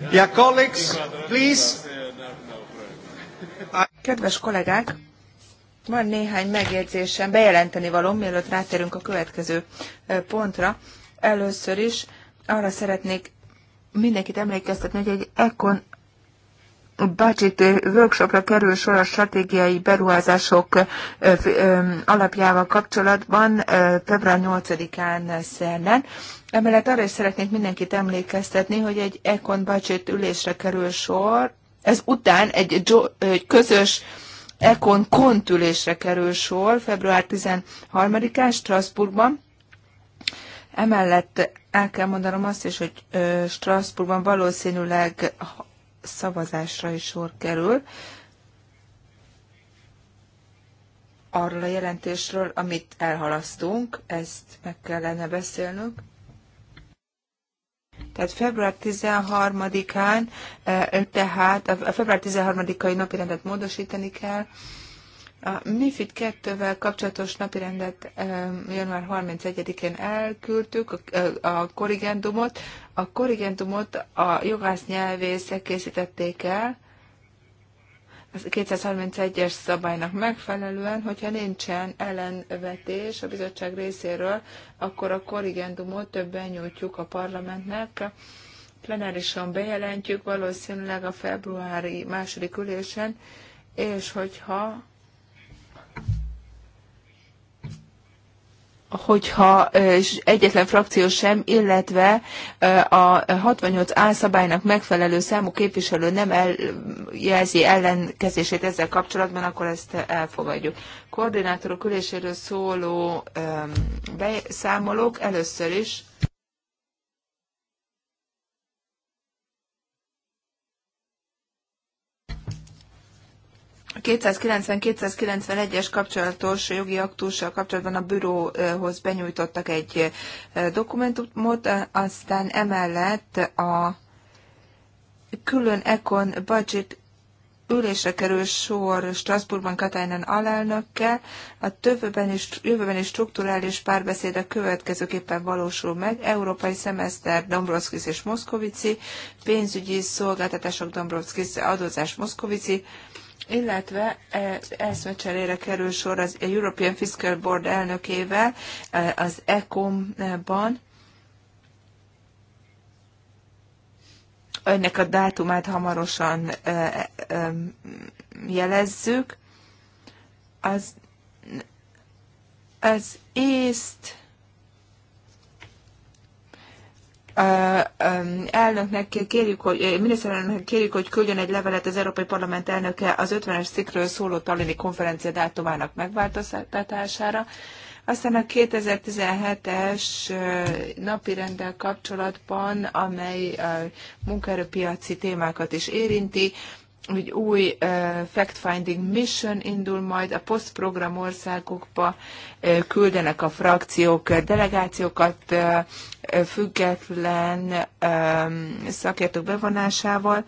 Yeah, colleagues, please. Kedves kollégák, van néhány megjegyzésem, bejelenteni való, mielőtt rátérünk a következő pontra. Először is arra szeretnék mindenkit emlékeztetni, hogy egy Econ budget workshopra kerül sor a stratégiai beruházások alapjával kapcsolatban február 8-án szerdán. Emellett arra is szeretnék mindenkit emlékeztetni, hogy egy Econ budget ülésre kerül sor, ez után egy, egy közös Econ kontülésre kerül sor február 13-án Strasbourgban. Emellett el kell mondanom azt is, hogy Strasbourgban valószínűleg szavazásra is sor kerül arról a jelentésről, amit elhalasztunk, ezt meg kellene beszélnünk. Tehát február 13-án, eh, tehát a eh, február 13-ai napirendet módosítani kell, a MIFID 2-vel kapcsolatos napirendet január 31-én elküldtük, a korrigendumot. A korrigendumot a jogász nyelvészek készítették el, az 231-es szabálynak megfelelően, hogyha nincsen ellenvetés a bizottság részéről, akkor a korrigendumot többen nyújtjuk a parlamentnek, plenárison bejelentjük, valószínűleg a februári második ülésen, és hogyha hogyha egyetlen frakció sem, illetve a 68 A szabálynak megfelelő számú képviselő nem jelzi ellenkezését ezzel kapcsolatban, akkor ezt elfogadjuk. Koordinátorok üléséről szóló beszámolók először is 290-291-es kapcsolatos jogi aktussal kapcsolatban a bürohoz benyújtottak egy dokumentumot, aztán emellett a külön Econ Budget ülésre kerül sor Strasbourgban Katainen alelnökkel, a tövőben is, jövőben is strukturális párbeszéd a következőképpen valósul meg, Európai Szemeszter Dombrovskis és Moszkovici, pénzügyi szolgáltatások Dombrovskis adózás Moszkovici, illetve e, eszmecserére kerül sor az European Fiscal Board elnökével e, az ECOM-ban. Önnek a dátumát hamarosan e, jelezzük. Az, az észt Um, elnöknek kérjük, hogy, eh, miniszterelnöknek kérjük, hogy küldjön egy levelet az Európai Parlament elnöke az 50-es szikről szóló tallini konferencia dátumának megváltoztatására. Aztán a 2017-es eh, rendel kapcsolatban, amely eh, munkaerőpiaci témákat is érinti, egy új fact-finding mission indul majd, a posztprogram országokba küldenek a frakciók delegációkat független szakértők bevonásával.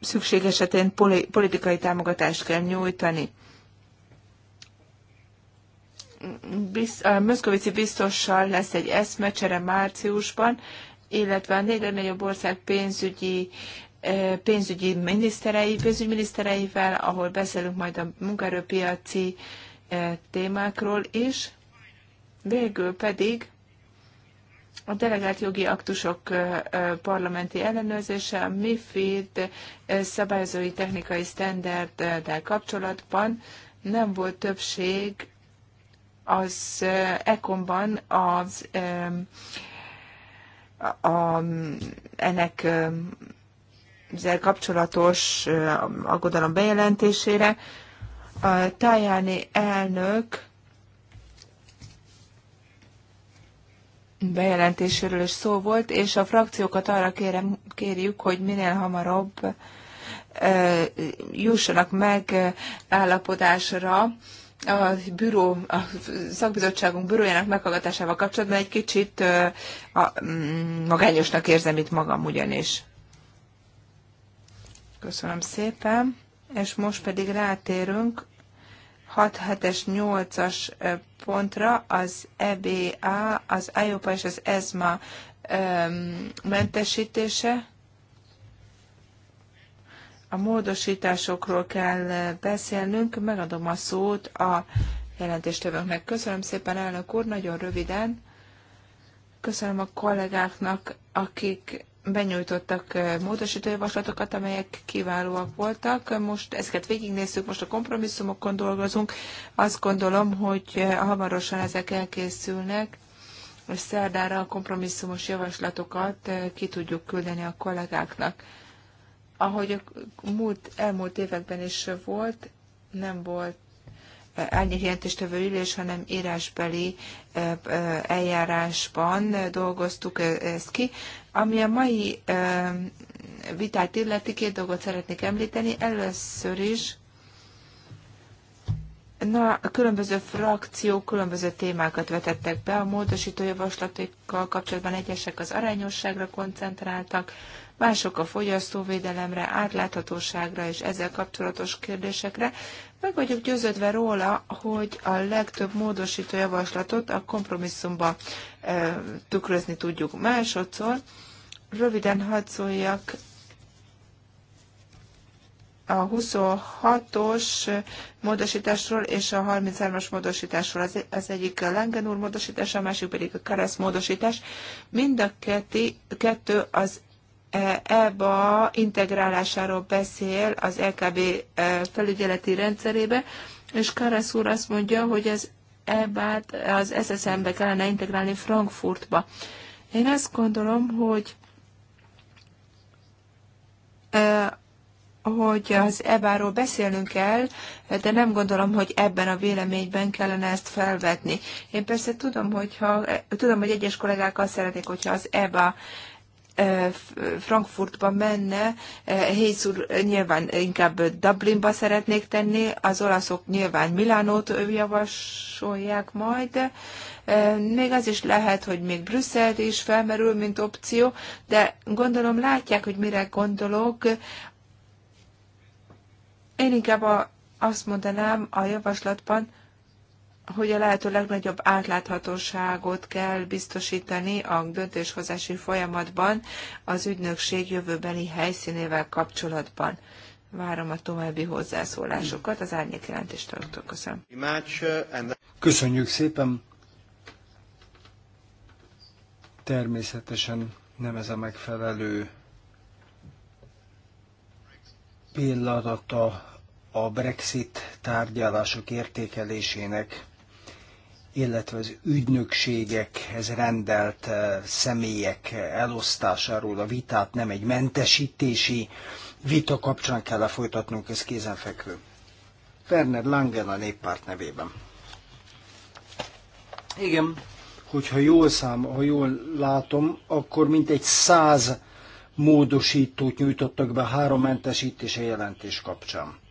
Szükség esetén politikai támogatást kell nyújtani. Biz, Moszkovici biztossal lesz egy eszmecsere márciusban, illetve a négy legnagyobb ország pénzügyi pénzügyi miniszterei, pénzügyminisztereivel, ahol beszélünk majd a munkaerőpiaci témákról is. Végül pedig a delegált jogi aktusok parlamenti ellenőrzése, a MIFID szabályozói technikai standarddel kapcsolatban nem volt többség az ECOM-ban az a, ennek ezzel kapcsolatos aggodalom bejelentésére. A tájáni elnök bejelentéséről is szó volt, és a frakciókat arra kérem, kérjük, hogy minél hamarabb jussanak meg állapodásra a büró, a szakbizottságunk bürójának meghallgatásával kapcsolatban egy kicsit a, a, mm, magányosnak érzem itt magam ugyanis. Köszönöm szépen, és most pedig rátérünk 6, 7-es, 8-as pontra az EBA, az IOPA és az ESMA mentesítése a módosításokról kell beszélnünk. Megadom a szót a jelentéstevőknek. Köszönöm szépen, elnök úr, nagyon röviden. Köszönöm a kollégáknak, akik benyújtottak módosítójavaslatokat, amelyek kiválóak voltak. Most ezeket végignézzük, most a kompromisszumokon dolgozunk. Azt gondolom, hogy hamarosan ezek elkészülnek, és szerdára a kompromisszumos javaslatokat ki tudjuk küldeni a kollégáknak ahogy a múlt, elmúlt években is volt, nem volt e, árnyék jelentéstevő ülés, hanem írásbeli e, e, eljárásban dolgoztuk ezt ki. Ami a mai vitát illeti, két dolgot szeretnék említeni. Először is Na, a különböző frakciók különböző témákat vetettek be, a módosító javaslatokkal kapcsolatban egyesek az arányosságra koncentráltak, mások a fogyasztóvédelemre, átláthatóságra és ezzel kapcsolatos kérdésekre. Meg vagyok győződve róla, hogy a legtöbb módosító javaslatot a kompromisszumba e, tükrözni tudjuk. Másodszor röviden hadd szóljak a 26-os módosításról és a 33-as módosításról. E- az egyik a Lengen úr módosítás, a másik pedig a Kereszt módosítás. Mind a kettő az EBA integrálásáról beszél az LKB e e, felügyeleti rendszerébe, és Karasz úr azt mondja, hogy az EBA-t az SSM-be kellene integrálni Frankfurtba. Én azt gondolom, hogy e, hogy az Eba-ról beszélnünk kell, de nem gondolom, hogy ebben a véleményben kellene ezt felvetni. Én persze tudom, hogyha, tudom hogy egyes kollégák azt szeretnék, hogyha az EBA Frankfurtba menne, Hézur nyilván inkább Dublinba szeretnék tenni, az olaszok nyilván Milánót javasolják majd, még az is lehet, hogy még Brüsszel is felmerül, mint opció, de gondolom látják, hogy mire gondolok. Én inkább a, azt mondanám a javaslatban, hogy a lehető legnagyobb átláthatóságot kell biztosítani a döntéshozási folyamatban az ügynökség jövőbeli helyszínével kapcsolatban. Várom a további hozzászólásokat az árnyék tartok. Köszönöm. Köszönjük szépen. Természetesen nem ez a megfelelő pillanata a Brexit tárgyalások értékelésének illetve az ügynökségekhez rendelt eh, személyek elosztásáról a vitát nem egy mentesítési vita kapcsán kell -e folytatnunk, ez kézenfekvő. Werner Langen a néppárt nevében. Igen, hogyha jól szám, ha jól látom, akkor mintegy száz módosítót nyújtottak be három mentesítése jelentés kapcsán.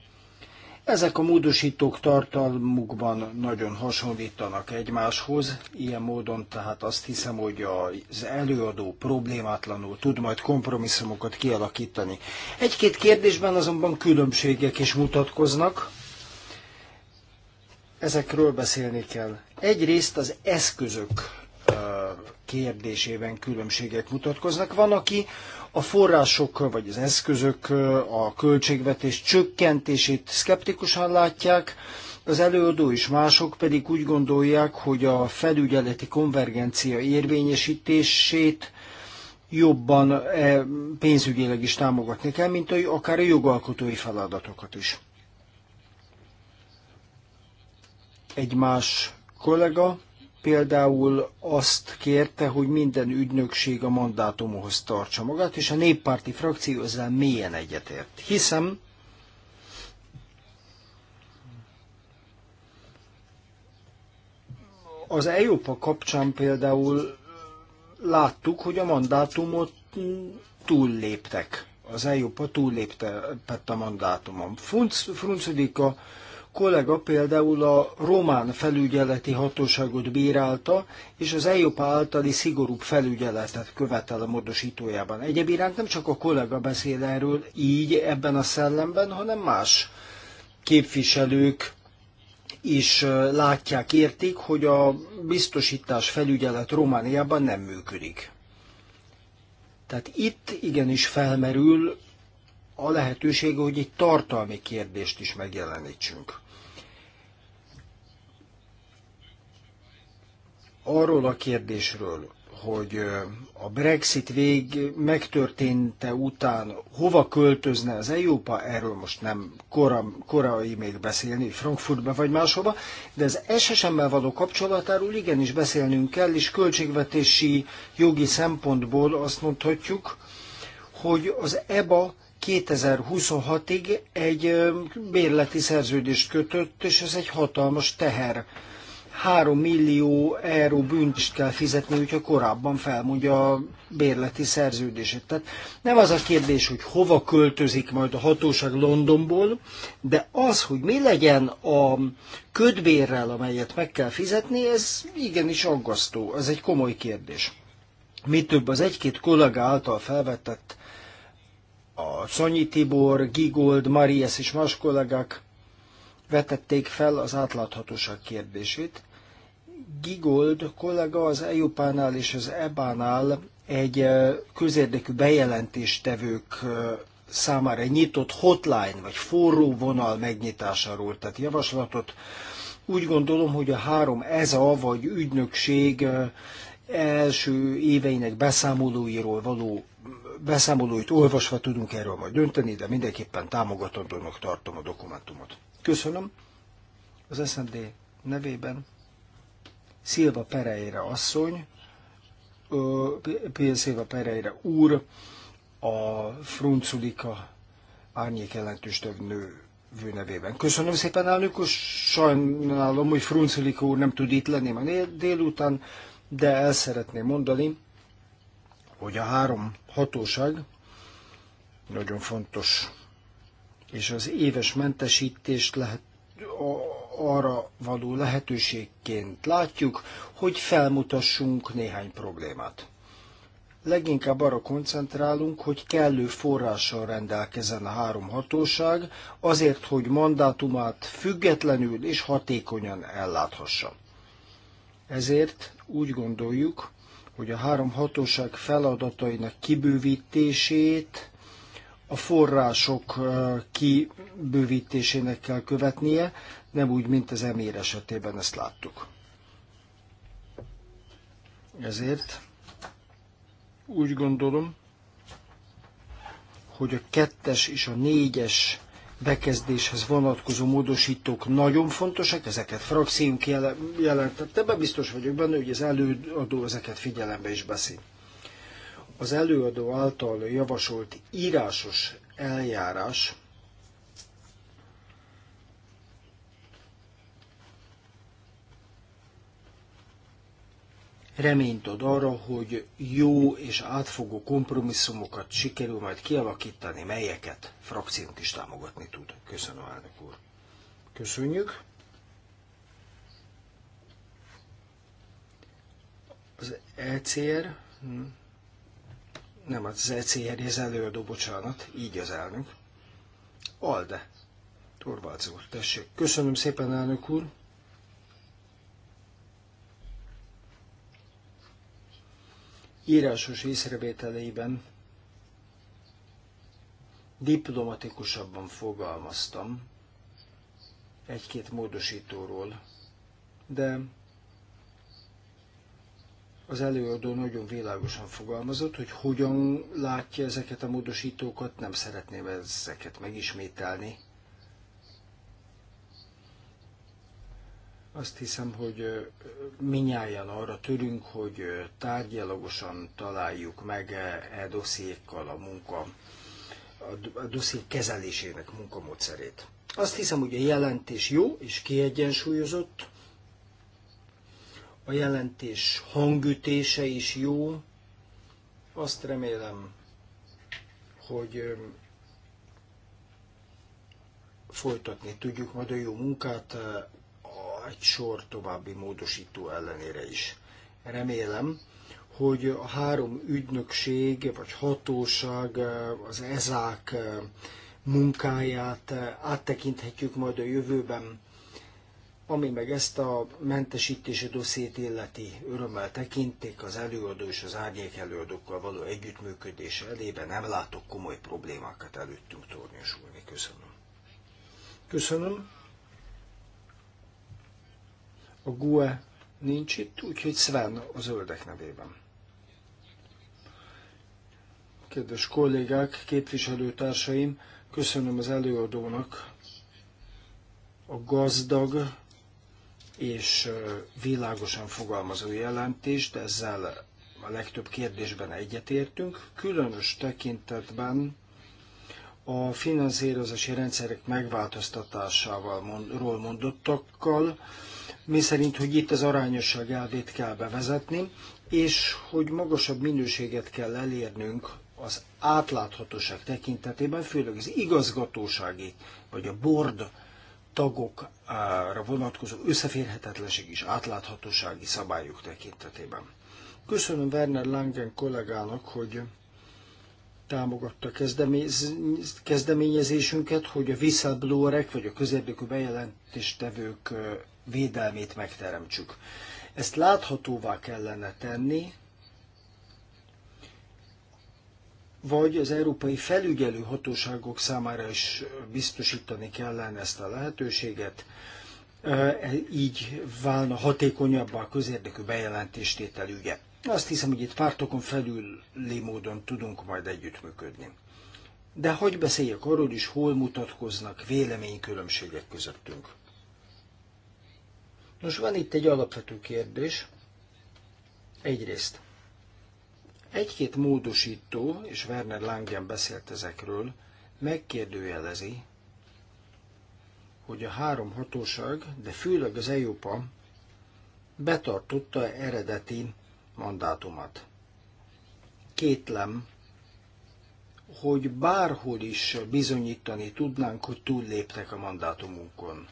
Ezek a módosítók tartalmukban nagyon hasonlítanak egymáshoz, ilyen módon tehát azt hiszem, hogy az előadó problémátlanul tud majd kompromisszumokat kialakítani. Egy-két kérdésben azonban különbségek is mutatkoznak, ezekről beszélni kell. Egyrészt az eszközök kérdésében különbségek mutatkoznak. Van, aki a források vagy az eszközök, a költségvetés csökkentését szkeptikusan látják, az előadó és mások pedig úgy gondolják, hogy a felügyeleti konvergencia érvényesítését jobban e, pénzügyileg is támogatni kell, mint a, akár a jogalkotói feladatokat is. Egy más kollega például azt kérte, hogy minden ügynökség a mandátumhoz tartsa magát, és a néppárti frakció ezzel mélyen egyetért. Hiszem, az EUPA kapcsán például láttuk, hogy a mandátumot túlléptek. Az EUPA túllépte a mandátumon. Frunc, Fruncudika kollega például a román felügyeleti hatóságot bírálta, és az EIOPA általi szigorúbb felügyeletet követel a módosítójában. Egyéb iránt nem csak a kollega beszél erről így ebben a szellemben, hanem más képviselők is látják, értik, hogy a biztosítás felügyelet Romániában nem működik. Tehát itt igenis felmerül a lehetőség, hogy egy tartalmi kérdést is megjelenítsünk. arról a kérdésről, hogy a Brexit vég megtörténte után hova költözne az Európa, erről most nem kora, korai még beszélni, Frankfurtba vagy máshova, de az SSM-mel való kapcsolatáról igenis beszélnünk kell, és költségvetési jogi szempontból azt mondhatjuk, hogy az EBA 2026-ig egy bérleti szerződést kötött, és ez egy hatalmas teher 3 millió euró bűncs kell fizetni, hogyha korábban felmondja a bérleti szerződését. Tehát nem az a kérdés, hogy hova költözik majd a hatóság Londonból, de az, hogy mi legyen a ködbérrel, amelyet meg kell fizetni, ez igenis aggasztó, ez egy komoly kérdés. Mi több az egy-két kollega által felvetett a Szonyi Tibor, Gigold, Marias és más kollégák vetették fel az átláthatóság kérdését. Gigold kollega az EUPA-nál és az EBA-nál egy közérdekű bejelentéstevők számára egy nyitott hotline vagy forró vonal megnyitásáról tett javaslatot. Úgy gondolom, hogy a három ez a vagy ügynökség első éveinek beszámolóiról való beszámolóit olvasva tudunk erről majd dönteni, de mindenképpen támogatandónak tartom a dokumentumot. Köszönöm. Az SND nevében Szilva Pereira asszony, P. Szilva Pereira úr, a Frunculika árnyék jelentős nő vő nevében. Köszönöm szépen, elnök úr, sajnálom, hogy Frunculika úr nem tud itt lenni ma délután, de el szeretném mondani, hogy a három hatóság nagyon fontos és az éves mentesítést lehet, arra való lehetőségként látjuk, hogy felmutassunk néhány problémát. Leginkább arra koncentrálunk, hogy kellő forrással rendelkezzen a három hatóság, azért, hogy mandátumát függetlenül és hatékonyan elláthassa. Ezért úgy gondoljuk, hogy a három hatóság feladatainak kibővítését a források kibővítésének kell követnie, nem úgy, mint az emér esetében ezt láttuk. Ezért úgy gondolom, hogy a kettes és a négyes bekezdéshez vonatkozó módosítók nagyon fontosak, ezeket frakciunk jelentette be, biztos vagyok benne, hogy az előadó ezeket figyelembe is beszél az előadó által javasolt írásos eljárás reményt ad arra, hogy jó és átfogó kompromisszumokat sikerül majd kialakítani, melyeket frakciónk is támogatni tud. Köszönöm, elnök úr. Köszönjük. Az ECR hm? nem az ECR, az előadó, bocsánat, így az elnök. Alde, Torvalds úr, tessék. Köszönöm szépen, elnök úr. Írásos észrevételeiben diplomatikusabban fogalmaztam egy-két módosítóról, de az előadó nagyon világosan fogalmazott, hogy hogyan látja ezeket a módosítókat, nem szeretném ezeket megismételni. Azt hiszem, hogy minnyáján arra törünk, hogy tárgyalagosan találjuk meg e, e dossziékkal a munka, a dossziék kezelésének munkamódszerét. Azt hiszem, hogy a jelentés jó és kiegyensúlyozott, a jelentés hangütése is jó. Azt remélem, hogy folytatni tudjuk majd a jó munkát egy sor további módosító ellenére is. Remélem, hogy a három ügynökség vagy hatóság, az ezák munkáját áttekinthetjük majd a jövőben, ami meg ezt a mentesítési dossziét illeti, örömmel tekintik az előadó és az árnyék előadókkal való együttműködés elébe nem látok komoly problémákat előttünk tornyosulni. Köszönöm. Köszönöm. A GUE nincs itt, úgyhogy Sven a zöldek nevében. Kedves kollégák, képviselőtársaim, köszönöm az előadónak a gazdag és világosan fogalmazó jelentést, ezzel a legtöbb kérdésben egyetértünk, különös tekintetben a finanszírozási rendszerek megváltoztatásával ról mondottakkal, mi szerint, hogy itt az arányosság elvét kell bevezetni, és hogy magasabb minőséget kell elérnünk az átláthatóság tekintetében, főleg az igazgatósági vagy a board tagokra vonatkozó összeférhetetlenség és átláthatósági szabályok tekintetében. Köszönöm Werner Langen kollégának, hogy támogatta kezdeményezésünket, hogy a whistleblowerek vagy a közérdekű bejelentéstevők védelmét megteremtsük. Ezt láthatóvá kellene tenni, vagy az európai felügyelő hatóságok számára is biztosítani kellene ezt a lehetőséget, e, így válna hatékonyabbá a közérdekű bejelentéstétel ügye. Azt hiszem, hogy itt pártokon felüli módon tudunk majd együttműködni. De hogy beszéljek arról is, hol mutatkoznak véleménykülönbségek közöttünk? Nos, van itt egy alapvető kérdés. Egyrészt, egy-két módosító, és Werner Langen beszélt ezekről, megkérdőjelezi, hogy a három hatóság, de főleg az EUPA betartotta eredeti mandátumát. Kétlem, hogy bárhol is bizonyítani tudnánk, hogy túlléptek a mandátumunkon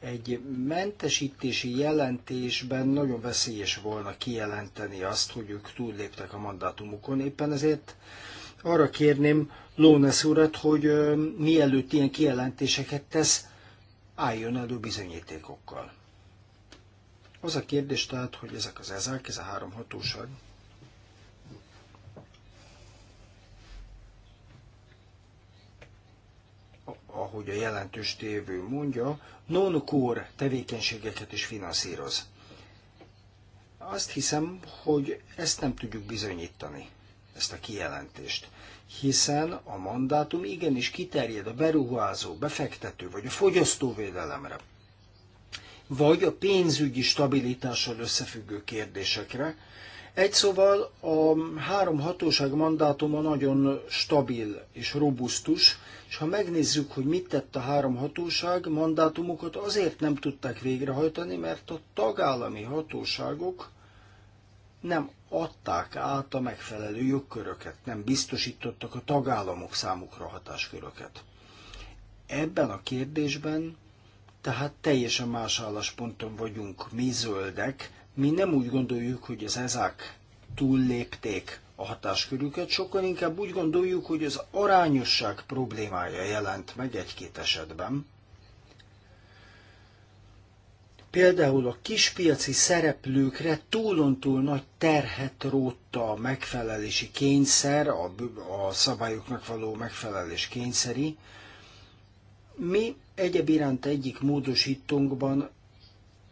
egy mentesítési jelentésben nagyon veszélyes volna kijelenteni azt, hogy ők túlléptek a mandátumukon. Éppen ezért arra kérném Lónesz urat, hogy ö, mielőtt ilyen kijelentéseket tesz, álljon elő bizonyítékokkal. Az a kérdés tehát, hogy ezek az ezek, ez a három hatóság, ahogy a jelentős tévő mondja, non tevékenységeket is finanszíroz. Azt hiszem, hogy ezt nem tudjuk bizonyítani, ezt a kijelentést, hiszen a mandátum igenis kiterjed a beruházó, befektető vagy a fogyasztóvédelemre, vagy a pénzügyi stabilitással összefüggő kérdésekre, egy szóval a három hatóság mandátuma nagyon stabil és robusztus, és ha megnézzük, hogy mit tett a három hatóság, mandátumokat azért nem tudták végrehajtani, mert a tagállami hatóságok nem adták át a megfelelő jogköröket, nem biztosítottak a tagállamok számukra hatásköröket. Ebben a kérdésben tehát teljesen más állásponton vagyunk mi zöldek, mi nem úgy gondoljuk, hogy az ezák túllépték a hatáskörüket, sokkal inkább úgy gondoljuk, hogy az arányosság problémája jelent meg egy-két esetben. Például a kispiaci szereplőkre túlontúl nagy terhet rótta a megfelelési kényszer, a, a szabályoknak való megfelelés kényszeri. Mi egyebiránt egyik módosítónkban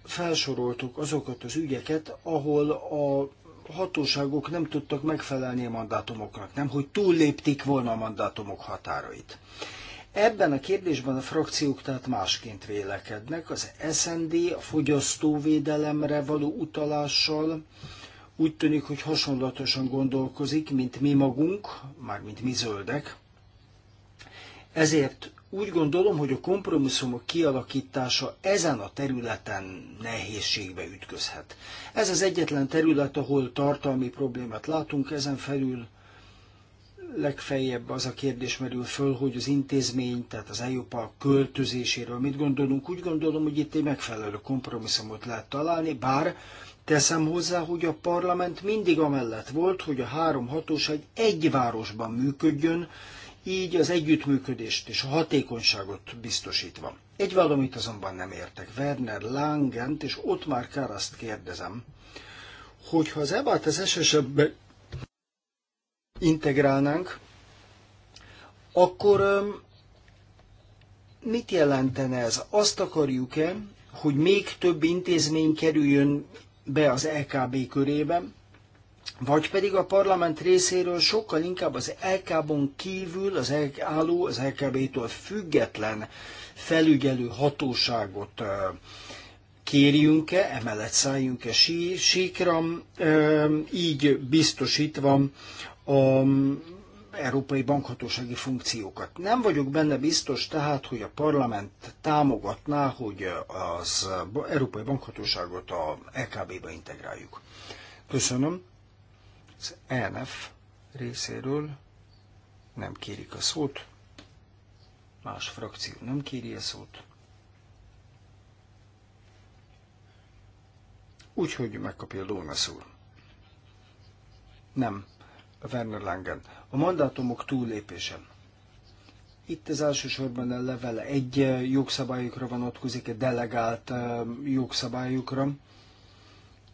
felsoroltuk azokat az ügyeket, ahol a hatóságok nem tudtak megfelelni a mandátumoknak, nem hogy túllépték volna a mandátumok határait. Ebben a kérdésben a frakciók tehát másként vélekednek. Az SND a fogyasztóvédelemre való utalással úgy tűnik, hogy hasonlatosan gondolkozik, mint mi magunk, mármint mi zöldek. Ezért úgy gondolom, hogy a kompromisszumok kialakítása ezen a területen nehézségbe ütközhet. Ez az egyetlen terület, ahol tartalmi problémát látunk, ezen felül legfeljebb az a kérdés merül föl, hogy az intézmény, tehát az EUPA költözéséről mit gondolunk. Úgy gondolom, hogy itt egy megfelelő kompromisszumot lehet találni, bár teszem hozzá, hogy a parlament mindig amellett volt, hogy a három hatóság egy városban működjön, így az együttműködést és a hatékonyságot biztosítva. Egy valamit azonban nem értek. Werner Langent és ott már Karaszt kérdezem, hogyha az eba az ssb integrálnánk, akkor mit jelentene ez? Azt akarjuk-e, hogy még több intézmény kerüljön be az LKB e körében, vagy pedig a parlament részéről sokkal inkább az LK-bon kívül az álló, az LKB-tól független felügyelő hatóságot kérjünk-e, emellett szálljunk-e sí, síkra, így biztosítva a európai bankhatósági funkciókat. Nem vagyok benne biztos tehát, hogy a parlament támogatná, hogy az európai bankhatóságot a LKB-ba integráljuk. Köszönöm. Az ENF részéről nem kérik a szót, más frakció nem kéri a szót. Úgyhogy megkapja Lónasz úr. Nem, a Werner Langen. A mandátumok túllépése. Itt az elsősorban a levele egy jogszabályokra vonatkozik, egy delegált jogszabályokra,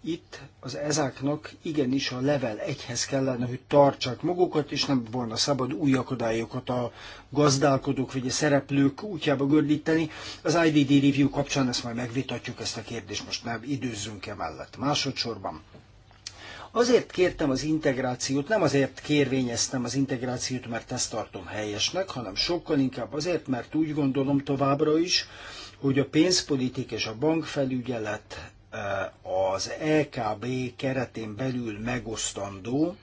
itt az ezáknak igenis a level egyhez kellene, hogy tartsák magukat, és nem volna szabad új akadályokat a gazdálkodók vagy a szereplők útjába gördíteni. Az IDD review kapcsán ezt majd megvitatjuk ezt a kérdést, most nem időzzünk emellett. Másodszorban Azért kértem az integrációt, nem azért kérvényeztem az integrációt, mert ezt tartom helyesnek, hanem sokkal inkább azért, mert úgy gondolom továbbra is, hogy a pénzpolitik és a bankfelügyelet az EKB keretén belül megosztandó,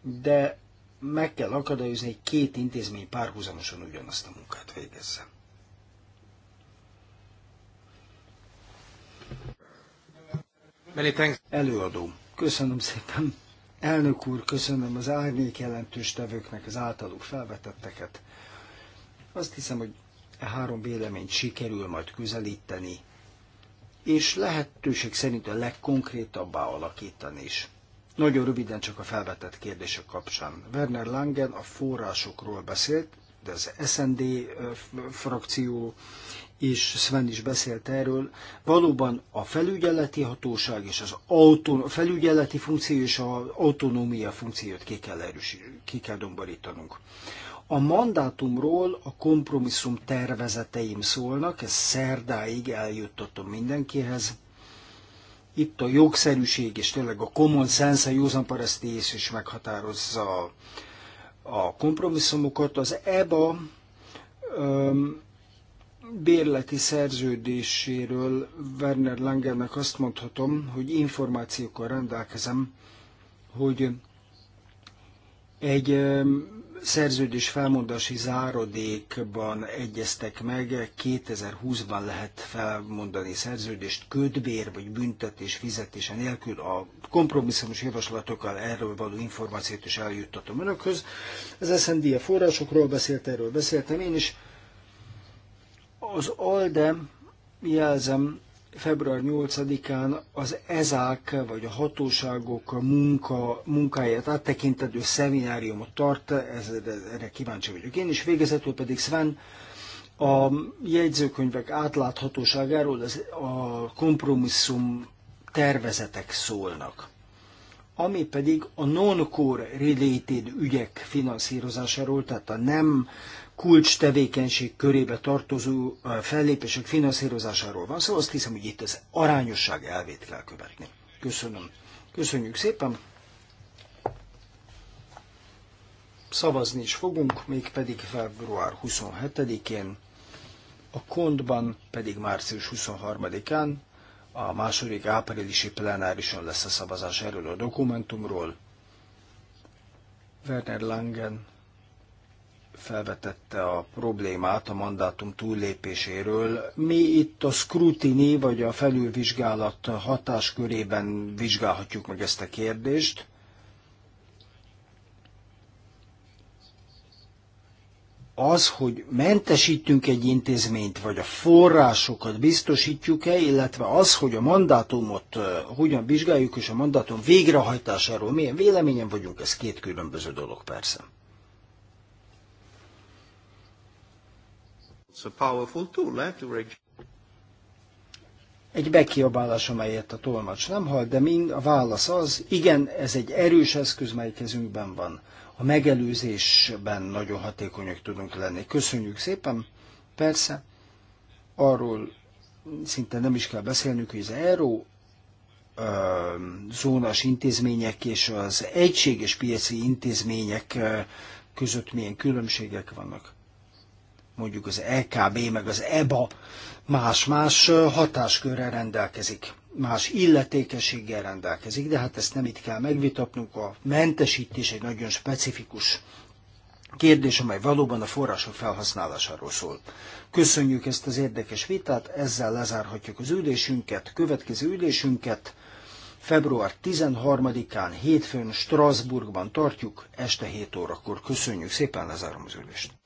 de meg kell akadályozni, hogy két intézmény párhuzamosan ugyanazt a munkát végezze. Előadó. Köszönöm szépen. Elnök úr, köszönöm az árnyék jelentős tevőknek az általuk felvetetteket. Azt hiszem, hogy a e három véleményt sikerül majd közelíteni, és lehetőség szerint a legkonkrétabbá alakítani is. Nagyon röviden csak a felvetett kérdések kapcsán. Werner Langen a forrásokról beszélt, de az SND frakció és Sven is beszélt erről, valóban a felügyeleti hatóság és az autó, a felügyeleti funkció és az autonómia funkciót ki kell, erős, ki kell domborítanunk. A mandátumról a kompromisszum tervezeteim szólnak, ez szerdáig eljuttatom mindenkihez. Itt a jogszerűség és tényleg a common sense, a józan parasztész is meghatározza a kompromisszumokat. Az EBA öm, bérleti szerződéséről Werner Langernek azt mondhatom, hogy információkkal rendelkezem, hogy egy szerződés felmondási záradékban egyeztek meg, 2020-ban lehet felmondani szerződést ködbér vagy büntetés fizetése nélkül. A kompromisszumos javaslatokkal erről való információt is eljuttatom önökhöz. Az SND a forrásokról beszélt, erről beszéltem én is. Az ALDE, jelzem, február 8-án az ezák, vagy a hatóságok munka, munkáját áttekintető szemináriumot tart, ez, erre kíváncsi vagyok én, és végezetül pedig Sven, a jegyzőkönyvek átláthatóságáról az, a kompromisszum tervezetek szólnak ami pedig a non-core related ügyek finanszírozásáról, tehát a nem kulcs tevékenység körébe tartozó fellépések finanszírozásáról van szó, szóval azt hiszem, hogy itt az arányosság elvét kell követni. Köszönöm. Köszönjük szépen. Szavazni is fogunk, mégpedig február 27-én, a kontban pedig március 23-án, a második áprilisi plenárison lesz a szavazás erről a dokumentumról. Werner Langen felvetette a problémát a mandátum túllépéséről. Mi itt a scrutiny, vagy a felülvizsgálat hatáskörében vizsgálhatjuk meg ezt a kérdést. az, hogy mentesítünk egy intézményt, vagy a forrásokat biztosítjuk-e, illetve az, hogy a mandátumot eh, hogyan vizsgáljuk, és a mandátum végrehajtásáról milyen véleményen vagyunk, ez két különböző dolog persze. It's a powerful tool, eh, to egy bekiabálás, amelyet a tolmács nem hall, de mind a válasz az, igen, ez egy erős eszköz, mely kezünkben van. A megelőzésben nagyon hatékonyak tudunk lenni. Köszönjük szépen. Persze, arról szinte nem is kell beszélnünk, hogy az ERO zónás intézmények és az egységes piaci intézmények között milyen különbségek vannak mondjuk az EKB meg az EBA más-más hatáskörrel rendelkezik, más illetékességgel rendelkezik, de hát ezt nem itt kell megvitatnunk, a mentesítés egy nagyon specifikus kérdés, amely valóban a források felhasználásáról szól. Köszönjük ezt az érdekes vitát, ezzel lezárhatjuk az ülésünket, következő ülésünket február 13-án hétfőn Strasbourgban tartjuk, este 7 órakor. Köszönjük szépen, lezárom az ülést.